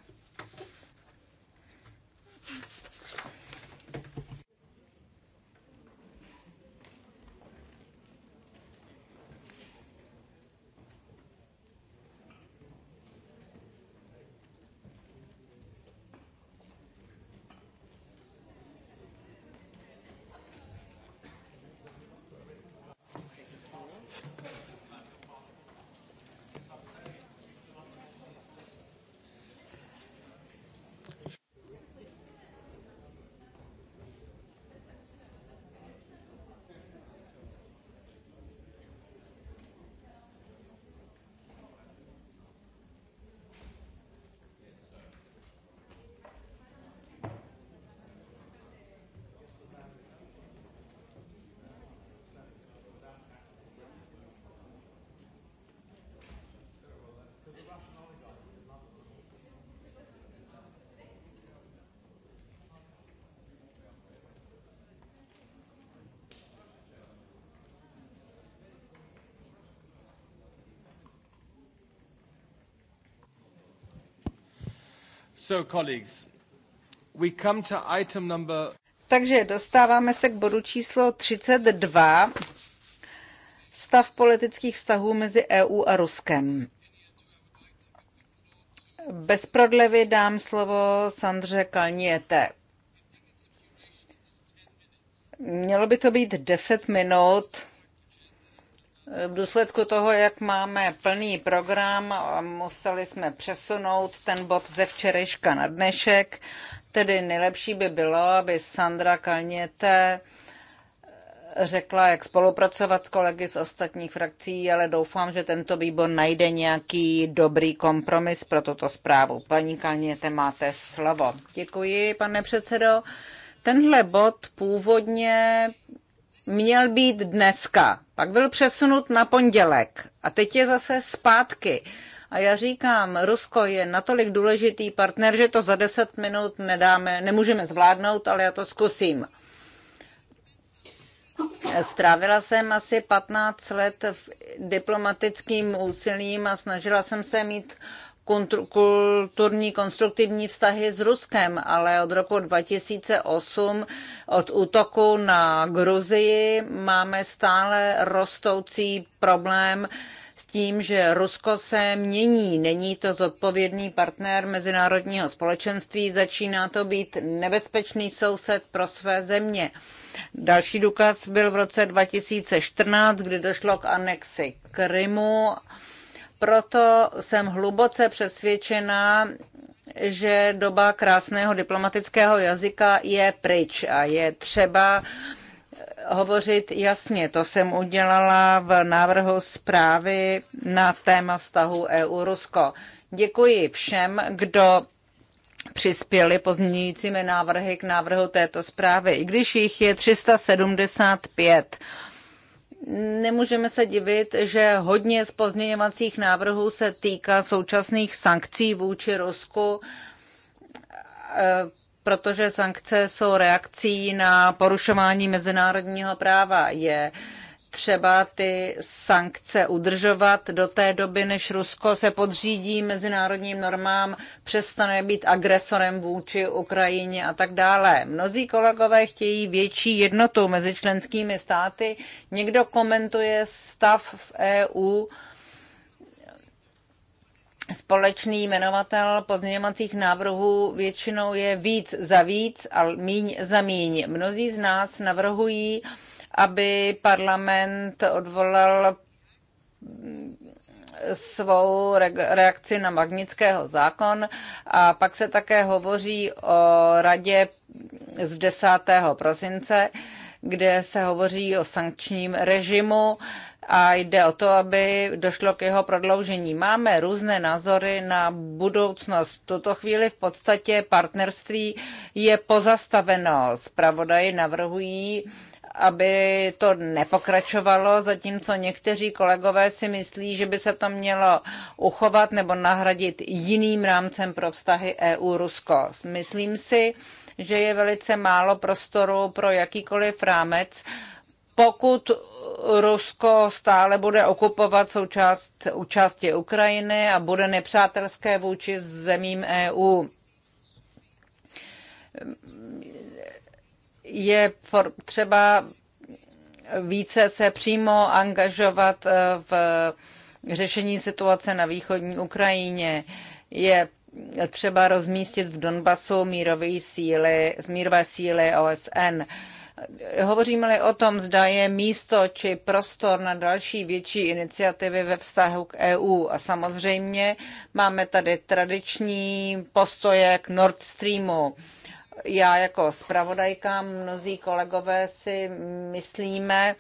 So, colleagues, we come to item number... Takže dostáváme se k bodu číslo 32. Stav politických vztahů mezi EU a Ruskem. Bez prodlevy dám slovo Sandře Kalniete. Mělo by to být 10 minut v důsledku toho, jak máme plný program, museli jsme přesunout ten bod ze včerejška na dnešek. Tedy nejlepší by bylo, aby Sandra Kalněte řekla, jak spolupracovat s kolegy z ostatních frakcí, ale doufám, že tento výbor najde nějaký dobrý kompromis pro tuto zprávu. Paní Kalněte, máte slovo. Děkuji, pane předsedo. Tenhle bod původně měl být dneska pak byl přesunut na pondělek a teď je zase zpátky. A já říkám, Rusko je natolik důležitý partner, že to za deset minut nedáme, nemůžeme zvládnout, ale já to zkusím. Strávila jsem asi 15 let v diplomatickým úsilím a snažila jsem se mít uh, kulturní konstruktivní vztahy s Ruskem, ale od roku 2008, od útoku na Gruzii, máme stále rostoucí problém s tím, že Rusko se mění. Není to zodpovědný partner mezinárodního společenství, začíná to být nebezpečný soused pro své země. Další důkaz byl v roce 2014, kdy došlo k anexi Krymu proto jsem hluboce přesvědčená, že doba krásného diplomatického jazyka je pryč a je třeba hovořit jasně. To jsem udělala v návrhu zprávy na téma vztahu EU-Rusko. Děkuji všem, kdo přispěli pozměňujícími návrhy k návrhu této zprávy, i když jich je 375 nemůžeme se divit, že hodně z pozměňovacích návrhů se týká současných sankcí vůči Rusku, eh, protože sankce jsou reakcí na porušování mezinárodního práva. Je třeba ty sankce udržovat do té doby, než Rusko se podřídí mezinárodním normám, přestane být agresorem vůči Ukrajině a tak dále. Mnozí kolegové chtějí větší jednotu mezi členskými státy. Někdo komentuje stav v EU. Společný jmenovatel pozměňovacích návrhů většinou je víc za víc a míň za míň. Mnozí z nás navrhují, aby parlament odvolal svou reakci na Magnického zákon a pak se také hovoří o radě z 10. prosince, kde se hovoří o sankčním režimu a jde o to, aby došlo k jeho prodloužení. Máme různé názory na budoucnost. V tuto chvíli v podstatě partnerství je pozastaveno. Zpravodaji navrhují aby to nepokračovalo, zatímco někteří kolegové si myslí, že by se to mělo uchovat nebo nahradit jiným rámcem pro vztahy EU-Rusko. Myslím si, že je velice málo prostoru pro jakýkoliv rámec, pokud Rusko stále bude okupovat součást, části Ukrajiny a bude nepřátelské vůči zemím EU. je třeba více se přímo angažovat eh, v řešení situace na východní Ukrajině. Je třeba rozmístit v Donbasu mírové síly, mírové síly OSN. Hovoříme-li o tom, zda je místo či prostor na další větší iniciativy ve vztahu k EU. A samozřejmě máme tady tradiční postoje k Nord Streamu já jako zpravodajka, mnozí kolegové si myslíme,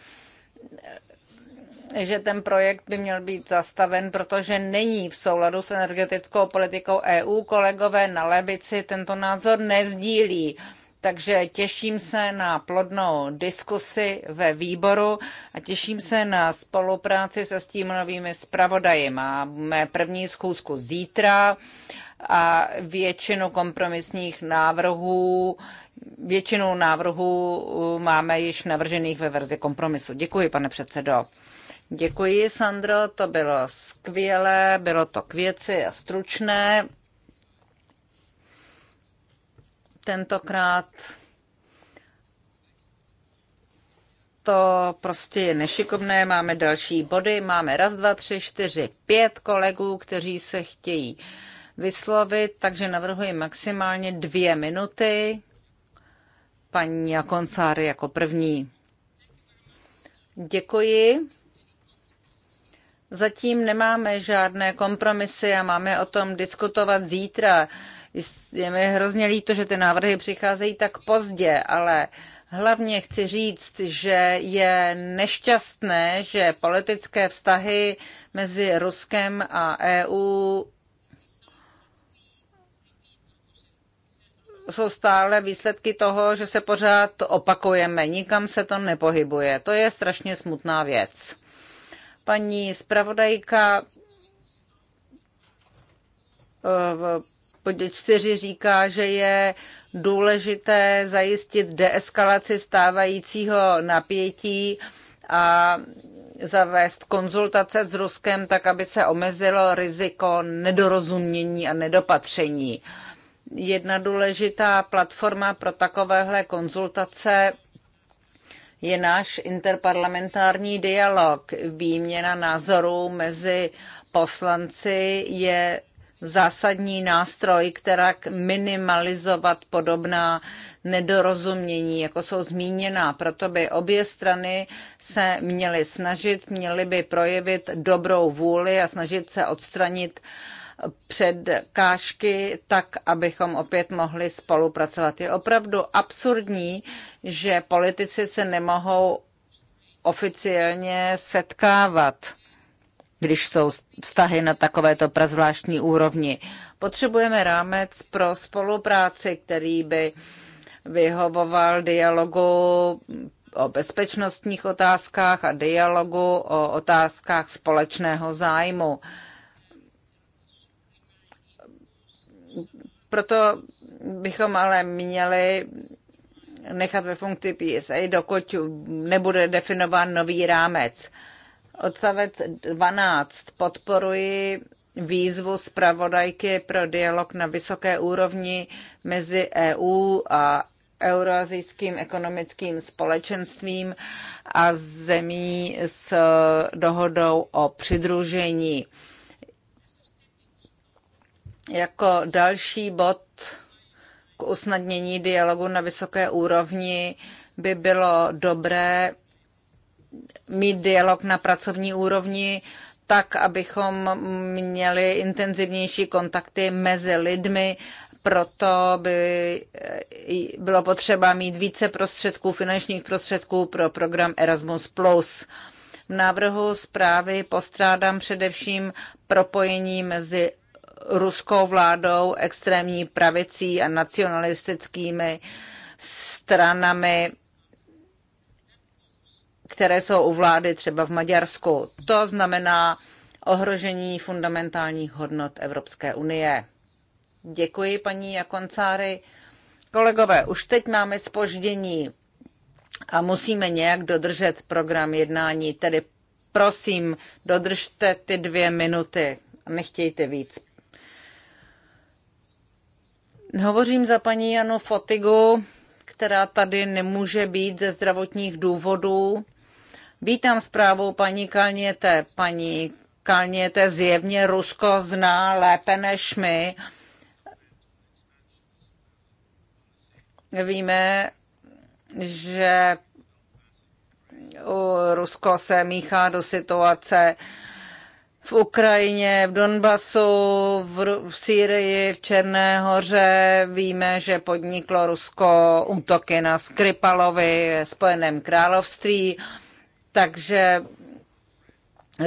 že ten projekt by měl být zastaven, protože není v souladu s energetickou politikou EU. Kolegové na levici tento názor nezdílí. Takže těším se na plodnou diskusi ve výboru a těším se na spolupráci se stímovými zpravodaji. Máme první schůzku zítra a většinu kompromisních návrhů, většinu návrhů uh, máme již navržených ve verzi kompromisu. Děkuji, pane předsedo. Děkuji, Sandro, to bylo skvělé, bylo to k věci a stručné. Tentokrát to prostě je nešikovné. Máme další body, máme raz, dva, tři, čtyři, pět kolegů, kteří se chtějí uh, vyslovit, takže navrhuji maximálně dvě minuty. Paní Jakoncár jako první. Děkuji. Zatím nemáme žádné kompromisy a máme o tom diskutovat zítra. Je mi hrozně líto, že ty návrhy přicházejí tak pozdě, ale hlavně chci říct, že je nešťastné, že politické vztahy mezi Ruskem a EU jsou stále výsledky toho, že se pořád opakujeme, nikam se to nepohybuje. To je strašně smutná věc. Paní zpravodajka eh, v bodě říká, že je důležité zajistit deeskalaci stávajícího napětí a zavést konzultace s Ruskem tak, aby se omezilo riziko nedorozumění a nedopatření. Uh, Jedna důležitá platforma pro takovéhle konzultace je náš interparlamentární dialog. Výměna názorů mezi poslanci je zásadní nástroj, která minimalizovat podobná nedorozumění, jako jsou zmíněná. Proto by obě strany se měly snažit, měly by projevit dobrou vůli a snažit se odstranit uh, předkážky, tak abychom opět mohli spolupracovat. Je opravdu absurdní, že politici se nemohou oficiálně setkávat, když jsou vztahy na takovéto prazvláštní úrovni. Potřebujeme rámec pro spolupráci, který by vyhovoval dialogu o bezpečnostních otázkách a dialogu o otázkách společného zájmu. Proto bychom ale měli nechat ve funkci PSA, dokud nebude definován nový rámec. Odstavec 12. Podporuji výzvu zpravodajky pro dialog na vysoké úrovni mezi EU a Euroazijským ekonomickým společenstvím a zemí s dohodou o přidružení jako další bod k usnadnění dialogu na vysoké úrovni by bylo dobré mít dialog na pracovní úrovni, tak, abychom měli intenzivnější kontakty mezi lidmi, proto by eh, bylo potřeba mít více prostředků, finančních prostředků pro program Erasmus+. V návrhu zprávy postrádám především propojení mezi ruskou vládou, extrémní pravicí a nacionalistickými stranami, které jsou u vlády třeba v Maďarsku. To znamená ohrožení fundamentálních hodnot Evropské unie. Děkuji, paní Jakoncáry. Kolegové, už teď máme spoždění a musíme nějak dodržet program jednání, tedy prosím, dodržte ty dvě minuty. Nechtějte víc. Hovořím za paní Janu Fotigu, která tady nemůže být ze zdravotních důvodů. Vítám zprávu paní Kalněte. Paní Kalněte zjevně Rusko zná lépe než my. Víme, že Rusko se míchá do situace, v Ukrajině, v Donbasu, v, v Sýrii, v Černé hoře. Víme, že podniklo Rusko útoky na Skripalovi ve Spojeném království, takže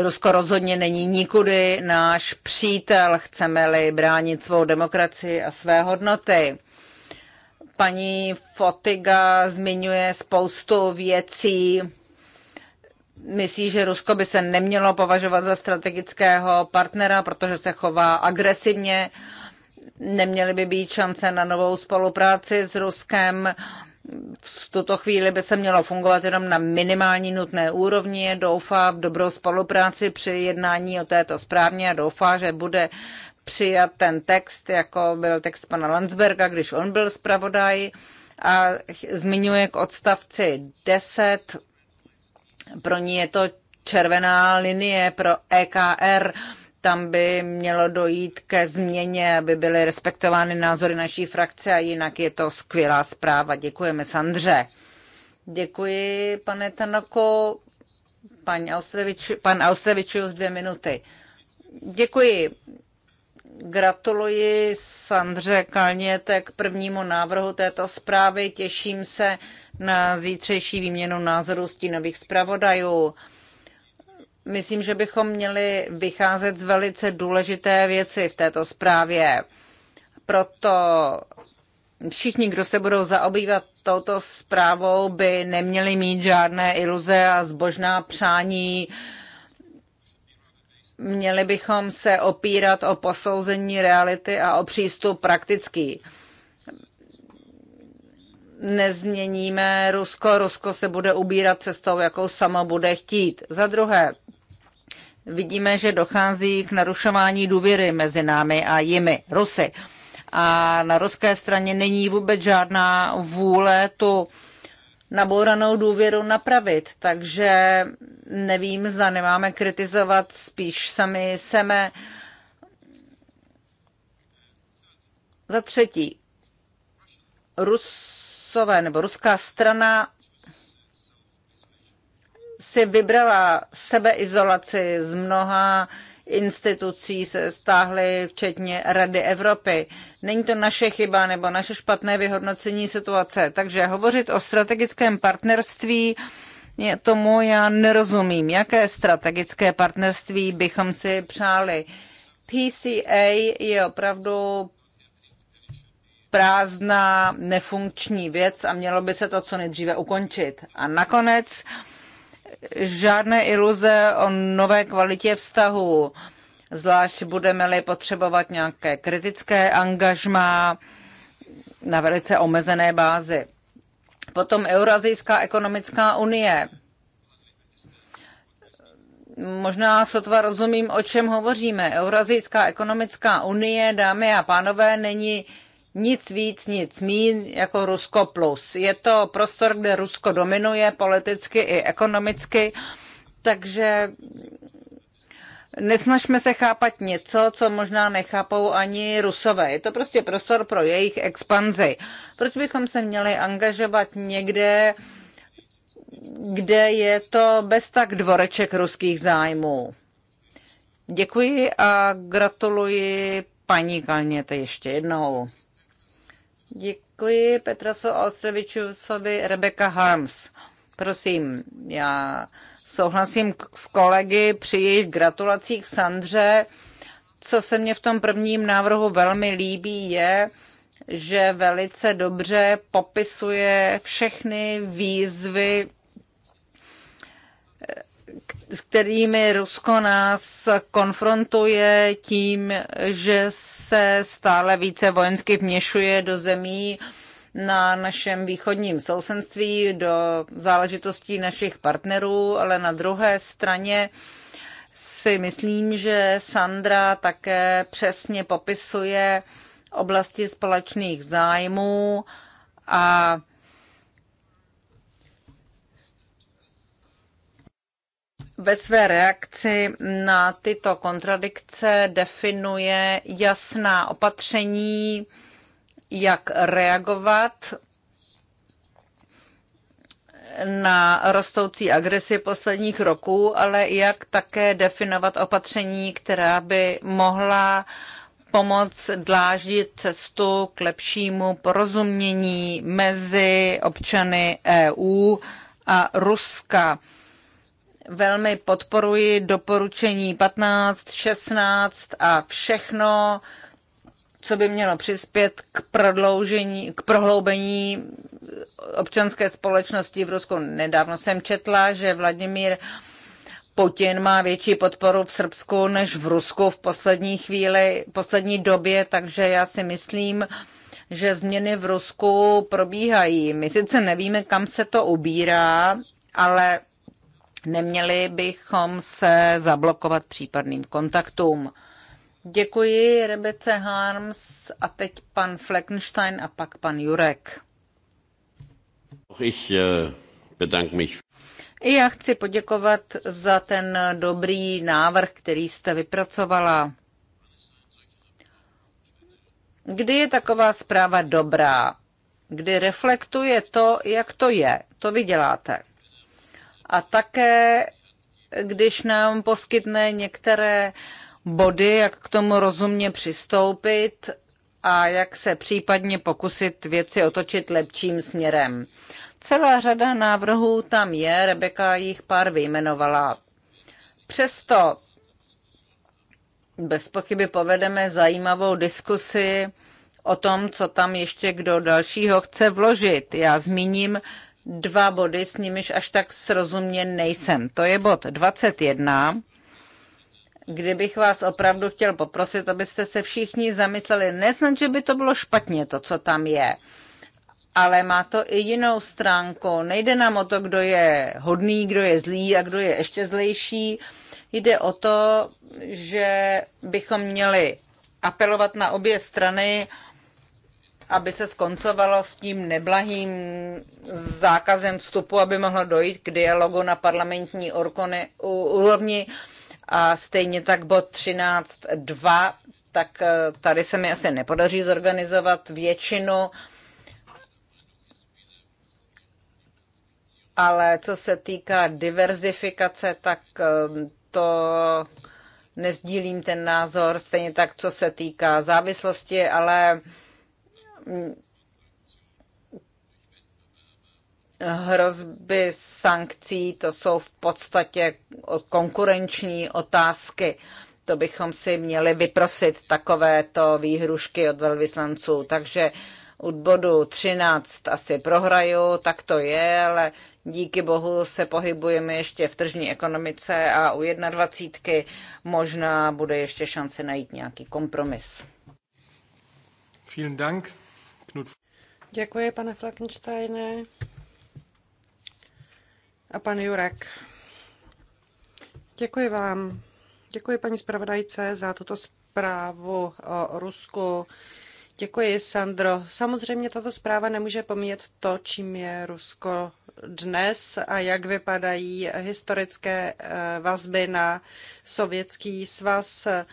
Rusko rozhodně není nikudy náš přítel, chceme-li bránit svou demokracii a své hodnoty. Paní Fotiga zmiňuje spoustu věcí, myslí, že Rusko by se nemělo považovat za strategického partnera, protože se chová agresivně, neměly by být šance na novou spolupráci s Ruskem. V tuto chvíli by se mělo fungovat jenom na minimální nutné úrovni. Doufá v dobrou spolupráci při jednání o této správně a doufá, že bude přijat ten text, jako byl text pana Landsberga, když on byl zpravodaj. A zmiňuje k odstavci 10 pro ní je to červená linie pro EKR. Tam by mělo dojít ke změně, aby byly respektovány názory naší frakce a jinak je to skvělá zpráva. Děkujeme Sandře. Děkuji, pane Tanoko. Pan Austrevič, pan Austrevičius dvě minuty. Děkuji. Gratuluji Sandře Kalně k prvnímu návrhu této zprávy. Těším se na zítřejší výměnu názorů stínových zpravodajů. Myslím, že bychom měli vycházet z velice důležité věci v této zprávě. Proto všichni, kdo se budou zaobývat touto zprávou, by neměli mít žádné iluze a zbožná přání. Měli bychom se opírat o posouzení reality a o přístup praktický nezměníme Rusko, Rusko se bude ubírat cestou, jakou sama bude chtít. Za druhé, vidíme, že dochází k narušování důvěry mezi námi a jimi, Rusy. A na ruské straně není vůbec žádná vůle tu nabouranou důvěru napravit, takže nevím, zda nemáme kritizovat spíš sami seme. Za třetí, Rus rusové nebo ruská strana si vybrala sebeizolaci z mnoha institucí se stáhly, včetně Rady Evropy. Není to naše chyba nebo naše špatné vyhodnocení situace. Takže hovořit o strategickém partnerství, je tomu já nerozumím. Jaké strategické partnerství bychom si přáli? PCA je opravdu prázdná, nefunkční věc a mělo by se to co nejdříve ukončit. A nakonec žádné iluze o nové kvalitě vztahu, zvlášť budeme-li potřebovat nějaké kritické angažmá na velice omezené bázi. Potom Eurazijská ekonomická unie. Možná sotva rozumím, o čem hovoříme. Eurazijská ekonomická unie, dámy a pánové, není uh, nic víc, nic mín, jako Rusko plus. Je to prostor, kde Rusko dominuje politicky i ekonomicky, takže nesnažme se chápat něco, co možná nechápou ani rusové. Je to prostě prostor pro jejich expanzi. Proč bychom se měli angažovat někde, kde je to bez tak dvoreček ruských zájmů? Děkuji a gratuluji paní Kalněte ještě jednou. Děkuji Petrasu Ostrevičusovi, Rebecca Harms. Prosím, já souhlasím s kolegy při jejich gratulacích Sandře. Co se mně v tom prvním návrhu velmi líbí je, že velice dobře popisuje všechny výzvy s kterými Rusko nás konfrontuje tím, že se stále více vojensky vměšuje do zemí na našem východním sousedství, do záležitostí našich partnerů, ale na druhé straně si myslím, že Sandra také přesně popisuje oblasti společných zájmů a ve své reakci na tyto kontradikce definuje jasná opatření, jak reagovat na rostoucí agresi posledních roků, ale jak také definovat opatření, která by mohla pomoc dláždit cestu k lepšímu porozumění mezi občany EU a Ruska. Velmi podporuji doporučení 15, 16 a všechno, co by mělo přispět k prodloužení, k prohloubení občanské společnosti v Rusku. Nedávno jsem četla, že Vladimír Putin má větší podporu v Srbsku než v Rusku v poslední chvíli, poslední době, takže já si myslím, že změny v Rusku probíhají. My sice nevíme, kam se to ubírá, ale Neměli bychom se zablokovat případným kontaktům. Děkuji Rebece Harms a teď pan Fleckenstein a pak pan Jurek. Ich äh, bedank mich. I já chci poděkovat za ten dobrý návrh, který jste vypracovala. Kdy je taková zpráva dobrá? Kdy reflektuje to, jak to je? To vy děláte a také, když nám poskytne některé body, jak k tomu rozumně přistoupit a jak se případně pokusit věci otočit lepším směrem. Celá řada návrhů tam je, Rebeka jich pár vyjmenovala. Přesto bez pochyby povedeme zajímavou diskusi o tom, co tam ještě kdo dalšího chce vložit. Já zmíním dva body, s nimiž až tak srozuměn nejsem. To je bod 21. Kdybych vás opravdu chtěl poprosit, abyste se všichni zamysleli, nesnad, že by to bylo špatně, to, co tam je, ale má to i jinou stránku. Nejde nám o to, kdo je hodný, kdo je zlý a kdo je ještě zlejší. Jde o to, že bychom měli apelovat na obě strany, aby se skoncovalo s tím neblahým zákazem vstupu, aby mohlo dojít k dialogu na parlamentní orkony, úrovni. A stejně tak bod 13.2, tak eh, tady se mi asi nepodaří zorganizovat většinu. Ale co se týká diverzifikace, tak eh, to nezdílím ten názor, stejně tak, co se týká závislosti, ale hrozby sankcí, to jsou v podstatě konkurenční otázky. To bychom si měli vyprosit takovéto výhrušky od velvyslanců. Takže u bodu 13 asi prohraju, tak to je, ale díky bohu se pohybujeme ještě v tržní ekonomice a u 21 možná bude ještě šance najít nějaký kompromis. Vielen Dank. Knut. Děkuji, pane Flakensteine. A pan Jurek. Děkuji vám. Děkuji paní zpravodajce za tuto zprávu o Rusku. Děkuji, Sandro. Samozřejmě tato zpráva nemůže pomíjet to, čím je Rusko dnes a jak vypadají historické eh, vazby na sovětský svaz eh,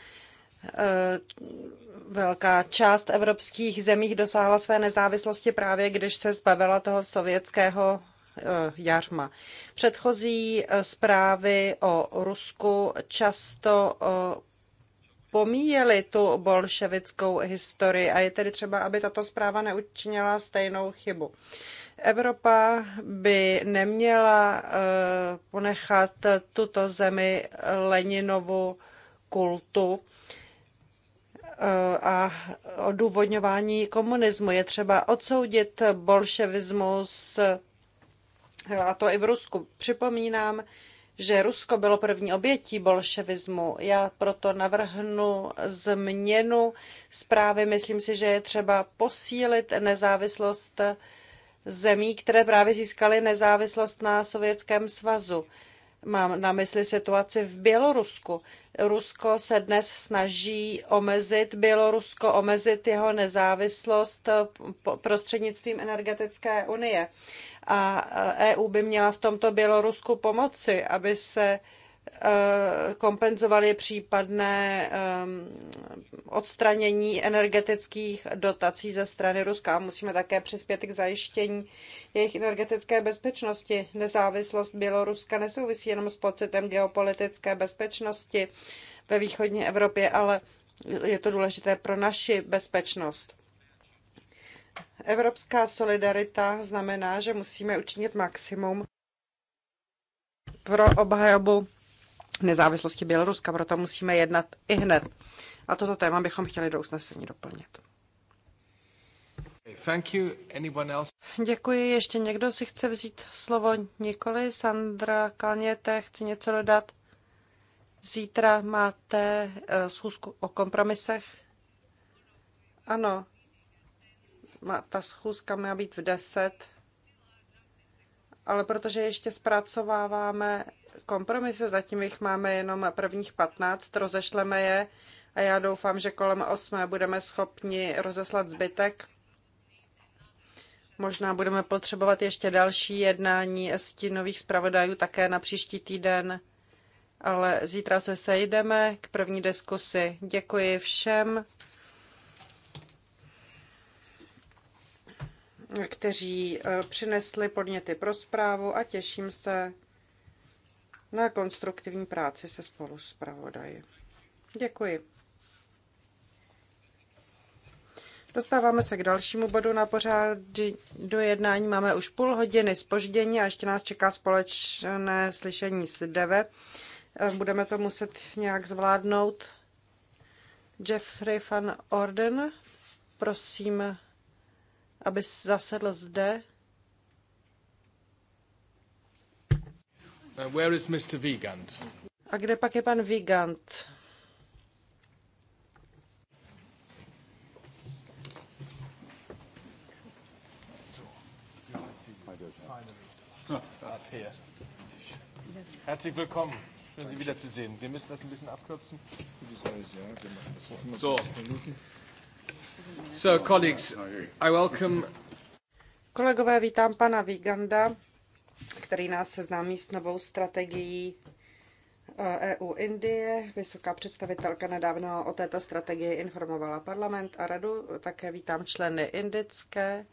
Velká část evropských zemí dosáhla své nezávislosti právě, když se zbavila toho sovětského eh, jarma. Předchozí eh, zprávy o Rusku často eh, pomíjeli tu bolševickou historii a je tedy třeba, aby tato zpráva neučinila stejnou chybu. Evropa by neměla ponechat tuto zemi Leninovu kultu, a odůvodňování komunismu. Je třeba odsoudit bolševismus, a to i v Rusku. Připomínám, že Rusko bylo první obětí bolševismu. Já proto navrhnu změnu zprávy. Myslím si, že je třeba posílit nezávislost zemí, které právě získaly nezávislost na Sovětském svazu. Mám na mysli situaci v Bělorusku. Rusko se dnes snaží omezit Bělorusko, omezit jeho nezávislost prostřednictvím energetické unie. A EU e by měla v tomto Bělorusku pomoci, aby se kompenzovali případné ehm, odstranění energetických dotací ze strany Ruska. musíme také přispět k zajištění jejich energetické bezpečnosti. Nezávislost Běloruska nesouvisí jenom s pocitem geopolitické bezpečnosti ve východní Evropě, ale je to důležité pro naši bezpečnost. Evropská solidarita znamená, že musíme učinit maximum pro obhajobu nezávislosti Běloruska, proto musíme jednat i hned. A toto téma bychom chtěli do usnesení doplnit. Thank you. Anyone else? Děkuji. Ještě někdo si chce vzít slovo? Nikoli. Sandra Kalněte chci něco dodat. Zítra máte uh, schůzku o kompromisech? Ano. ta schůzka má být v 10 ale protože ještě zpracováváme kompromisy, zatím jich máme jenom prvních 15, rozešleme je a já doufám, že kolem 8 budeme schopni rozeslat zbytek. Možná budeme potřebovat ještě další jednání stínových zpravodajů také na příští týden, ale zítra se sejdeme k první diskusi. Děkuji všem. kteří eh, přinesli podněty pro zprávu a těším se na konstruktivní práci se spolu s pravodají. Děkuji. Dostáváme se k dalšímu bodu na pořád do jednání. Máme už půl hodiny spoždění a ještě nás čeká společné slyšení s DEVE. Eh, budeme to muset nějak zvládnout. Jeffrey van Orden, prosím, aby zasedl zde. Uh, where is Mr. Vigand? A kde pak je pan Vigant? Ah, Herzlich willkommen. Schön, Sie wiederzusehen. Wir müssen das ein bisschen abkürzen. So, So, colleagues, I welcome... Kolegové, vítám pana Viganda, který nás seznámí s novou strategií EU eh, e Indie. Vysoká představitelka nedávno o této strategii informovala parlament a radu. Také vítám členy indické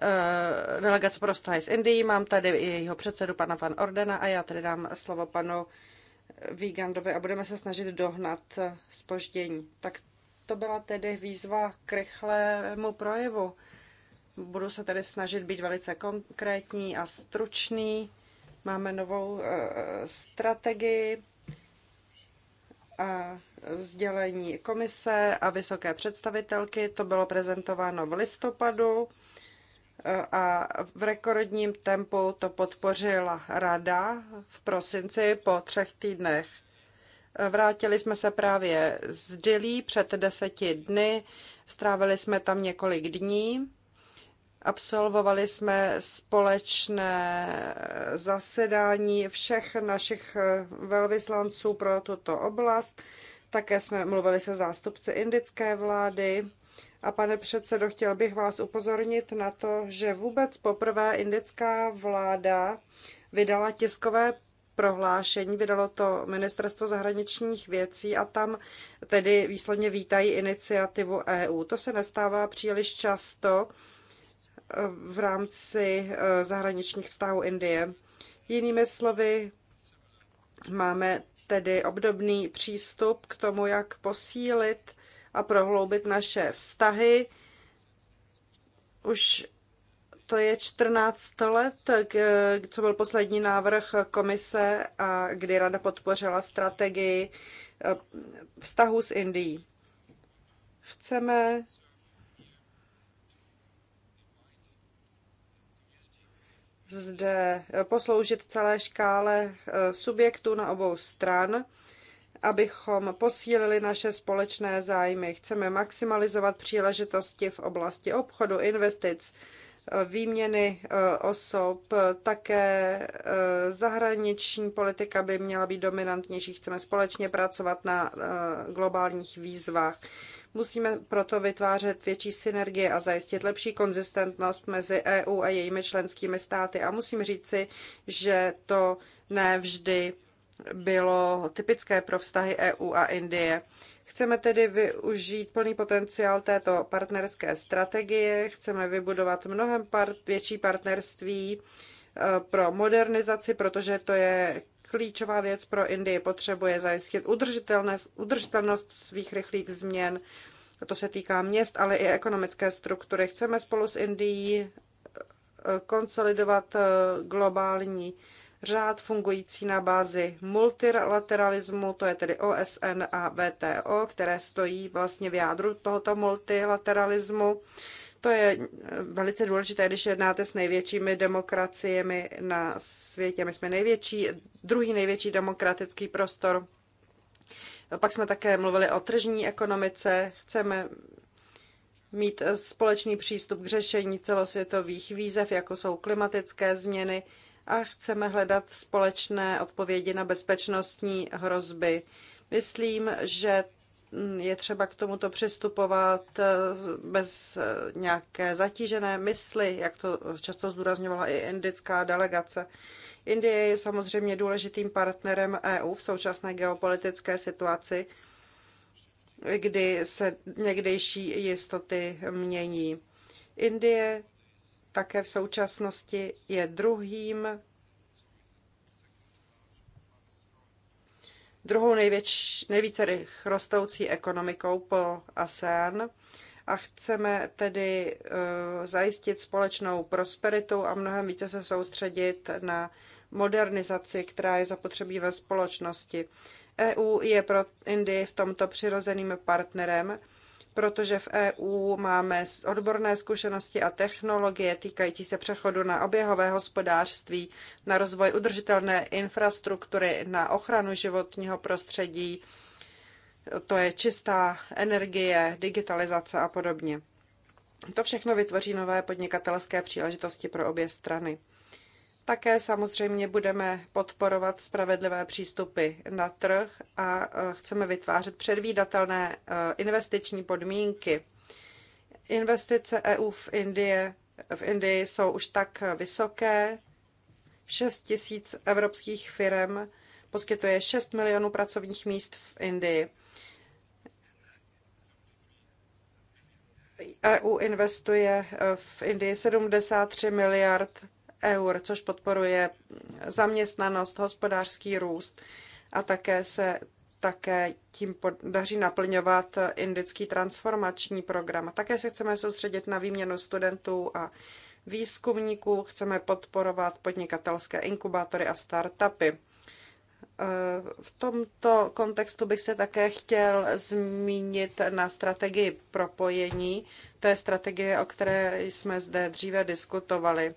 eh, delegace pro vztahy z Indii. Mám tady i jeho předsedu, pana Van Ordena, a já tedy dám slovo panu Vigandovi a budeme se snažit dohnat spoždění. Eh, tak to byla tedy výzva k rychlému projevu. Budu se tedy snažit být velice konkrétní a stručný. Máme novou eh, strategii a eh, sdělení komise a vysoké představitelky. To bylo prezentováno v listopadu eh, a v rekordním tempu to podpořila rada v prosinci po třech týdnech Vrátili jsme se právě z Dili před deseti dny, strávili jsme tam několik dní, absolvovali jsme společné zasedání všech našich velvyslanců pro tuto oblast, také jsme mluvili se zástupci indické vlády, a pane předsedo, chtěl bych vás upozornit na to, že vůbec poprvé indická vláda vydala tiskové prohlášení, vydalo to Ministerstvo zahraničních věcí a tam tedy výslovně vítají iniciativu EU. To se nestává příliš často eh, v rámci eh, zahraničních vztahů Indie. Jinými slovy, máme tedy obdobný přístup k tomu, jak posílit a prohloubit naše vztahy. Už to je 14 let, co byl poslední návrh komise, a kdy rada podpořila strategii eh, vztahu s Indií. Chceme zde eh, posloužit celé škále eh, subjektů na obou stran, abychom posílili naše společné zájmy. Chceme maximalizovat příležitosti v oblasti obchodu, investic, výměny eh, osob, také eh, zahraniční politika by měla být dominantnější. Chceme společně pracovat na eh, globálních výzvách. Musíme proto vytvářet větší synergie a zajistit lepší konzistentnost mezi EU a jejími členskými státy. A musím říci, že to nevždy bylo typické pro vztahy EU a Indie. Chceme tedy využít plný potenciál této partnerské strategie, chceme vybudovat mnohem part, větší partnerství eh, pro modernizaci, protože to je klíčová věc pro Indii. Potřebuje zajistit udržitelnost svých rychlých změn. To se týká měst, ale i ekonomické struktury. Chceme spolu s Indií eh, konsolidovat eh, globální řád fungující na bázi multilateralismu, to je tedy OSN a VTO, které stojí vlastně v jádru tohoto multilateralismu. To je eh, velice důležité, když jednáte s největšími demokraciemi na světě. My jsme největší, druhý největší demokratický prostor. Pak jsme také mluvili o tržní ekonomice. Chceme mít eh, společný přístup k řešení celosvětových výzev, jako jsou klimatické změny, a chceme hledat společné odpovědi na bezpečnostní hrozby. Myslím, že mm, je třeba k tomuto přistupovat eh, bez eh, nějaké zatížené mysli, jak to často zdůrazňovala i indická delegace. Indie je samozřejmě důležitým partnerem EU v současné geopolitické situaci, kdy se někdejší jistoty mění. Indie také v současnosti je druhým druhou největš, nejvíce rostoucí ekonomikou po ASEAN a chceme tedy uh, zajistit společnou prosperitu a mnohem více se soustředit na modernizaci, která je zapotřebí ve společnosti. EU je pro Indii v tomto přirozeným partnerem protože v EU máme odborné zkušenosti a technologie týkající se přechodu na oběhové hospodářství, na rozvoj udržitelné infrastruktury, na ochranu životního prostředí, to je čistá energie, digitalizace a podobně. To všechno vytvoří nové podnikatelské příležitosti pro obě strany. Také samozřejmě budeme podporovat spravedlivé přístupy na trh a e, chceme vytvářet předvídatelné e, investiční podmínky. Investice EU v Indii, v Indii jsou už tak vysoké. 6 tisíc evropských firm poskytuje 6 milionů pracovních míst v Indii. EU investuje e, v Indii 73 miliard eur, což podporuje zaměstnanost, hospodářský růst a také se také tím podaří naplňovat indický transformační program. Také se chceme soustředit na výměnu studentů a výzkumníků, chceme podporovat podnikatelské inkubátory a startupy. E, v tomto kontextu bych se také chtěl zmínit na strategii propojení. To je strategie, o které jsme zde dříve diskutovali.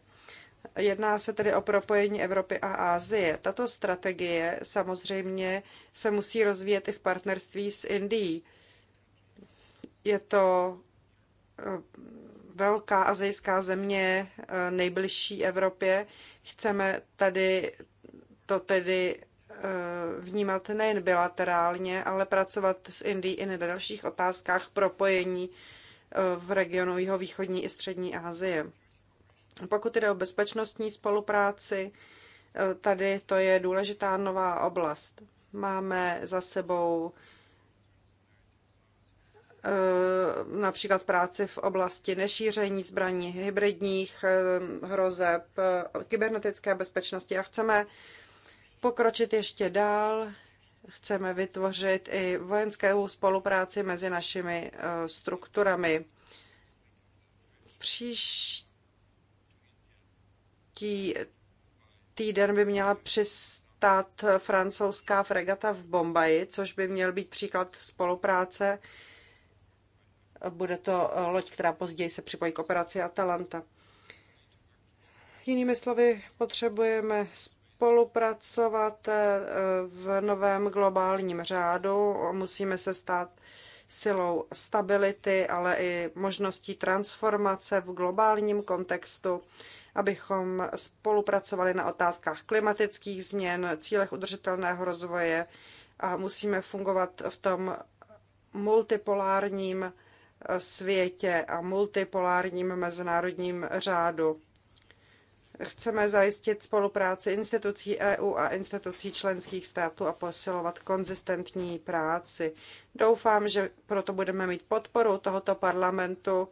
Jedná se tedy o propojení Evropy a Ázie. Tato strategie samozřejmě se musí rozvíjet i v partnerství s Indií. Je to eh, velká azijská země eh, nejbližší Evropě. Chceme tady to tedy eh, vnímat nejen bilaterálně, ale pracovat s Indií i na dalších otázkách propojení v regionu jeho východní i střední Asie. Pokud jde o bezpečnostní spolupráci, eh, tady to je důležitá nová oblast. Máme za sebou eh, například práci v oblasti nešíření zbraní, hybridních eh, hrozeb, kybernetické bezpečnosti a chceme pokročit ještě dál. Chceme vytvořit i vojenskou spolupráci mezi našimi strukturami. Příští Příští týden by měla přistát francouzská fregata v Bombaji, což by měl být příklad spolupráce. Bude to loď, která později se připojí k operaci Atalanta. Jinými slovy, potřebujeme spolupracovat eh, v novém globálním řádu. Musíme se stát silou stability, ale i možností transformace v globálním kontextu abychom spolupracovali na otázkách klimatických změn, cílech udržitelného rozvoje a musíme fungovat v tom multipolárním eh, světě a multipolárním mezinárodním řádu. Chceme zajistit spolupráci institucí EU a institucí členských států a posilovat konzistentní práci. Doufám, že proto budeme mít podporu tohoto parlamentu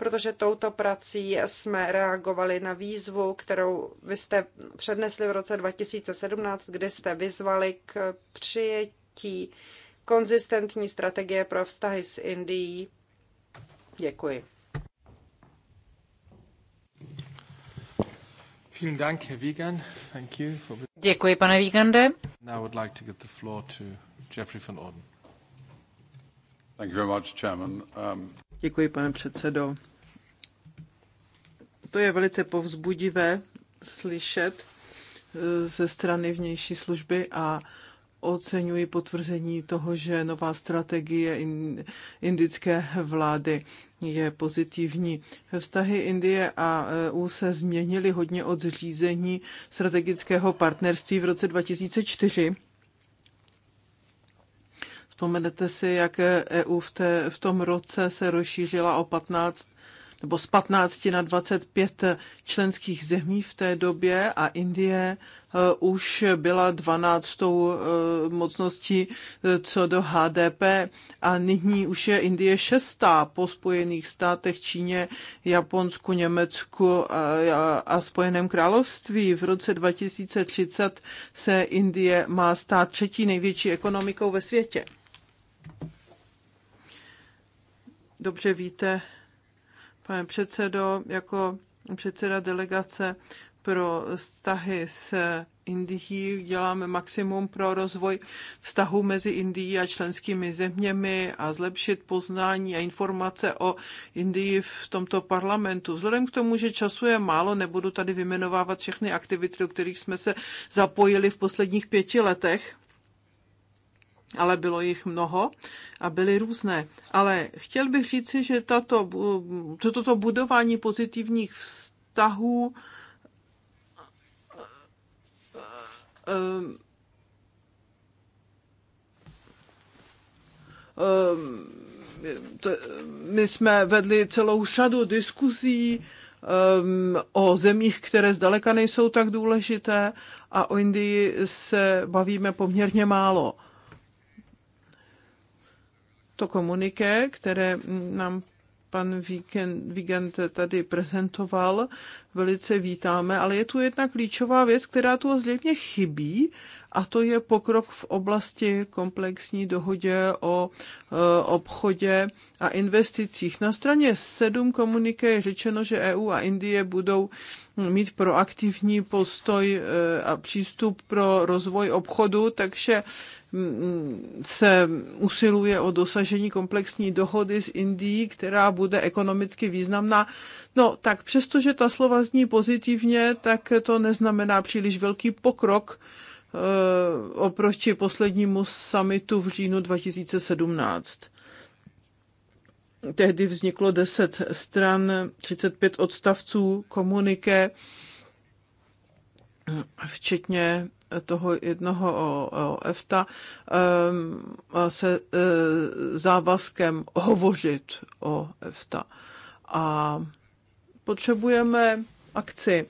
protože touto prací jsme reagovali na výzvu, kterou vy jste přednesli v roce 2017, kdy jste vyzvali k přijetí konzistentní strategie pro vztahy s Indií. Děkuji. Děkuji, pane Wiegande. Um, Děkuji, pane předsedo. To je velice povzbudivé slyšet eh, ze strany vnější služby a oceňuji potvrzení toho, že nová strategie indické vlády je pozitivní. Vztahy Indie a EU eh, se změnily hodně od zřízení strategického partnerství v roce 2004. Vzpomenete si, jak EU eh, e v, té, v tom roce se rozšířila o 15 nebo z 15 na 25 členských zemí v té době a Indie eh, už byla 12. Eh, mocností eh, co do HDP a nyní už je Indie šestá po Spojených státech, Číně, Japonsku, Německu a, a Spojeném království. V roce 2030 se Indie má stát třetí největší ekonomikou ve světě. Dobře víte, pane předsedo, jako předseda delegace pro vztahy s Indií děláme maximum pro rozvoj vztahu mezi Indií a členskými zeměmi a zlepšit poznání a informace o Indii v tomto parlamentu. Vzhledem k tomu, že času je málo, nebudu tady vymenovávat všechny aktivity, do kterých jsme se zapojili v posledních pěti letech, ale bylo jich mnoho a byly různé. Ale chtěl bych říci, že tato, to, toto budování pozitivních vztahů um, my jsme vedli celou řadu diskuzí ehm, o zemích, které zdaleka nejsou tak důležité a o Indii se bavíme poměrně málo to komuniké, které nám pan Vigent tady prezentoval, velice vítáme, ale je tu jedna klíčová věc, která tu zřejmě chybí, a to je pokrok v oblasti komplexní dohodě o e, obchodě a investicích. Na straně 7 komuniké je řečeno, že EU a Indie budou mít proaktivní postoj e, a přístup pro rozvoj obchodu, takže se usiluje o dosažení komplexní dohody s Indií, která bude ekonomicky významná. No tak přestože ta slova zní pozitivně, tak to neznamená příliš velký pokrok eh, oproti poslednímu summitu v říjnu 2017. Tehdy vzniklo 10 stran, 35 odstavců komuniké, včetně toho jednoho o, o EFTA se e, závazkem hovořit o EFTA. A potřebujeme akci.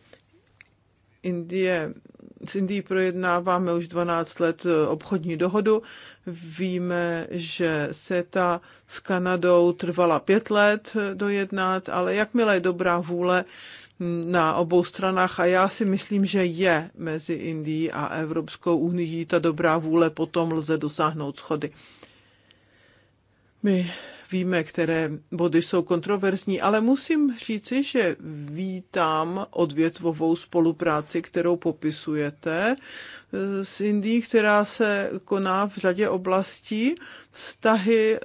Indie, s Indií projednáváme už 12 let obchodní dohodu. Víme, že SETA s Kanadou trvala pět let dojednat, ale jakmile je dobrá vůle, na obou stranách a já si myslím, že je mezi Indií a Evropskou unii ta dobrá vůle, potom lze dosáhnout schody. My víme, které body jsou kontroverzní, ale musím říci, že vítám odvětvovou spolupráci, kterou popisujete eh, s Indií, která se koná v řadě oblastí. Vztahy eh,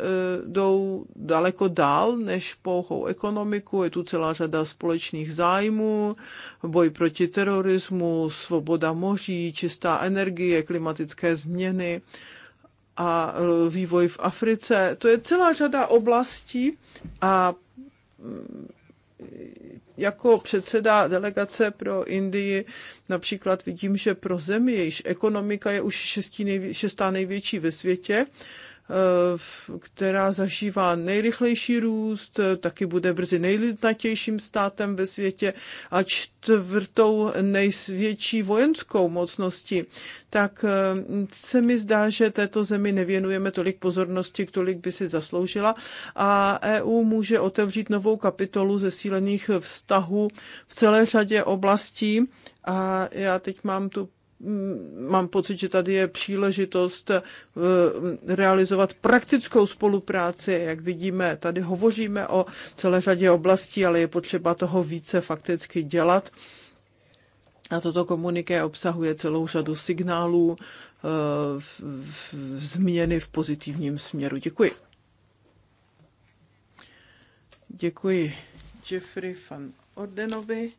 jdou daleko dál než pouhou ekonomiku, je tu celá řada společných zájmů, boj proti terorismu, svoboda moří, čistá energie, klimatické změny a e, vývoj v Africe. To je celá řada oblastí a mm, jako předseda delegace pro Indii například vidím, že pro zemi, jejíž ekonomika je už šestí nejvě- šestá největší ve světě, Eh, která zažívá nejrychlejší růst, eh, taky bude brzy nejlidnatějším státem ve světě a čtvrtou největší vojenskou mocností, tak eh, se mi zdá, že této zemi nevěnujeme tolik pozornosti, kolik by si zasloužila a EU může otevřít novou kapitolu zesílených vztahů v celé řadě oblastí a já teď mám tu Mm, mám pocit, že tady je příležitost eh, realizovat praktickou spolupráci. Jak vidíme, tady hovoříme o celé řadě oblastí, ale je potřeba toho více fakticky dělat. A toto komuniké obsahuje celou řadu signálů eh, změny v pozitivním směru. Děkuji. Děkuji Jeffrey van Ordenovi.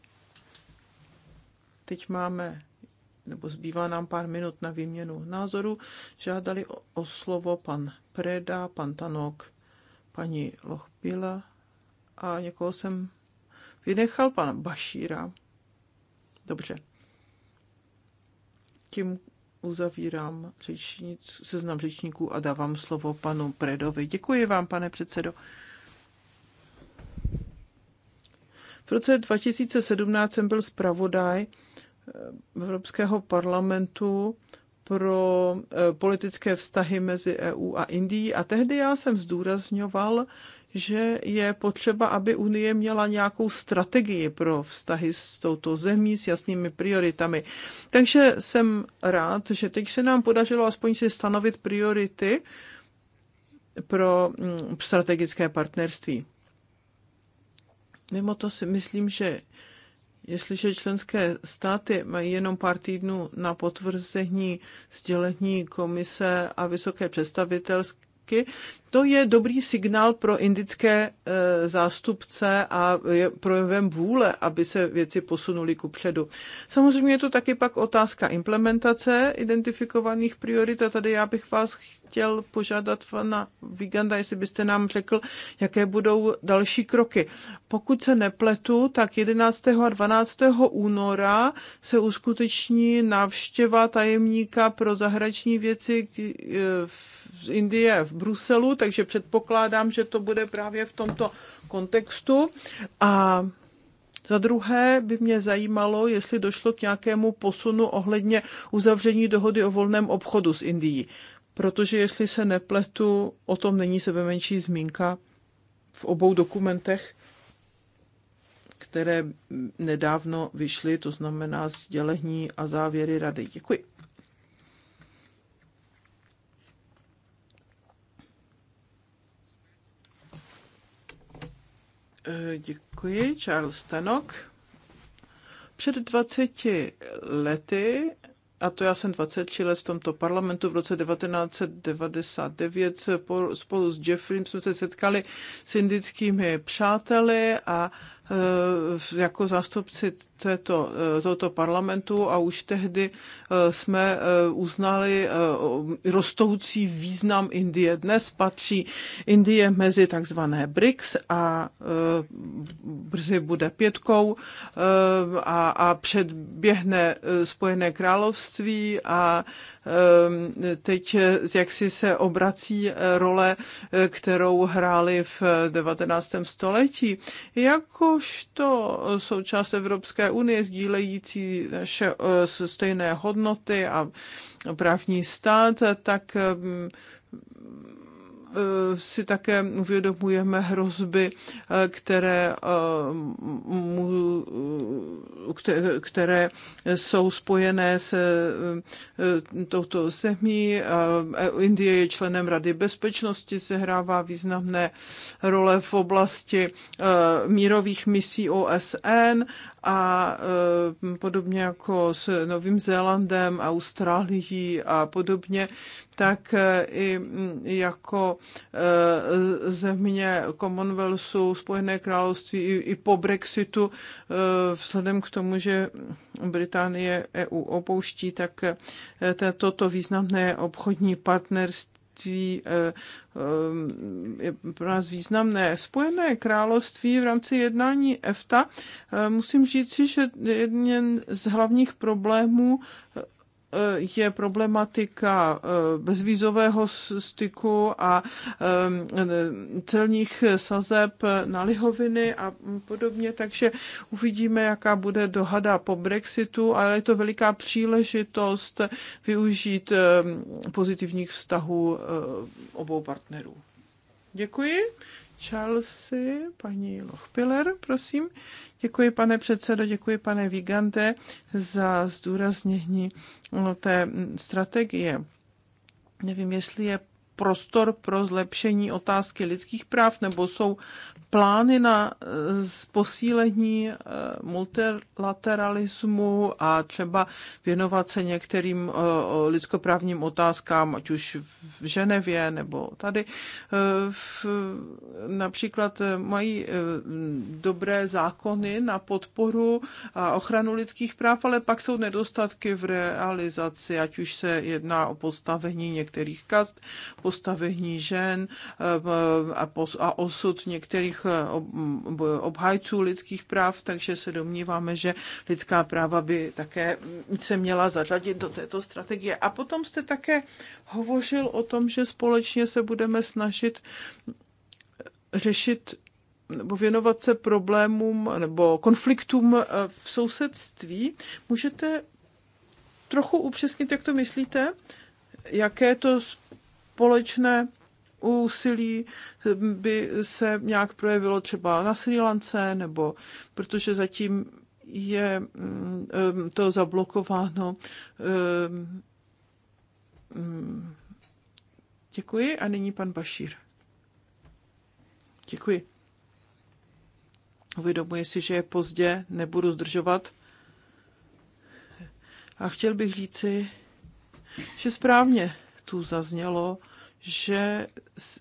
Teď máme nebo zbývá nám pár minut na výměnu názoru, žádali o, o slovo pan Preda, pan Tanok, paní Lochbila a někoho jsem vynechal, pana Bašíra. Dobře. Tím uzavírám řečnic, seznam řečníků a dávám slovo panu Predovi. Děkuji vám, pane předsedo. V roce 2017 jsem byl zpravodaj Evropského parlamentu pro e, politické vztahy mezi EU a Indií. A tehdy já jsem zdůrazňoval, že je potřeba, aby Unie měla nějakou strategii pro vztahy s touto zemí, s jasnými prioritami. Takže jsem rád, že teď se nám podařilo aspoň si stanovit priority pro mm, strategické partnerství. Mimo to si myslím, že Jestliže členské státy mají jenom pár týdnů na potvrzení sdělení komise a vysoké představitelské, roky. To je dobrý signál pro indické e, zástupce a je projevem vůle, aby se věci posunuly ku předu. Samozřejmě je to taky pak otázka implementace identifikovaných priorit a tady já bych vás chtěl požádat, pana Viganda, jestli byste nám řekl, jaké budou další kroky. Pokud se nepletu, tak 11. a 12. února se uskuteční návštěva tajemníka pro zahraniční věci e, v z Indie v Bruselu, takže předpokládám, že to bude právě v tomto kontextu. A za druhé by mě zajímalo, jestli došlo k nějakému posunu ohledně uzavření dohody o volném obchodu s Indií. Protože jestli se nepletu, o tom není sebe menší zmínka v obou dokumentech, které nedávno vyšly, to znamená sdělení a závěry rady. Děkuji. Eh, děkuji, Charles Tanok. Před 20 lety, a to já jsem 23 let v tomto parlamentu, v roce 1999 spolu s Jeffrem jsme se setkali s indickými přáteli a Eh, jako zástupci této, eh, tohoto parlamentu a už tehdy eh, jsme uznali rostoucí význam Indie. Dnes patří Indie mezi takzvané BRICS a brzy bude pětkou a, a předběhne Spojené království a teď jak si se obrací role, kterou hráli v 19. století. Jako jakožto součást Evropské unie sdílející naše eh, stejné hodnoty a právní stát, tak mm, Eh, si také uvědomujeme hrozby, eh, které, eh, které jsou spojené se touto zemí. Indie je členem Rady bezpečnosti, sehrává významné role v oblasti mírových misí OSN a e, podobně jako s Novým Zélandem, Austrálií a podobně, tak e, i jako e, země Commonwealthu, Spojené království i, i po Brexitu, vzhledem k tomu, že Británie EU opouští, tak toto významné obchodní partnerství království eh, eh, je pro nás významné. Spojené království v rámci jednání EFTA eh, musím si, že jeden z hlavních problémů Eh, je problematika eh, bezvízového styku a eh, celních sazeb na lihoviny a podobně, takže uvidíme, jaká bude dohada po Brexitu, ale je to veliká příležitost využít pozitivních vztahů obou partnerů. Děkuji. Chelsea, paní Lochpiller, prosím. Děkuji, pane předsedo, děkuji, pane Vigante, za zdůraznění no, té strategie. Nevím, jestli je prostor pro zlepšení otázky lidských práv, nebo jsou plány na eh, posílení eh, multilateralismu a třeba věnovat se některým eh, lidskoprávním otázkám, ať už v Ženevě nebo tady. například mají dobré zákony na podporu a ochranu lidských práv, ale pak jsou nedostatky v realizaci, ať už se jedná o postavení některých kast, postavení žen a osud některých obhájců lidských práv, takže se domníváme, že lidská práva by také se měla zařadit do této strategie. A potom jste také hovořil o tom, že společně se budeme snažit řešit nebo věnovat se problémům nebo konfliktům eh, v sousedství. Můžete trochu upřesnit, jak to myslíte? Jaké to společné úsilí by se nějak projevilo třeba na Sri Lance, nebo protože zatím je mm, mm, to zablokováno. Mm, Děkuji a nyní pan Bašír. Děkuji. Uvědomuji si, že je pozdě, nebudu zdržovat. A chtěl bych říci, že správně tu zaznělo, že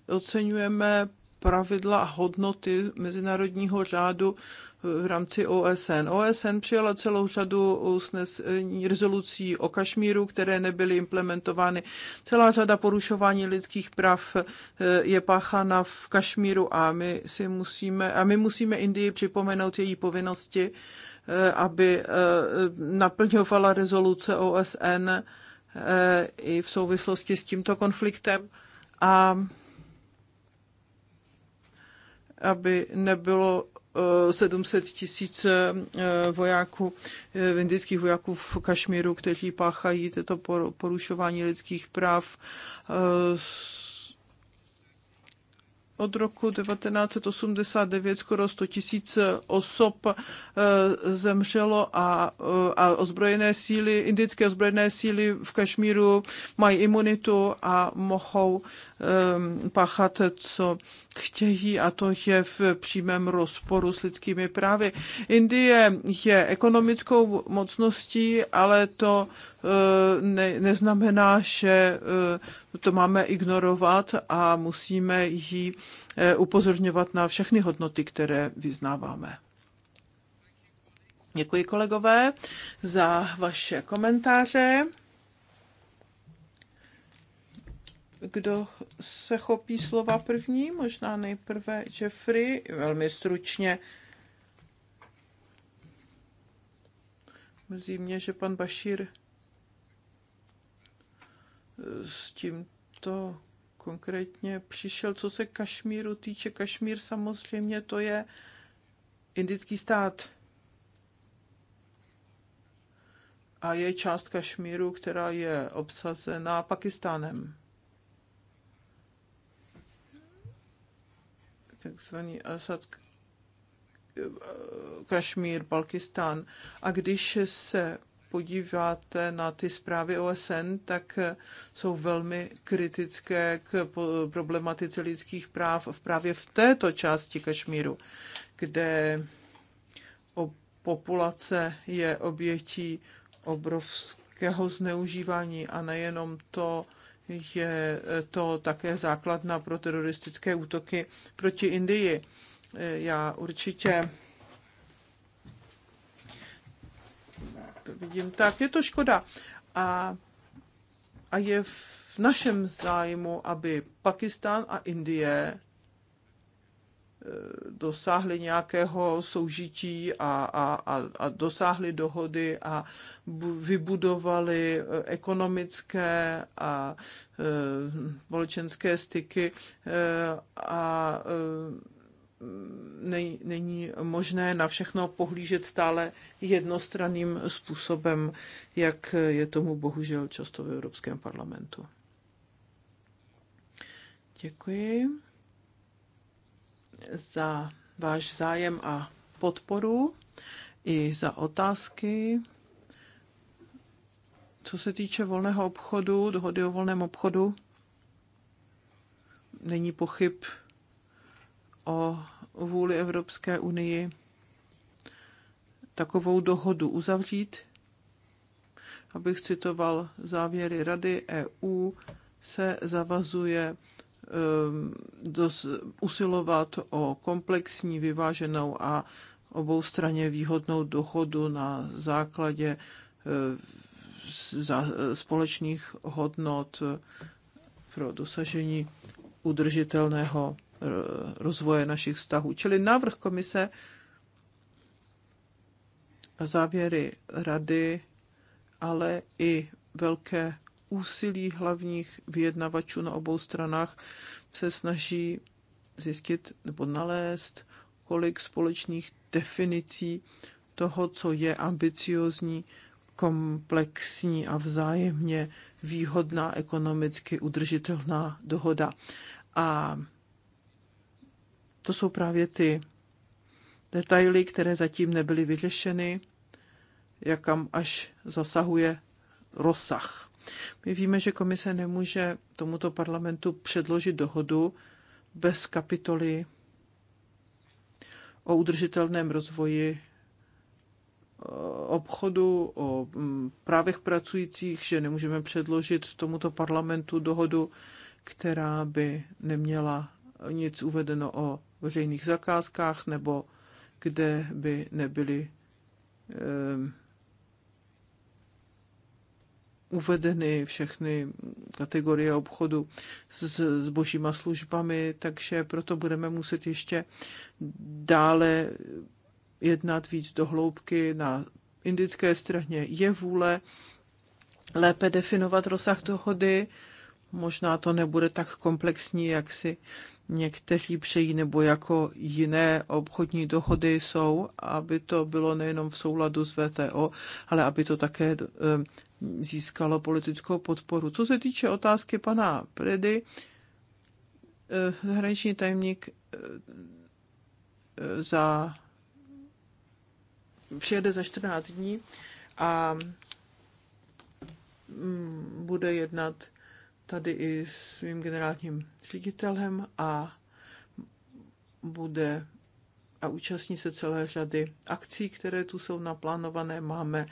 oceňujeme pravidla a hodnoty mezinárodního řádu v rámci OSN. OSN přijala celou řadu usnesení rezolucí o Kašmíru, které nebyly implementovány. Celá řada porušování lidských práv eh, je páchána v Kašmíru a my, si musíme, a my musíme Indii připomenout její povinnosti, eh, aby eh, naplňovala rezoluce OSN i v souvislosti s tímto konfliktem a aby nebylo 700 eh, tisíc eh, vojáků, eh, indických vojáků v Kašmíru, kteří páchají tyto porušování lidských práv od roku 1989 skoro 100 tisíc osob eh, zemřelo a, eh, a ozbrojené síly, indické ozbrojené síly v Kašmíru mají imunitu a mohou Ehm, páchat, co chtějí a to je v přímém rozporu s lidskými právy. Indie je ekonomickou mocností, ale to eh, ne, neznamená, že eh, to máme ignorovat a musíme ji eh, upozorňovat na všechny hodnoty, které vyznáváme. Děkuji kolegové za vaše komentáře. kdo se chopí slova první, možná nejprve Jeffrey, velmi stručně. Mrzí mě, že pan Bašír eh, s tímto konkrétně přišel, co se Kašmíru týče. Kašmír samozřejmě to je indický stát. A je část Kašmíru, která je obsazena Pakistánem. takzvaný Asad Kašmír, Balkistán. A když se podíváte na ty zprávy OSN, tak jsou velmi kritické k problematice lidských práv právě v této části Kašmíru, kde populace je obětí obrovského zneužívání a nejenom to, je to také základna pro teroristické útoky proti Indii. Já určitě to vidím tak, je to škoda. A, a je v našem zájmu, aby Pakistán a Indie dosáhli nějakého soužití a, a, a, a dosáhli dohody a vybudovali eh, ekonomické a eh, společenské styky eh, a není možné na všechno pohlížet stále jednostranným způsobem, jak je tomu bohužel často v Evropském parlamentu. Děkuji za váš zájem a podporu i za otázky. Co se týče volného obchodu, dohody o volném obchodu, není pochyb o vůli Evropské unii takovou dohodu uzavřít. Abych citoval závěry Rady EU, se zavazuje Ehm, dos, usilovat o komplexní, vyváženou a oboustranně výhodnou dohodu na základě eh, společných hodnot pro dosažení udržitelného eh, rozvoje našich vztahů. Čili návrh komise a závěry rady, ale i velké úsilí hlavních vyjednavačů na obou stranách se snaží zjistit nebo nalézt, kolik společných definicí toho, co je ambiciozní, komplexní a vzájemně výhodná ekonomicky udržitelná dohoda. A to jsou právě ty detaily, které zatím nebyly vyřešeny, jak kam až zasahuje rozsah. My víme, že komise nemůže tomuto parlamentu předložit dohodu bez kapitoly o udržitelném rozvoji eh, obchodu, o mm, právech pracujících, že nemůžeme předložit tomuto parlamentu dohodu, která by neměla nic uvedeno o veřejných zakázkách nebo kde by nebyly ehm, uvedeny všechny kategorie obchodu s božíma službami, takže proto budeme muset ještě dále jednat víc do hloubky na indické straně. Je vůle lépe definovat rozsah dohody, možná to nebude tak komplexní, jak si někteří přejí, nebo jako jiné obchodní dohody jsou, aby to bylo nejenom v souladu s VTO, ale aby to také eh, získalo politickou podporu. Co se týče otázky pana Predy, eh, zahraniční tajemník eh, za přijede za 14 dní a mm, bude jednat tady i s svým generálním ředitelem a bude a účastní se celé řady akcí, které tu jsou naplánované. Máme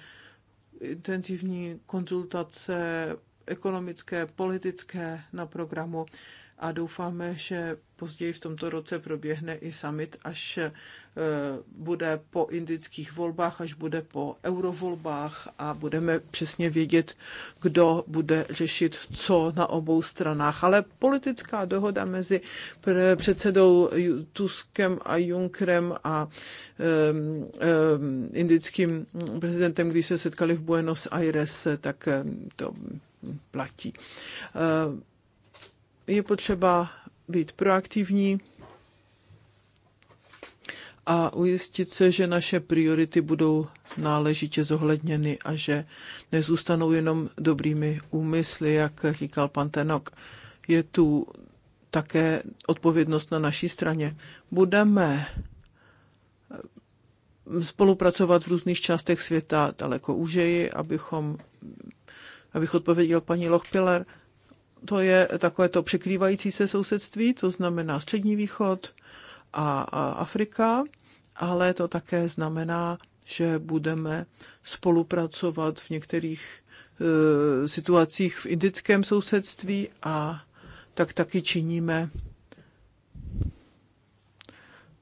intenzivní konzultace ekonomické, politické na programu a doufáme, že později v tomto roce proběhne i summit, až eh, bude po indických volbách, až bude po eurovolbách a budeme přesně vědět, kdo bude řešit co na obou stranách. Ale politická dohoda mezi předsedou Tuskem a Junkrem a um, um, indickým prezidentem, když se setkali v Buenos Aires, tak to platí. Uh, je potřeba být proaktivní a ujistit se, že naše priority budou náležitě zohledněny a že nezůstanou jenom dobrými úmysly, jak říkal pan Tenok. Je tu také odpovědnost na naší straně. Budeme eh, spolupracovat v různých částech světa daleko úžeji, abychom, abych odpověděl paní Lochpiller, to je takové to překrývající se sousedství, to znamená Střední východ a, a Afrika, ale to také znamená, že budeme spolupracovat v některých e, situacích v indickém sousedství a tak taky činíme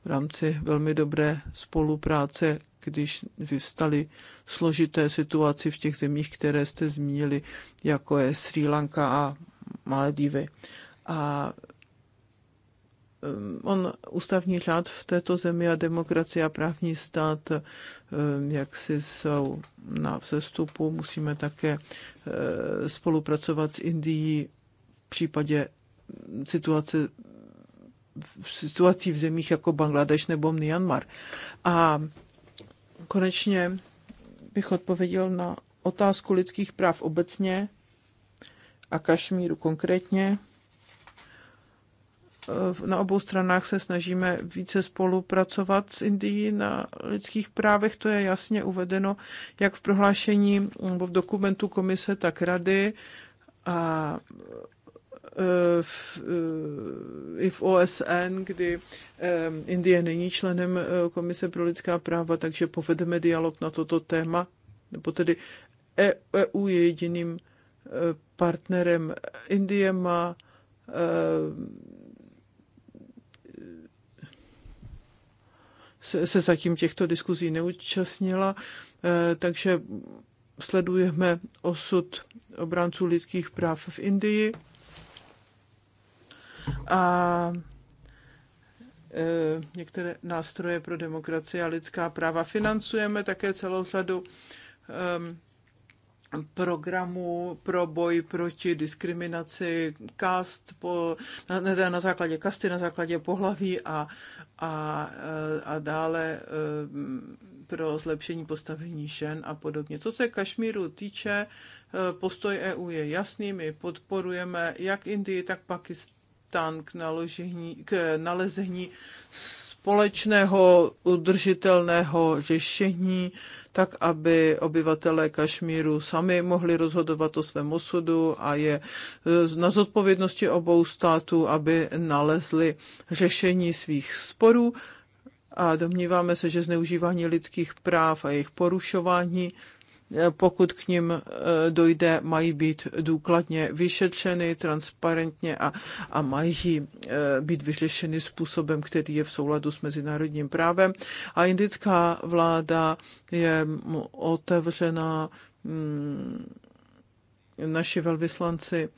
v rámci velmi dobré spolupráce, když vyvstaly složité situaci v těch zemích, které jste zmínili, jako je Sri Lanka a Maledivy. A um, on ústavní řád v této zemi a demokracie a právní stát um, jak si jsou na vzestupu. Musíme také uh, spolupracovat s Indií v případě situace v situací v zemích jako Bangladeš nebo Myanmar. A konečně bych odpověděl na otázku lidských práv obecně a Kašmíru konkrétně. Eh, na obou stranách se snažíme více spolupracovat s Indií na lidských právech, to je jasně uvedeno jak v prohlášení nebo v dokumentu komise, tak rady a eh, v, eh, i v OSN, kdy Indie není členem Komise pro lidská práva, takže povedeme dialog na toto téma, nebo tedy e- EU je jediným partnerem. Indie má eh, se, se zatím těchto diskuzí neúčastnila, eh, takže sledujeme osud obránců lidských práv v Indii. A eh, některé nástroje pro demokracii a lidská práva financujeme také celou řadu ehm, programu pro boj proti diskriminaci kast po, na, na základě kasty, na základě pohlaví a, a, eh, a dále eh, pro zlepšení postavení žen a podobně. Co se Kašmíru týče, eh, postoj EU je jasný, my podporujeme jak Indii, tak Pakistán k, naložení, k nalezení společného udržitelného řešení tak aby obyvatelé Kašmíru sami mohli rozhodovat o svém osudu a je eh, na zodpovědnosti obou států, aby nalezli řešení svých sporů. A domníváme se, že zneužívání lidských práv a jejich porušování Eh, pokud k ním eh, dojde, mají být důkladně vyšetřeny, transparentně a, a mají eh, být vyřešeny způsobem, který je v souladu s mezinárodním právem. A indická vláda je otevřená mm, naši velvyslanci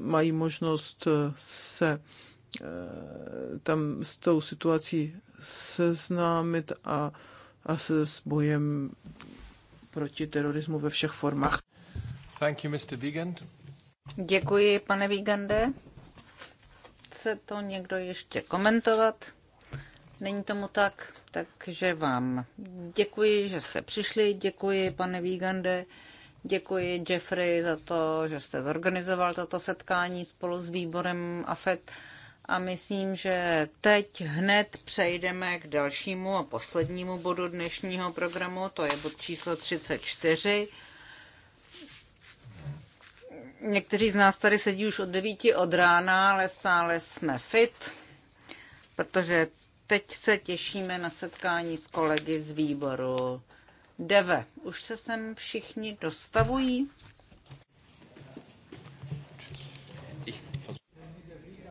mají možnost se tam s tou situací seznámit a, a se s bojem proti terorismu ve všech formách. Thank you, Mr. Wiegand. Děkuji, pane Vigande, Chce to někdo ještě komentovat? Není tomu tak, takže vám děkuji, že jste přišli, děkuji, pane Vigande, děkuji Jeffrey za to, že jste zorganizoval toto setkání spolu s výborem AFET a myslím, že teď hned přejdeme k dalšímu a poslednímu bodu dnešního programu, to je bod číslo 34. Někteří z nás tady sedí už od 9 od rána, ale stále jsme fit, protože teď se těšíme na setkání s kolegy z výboru DEVE. Už se sem všichni dostavují?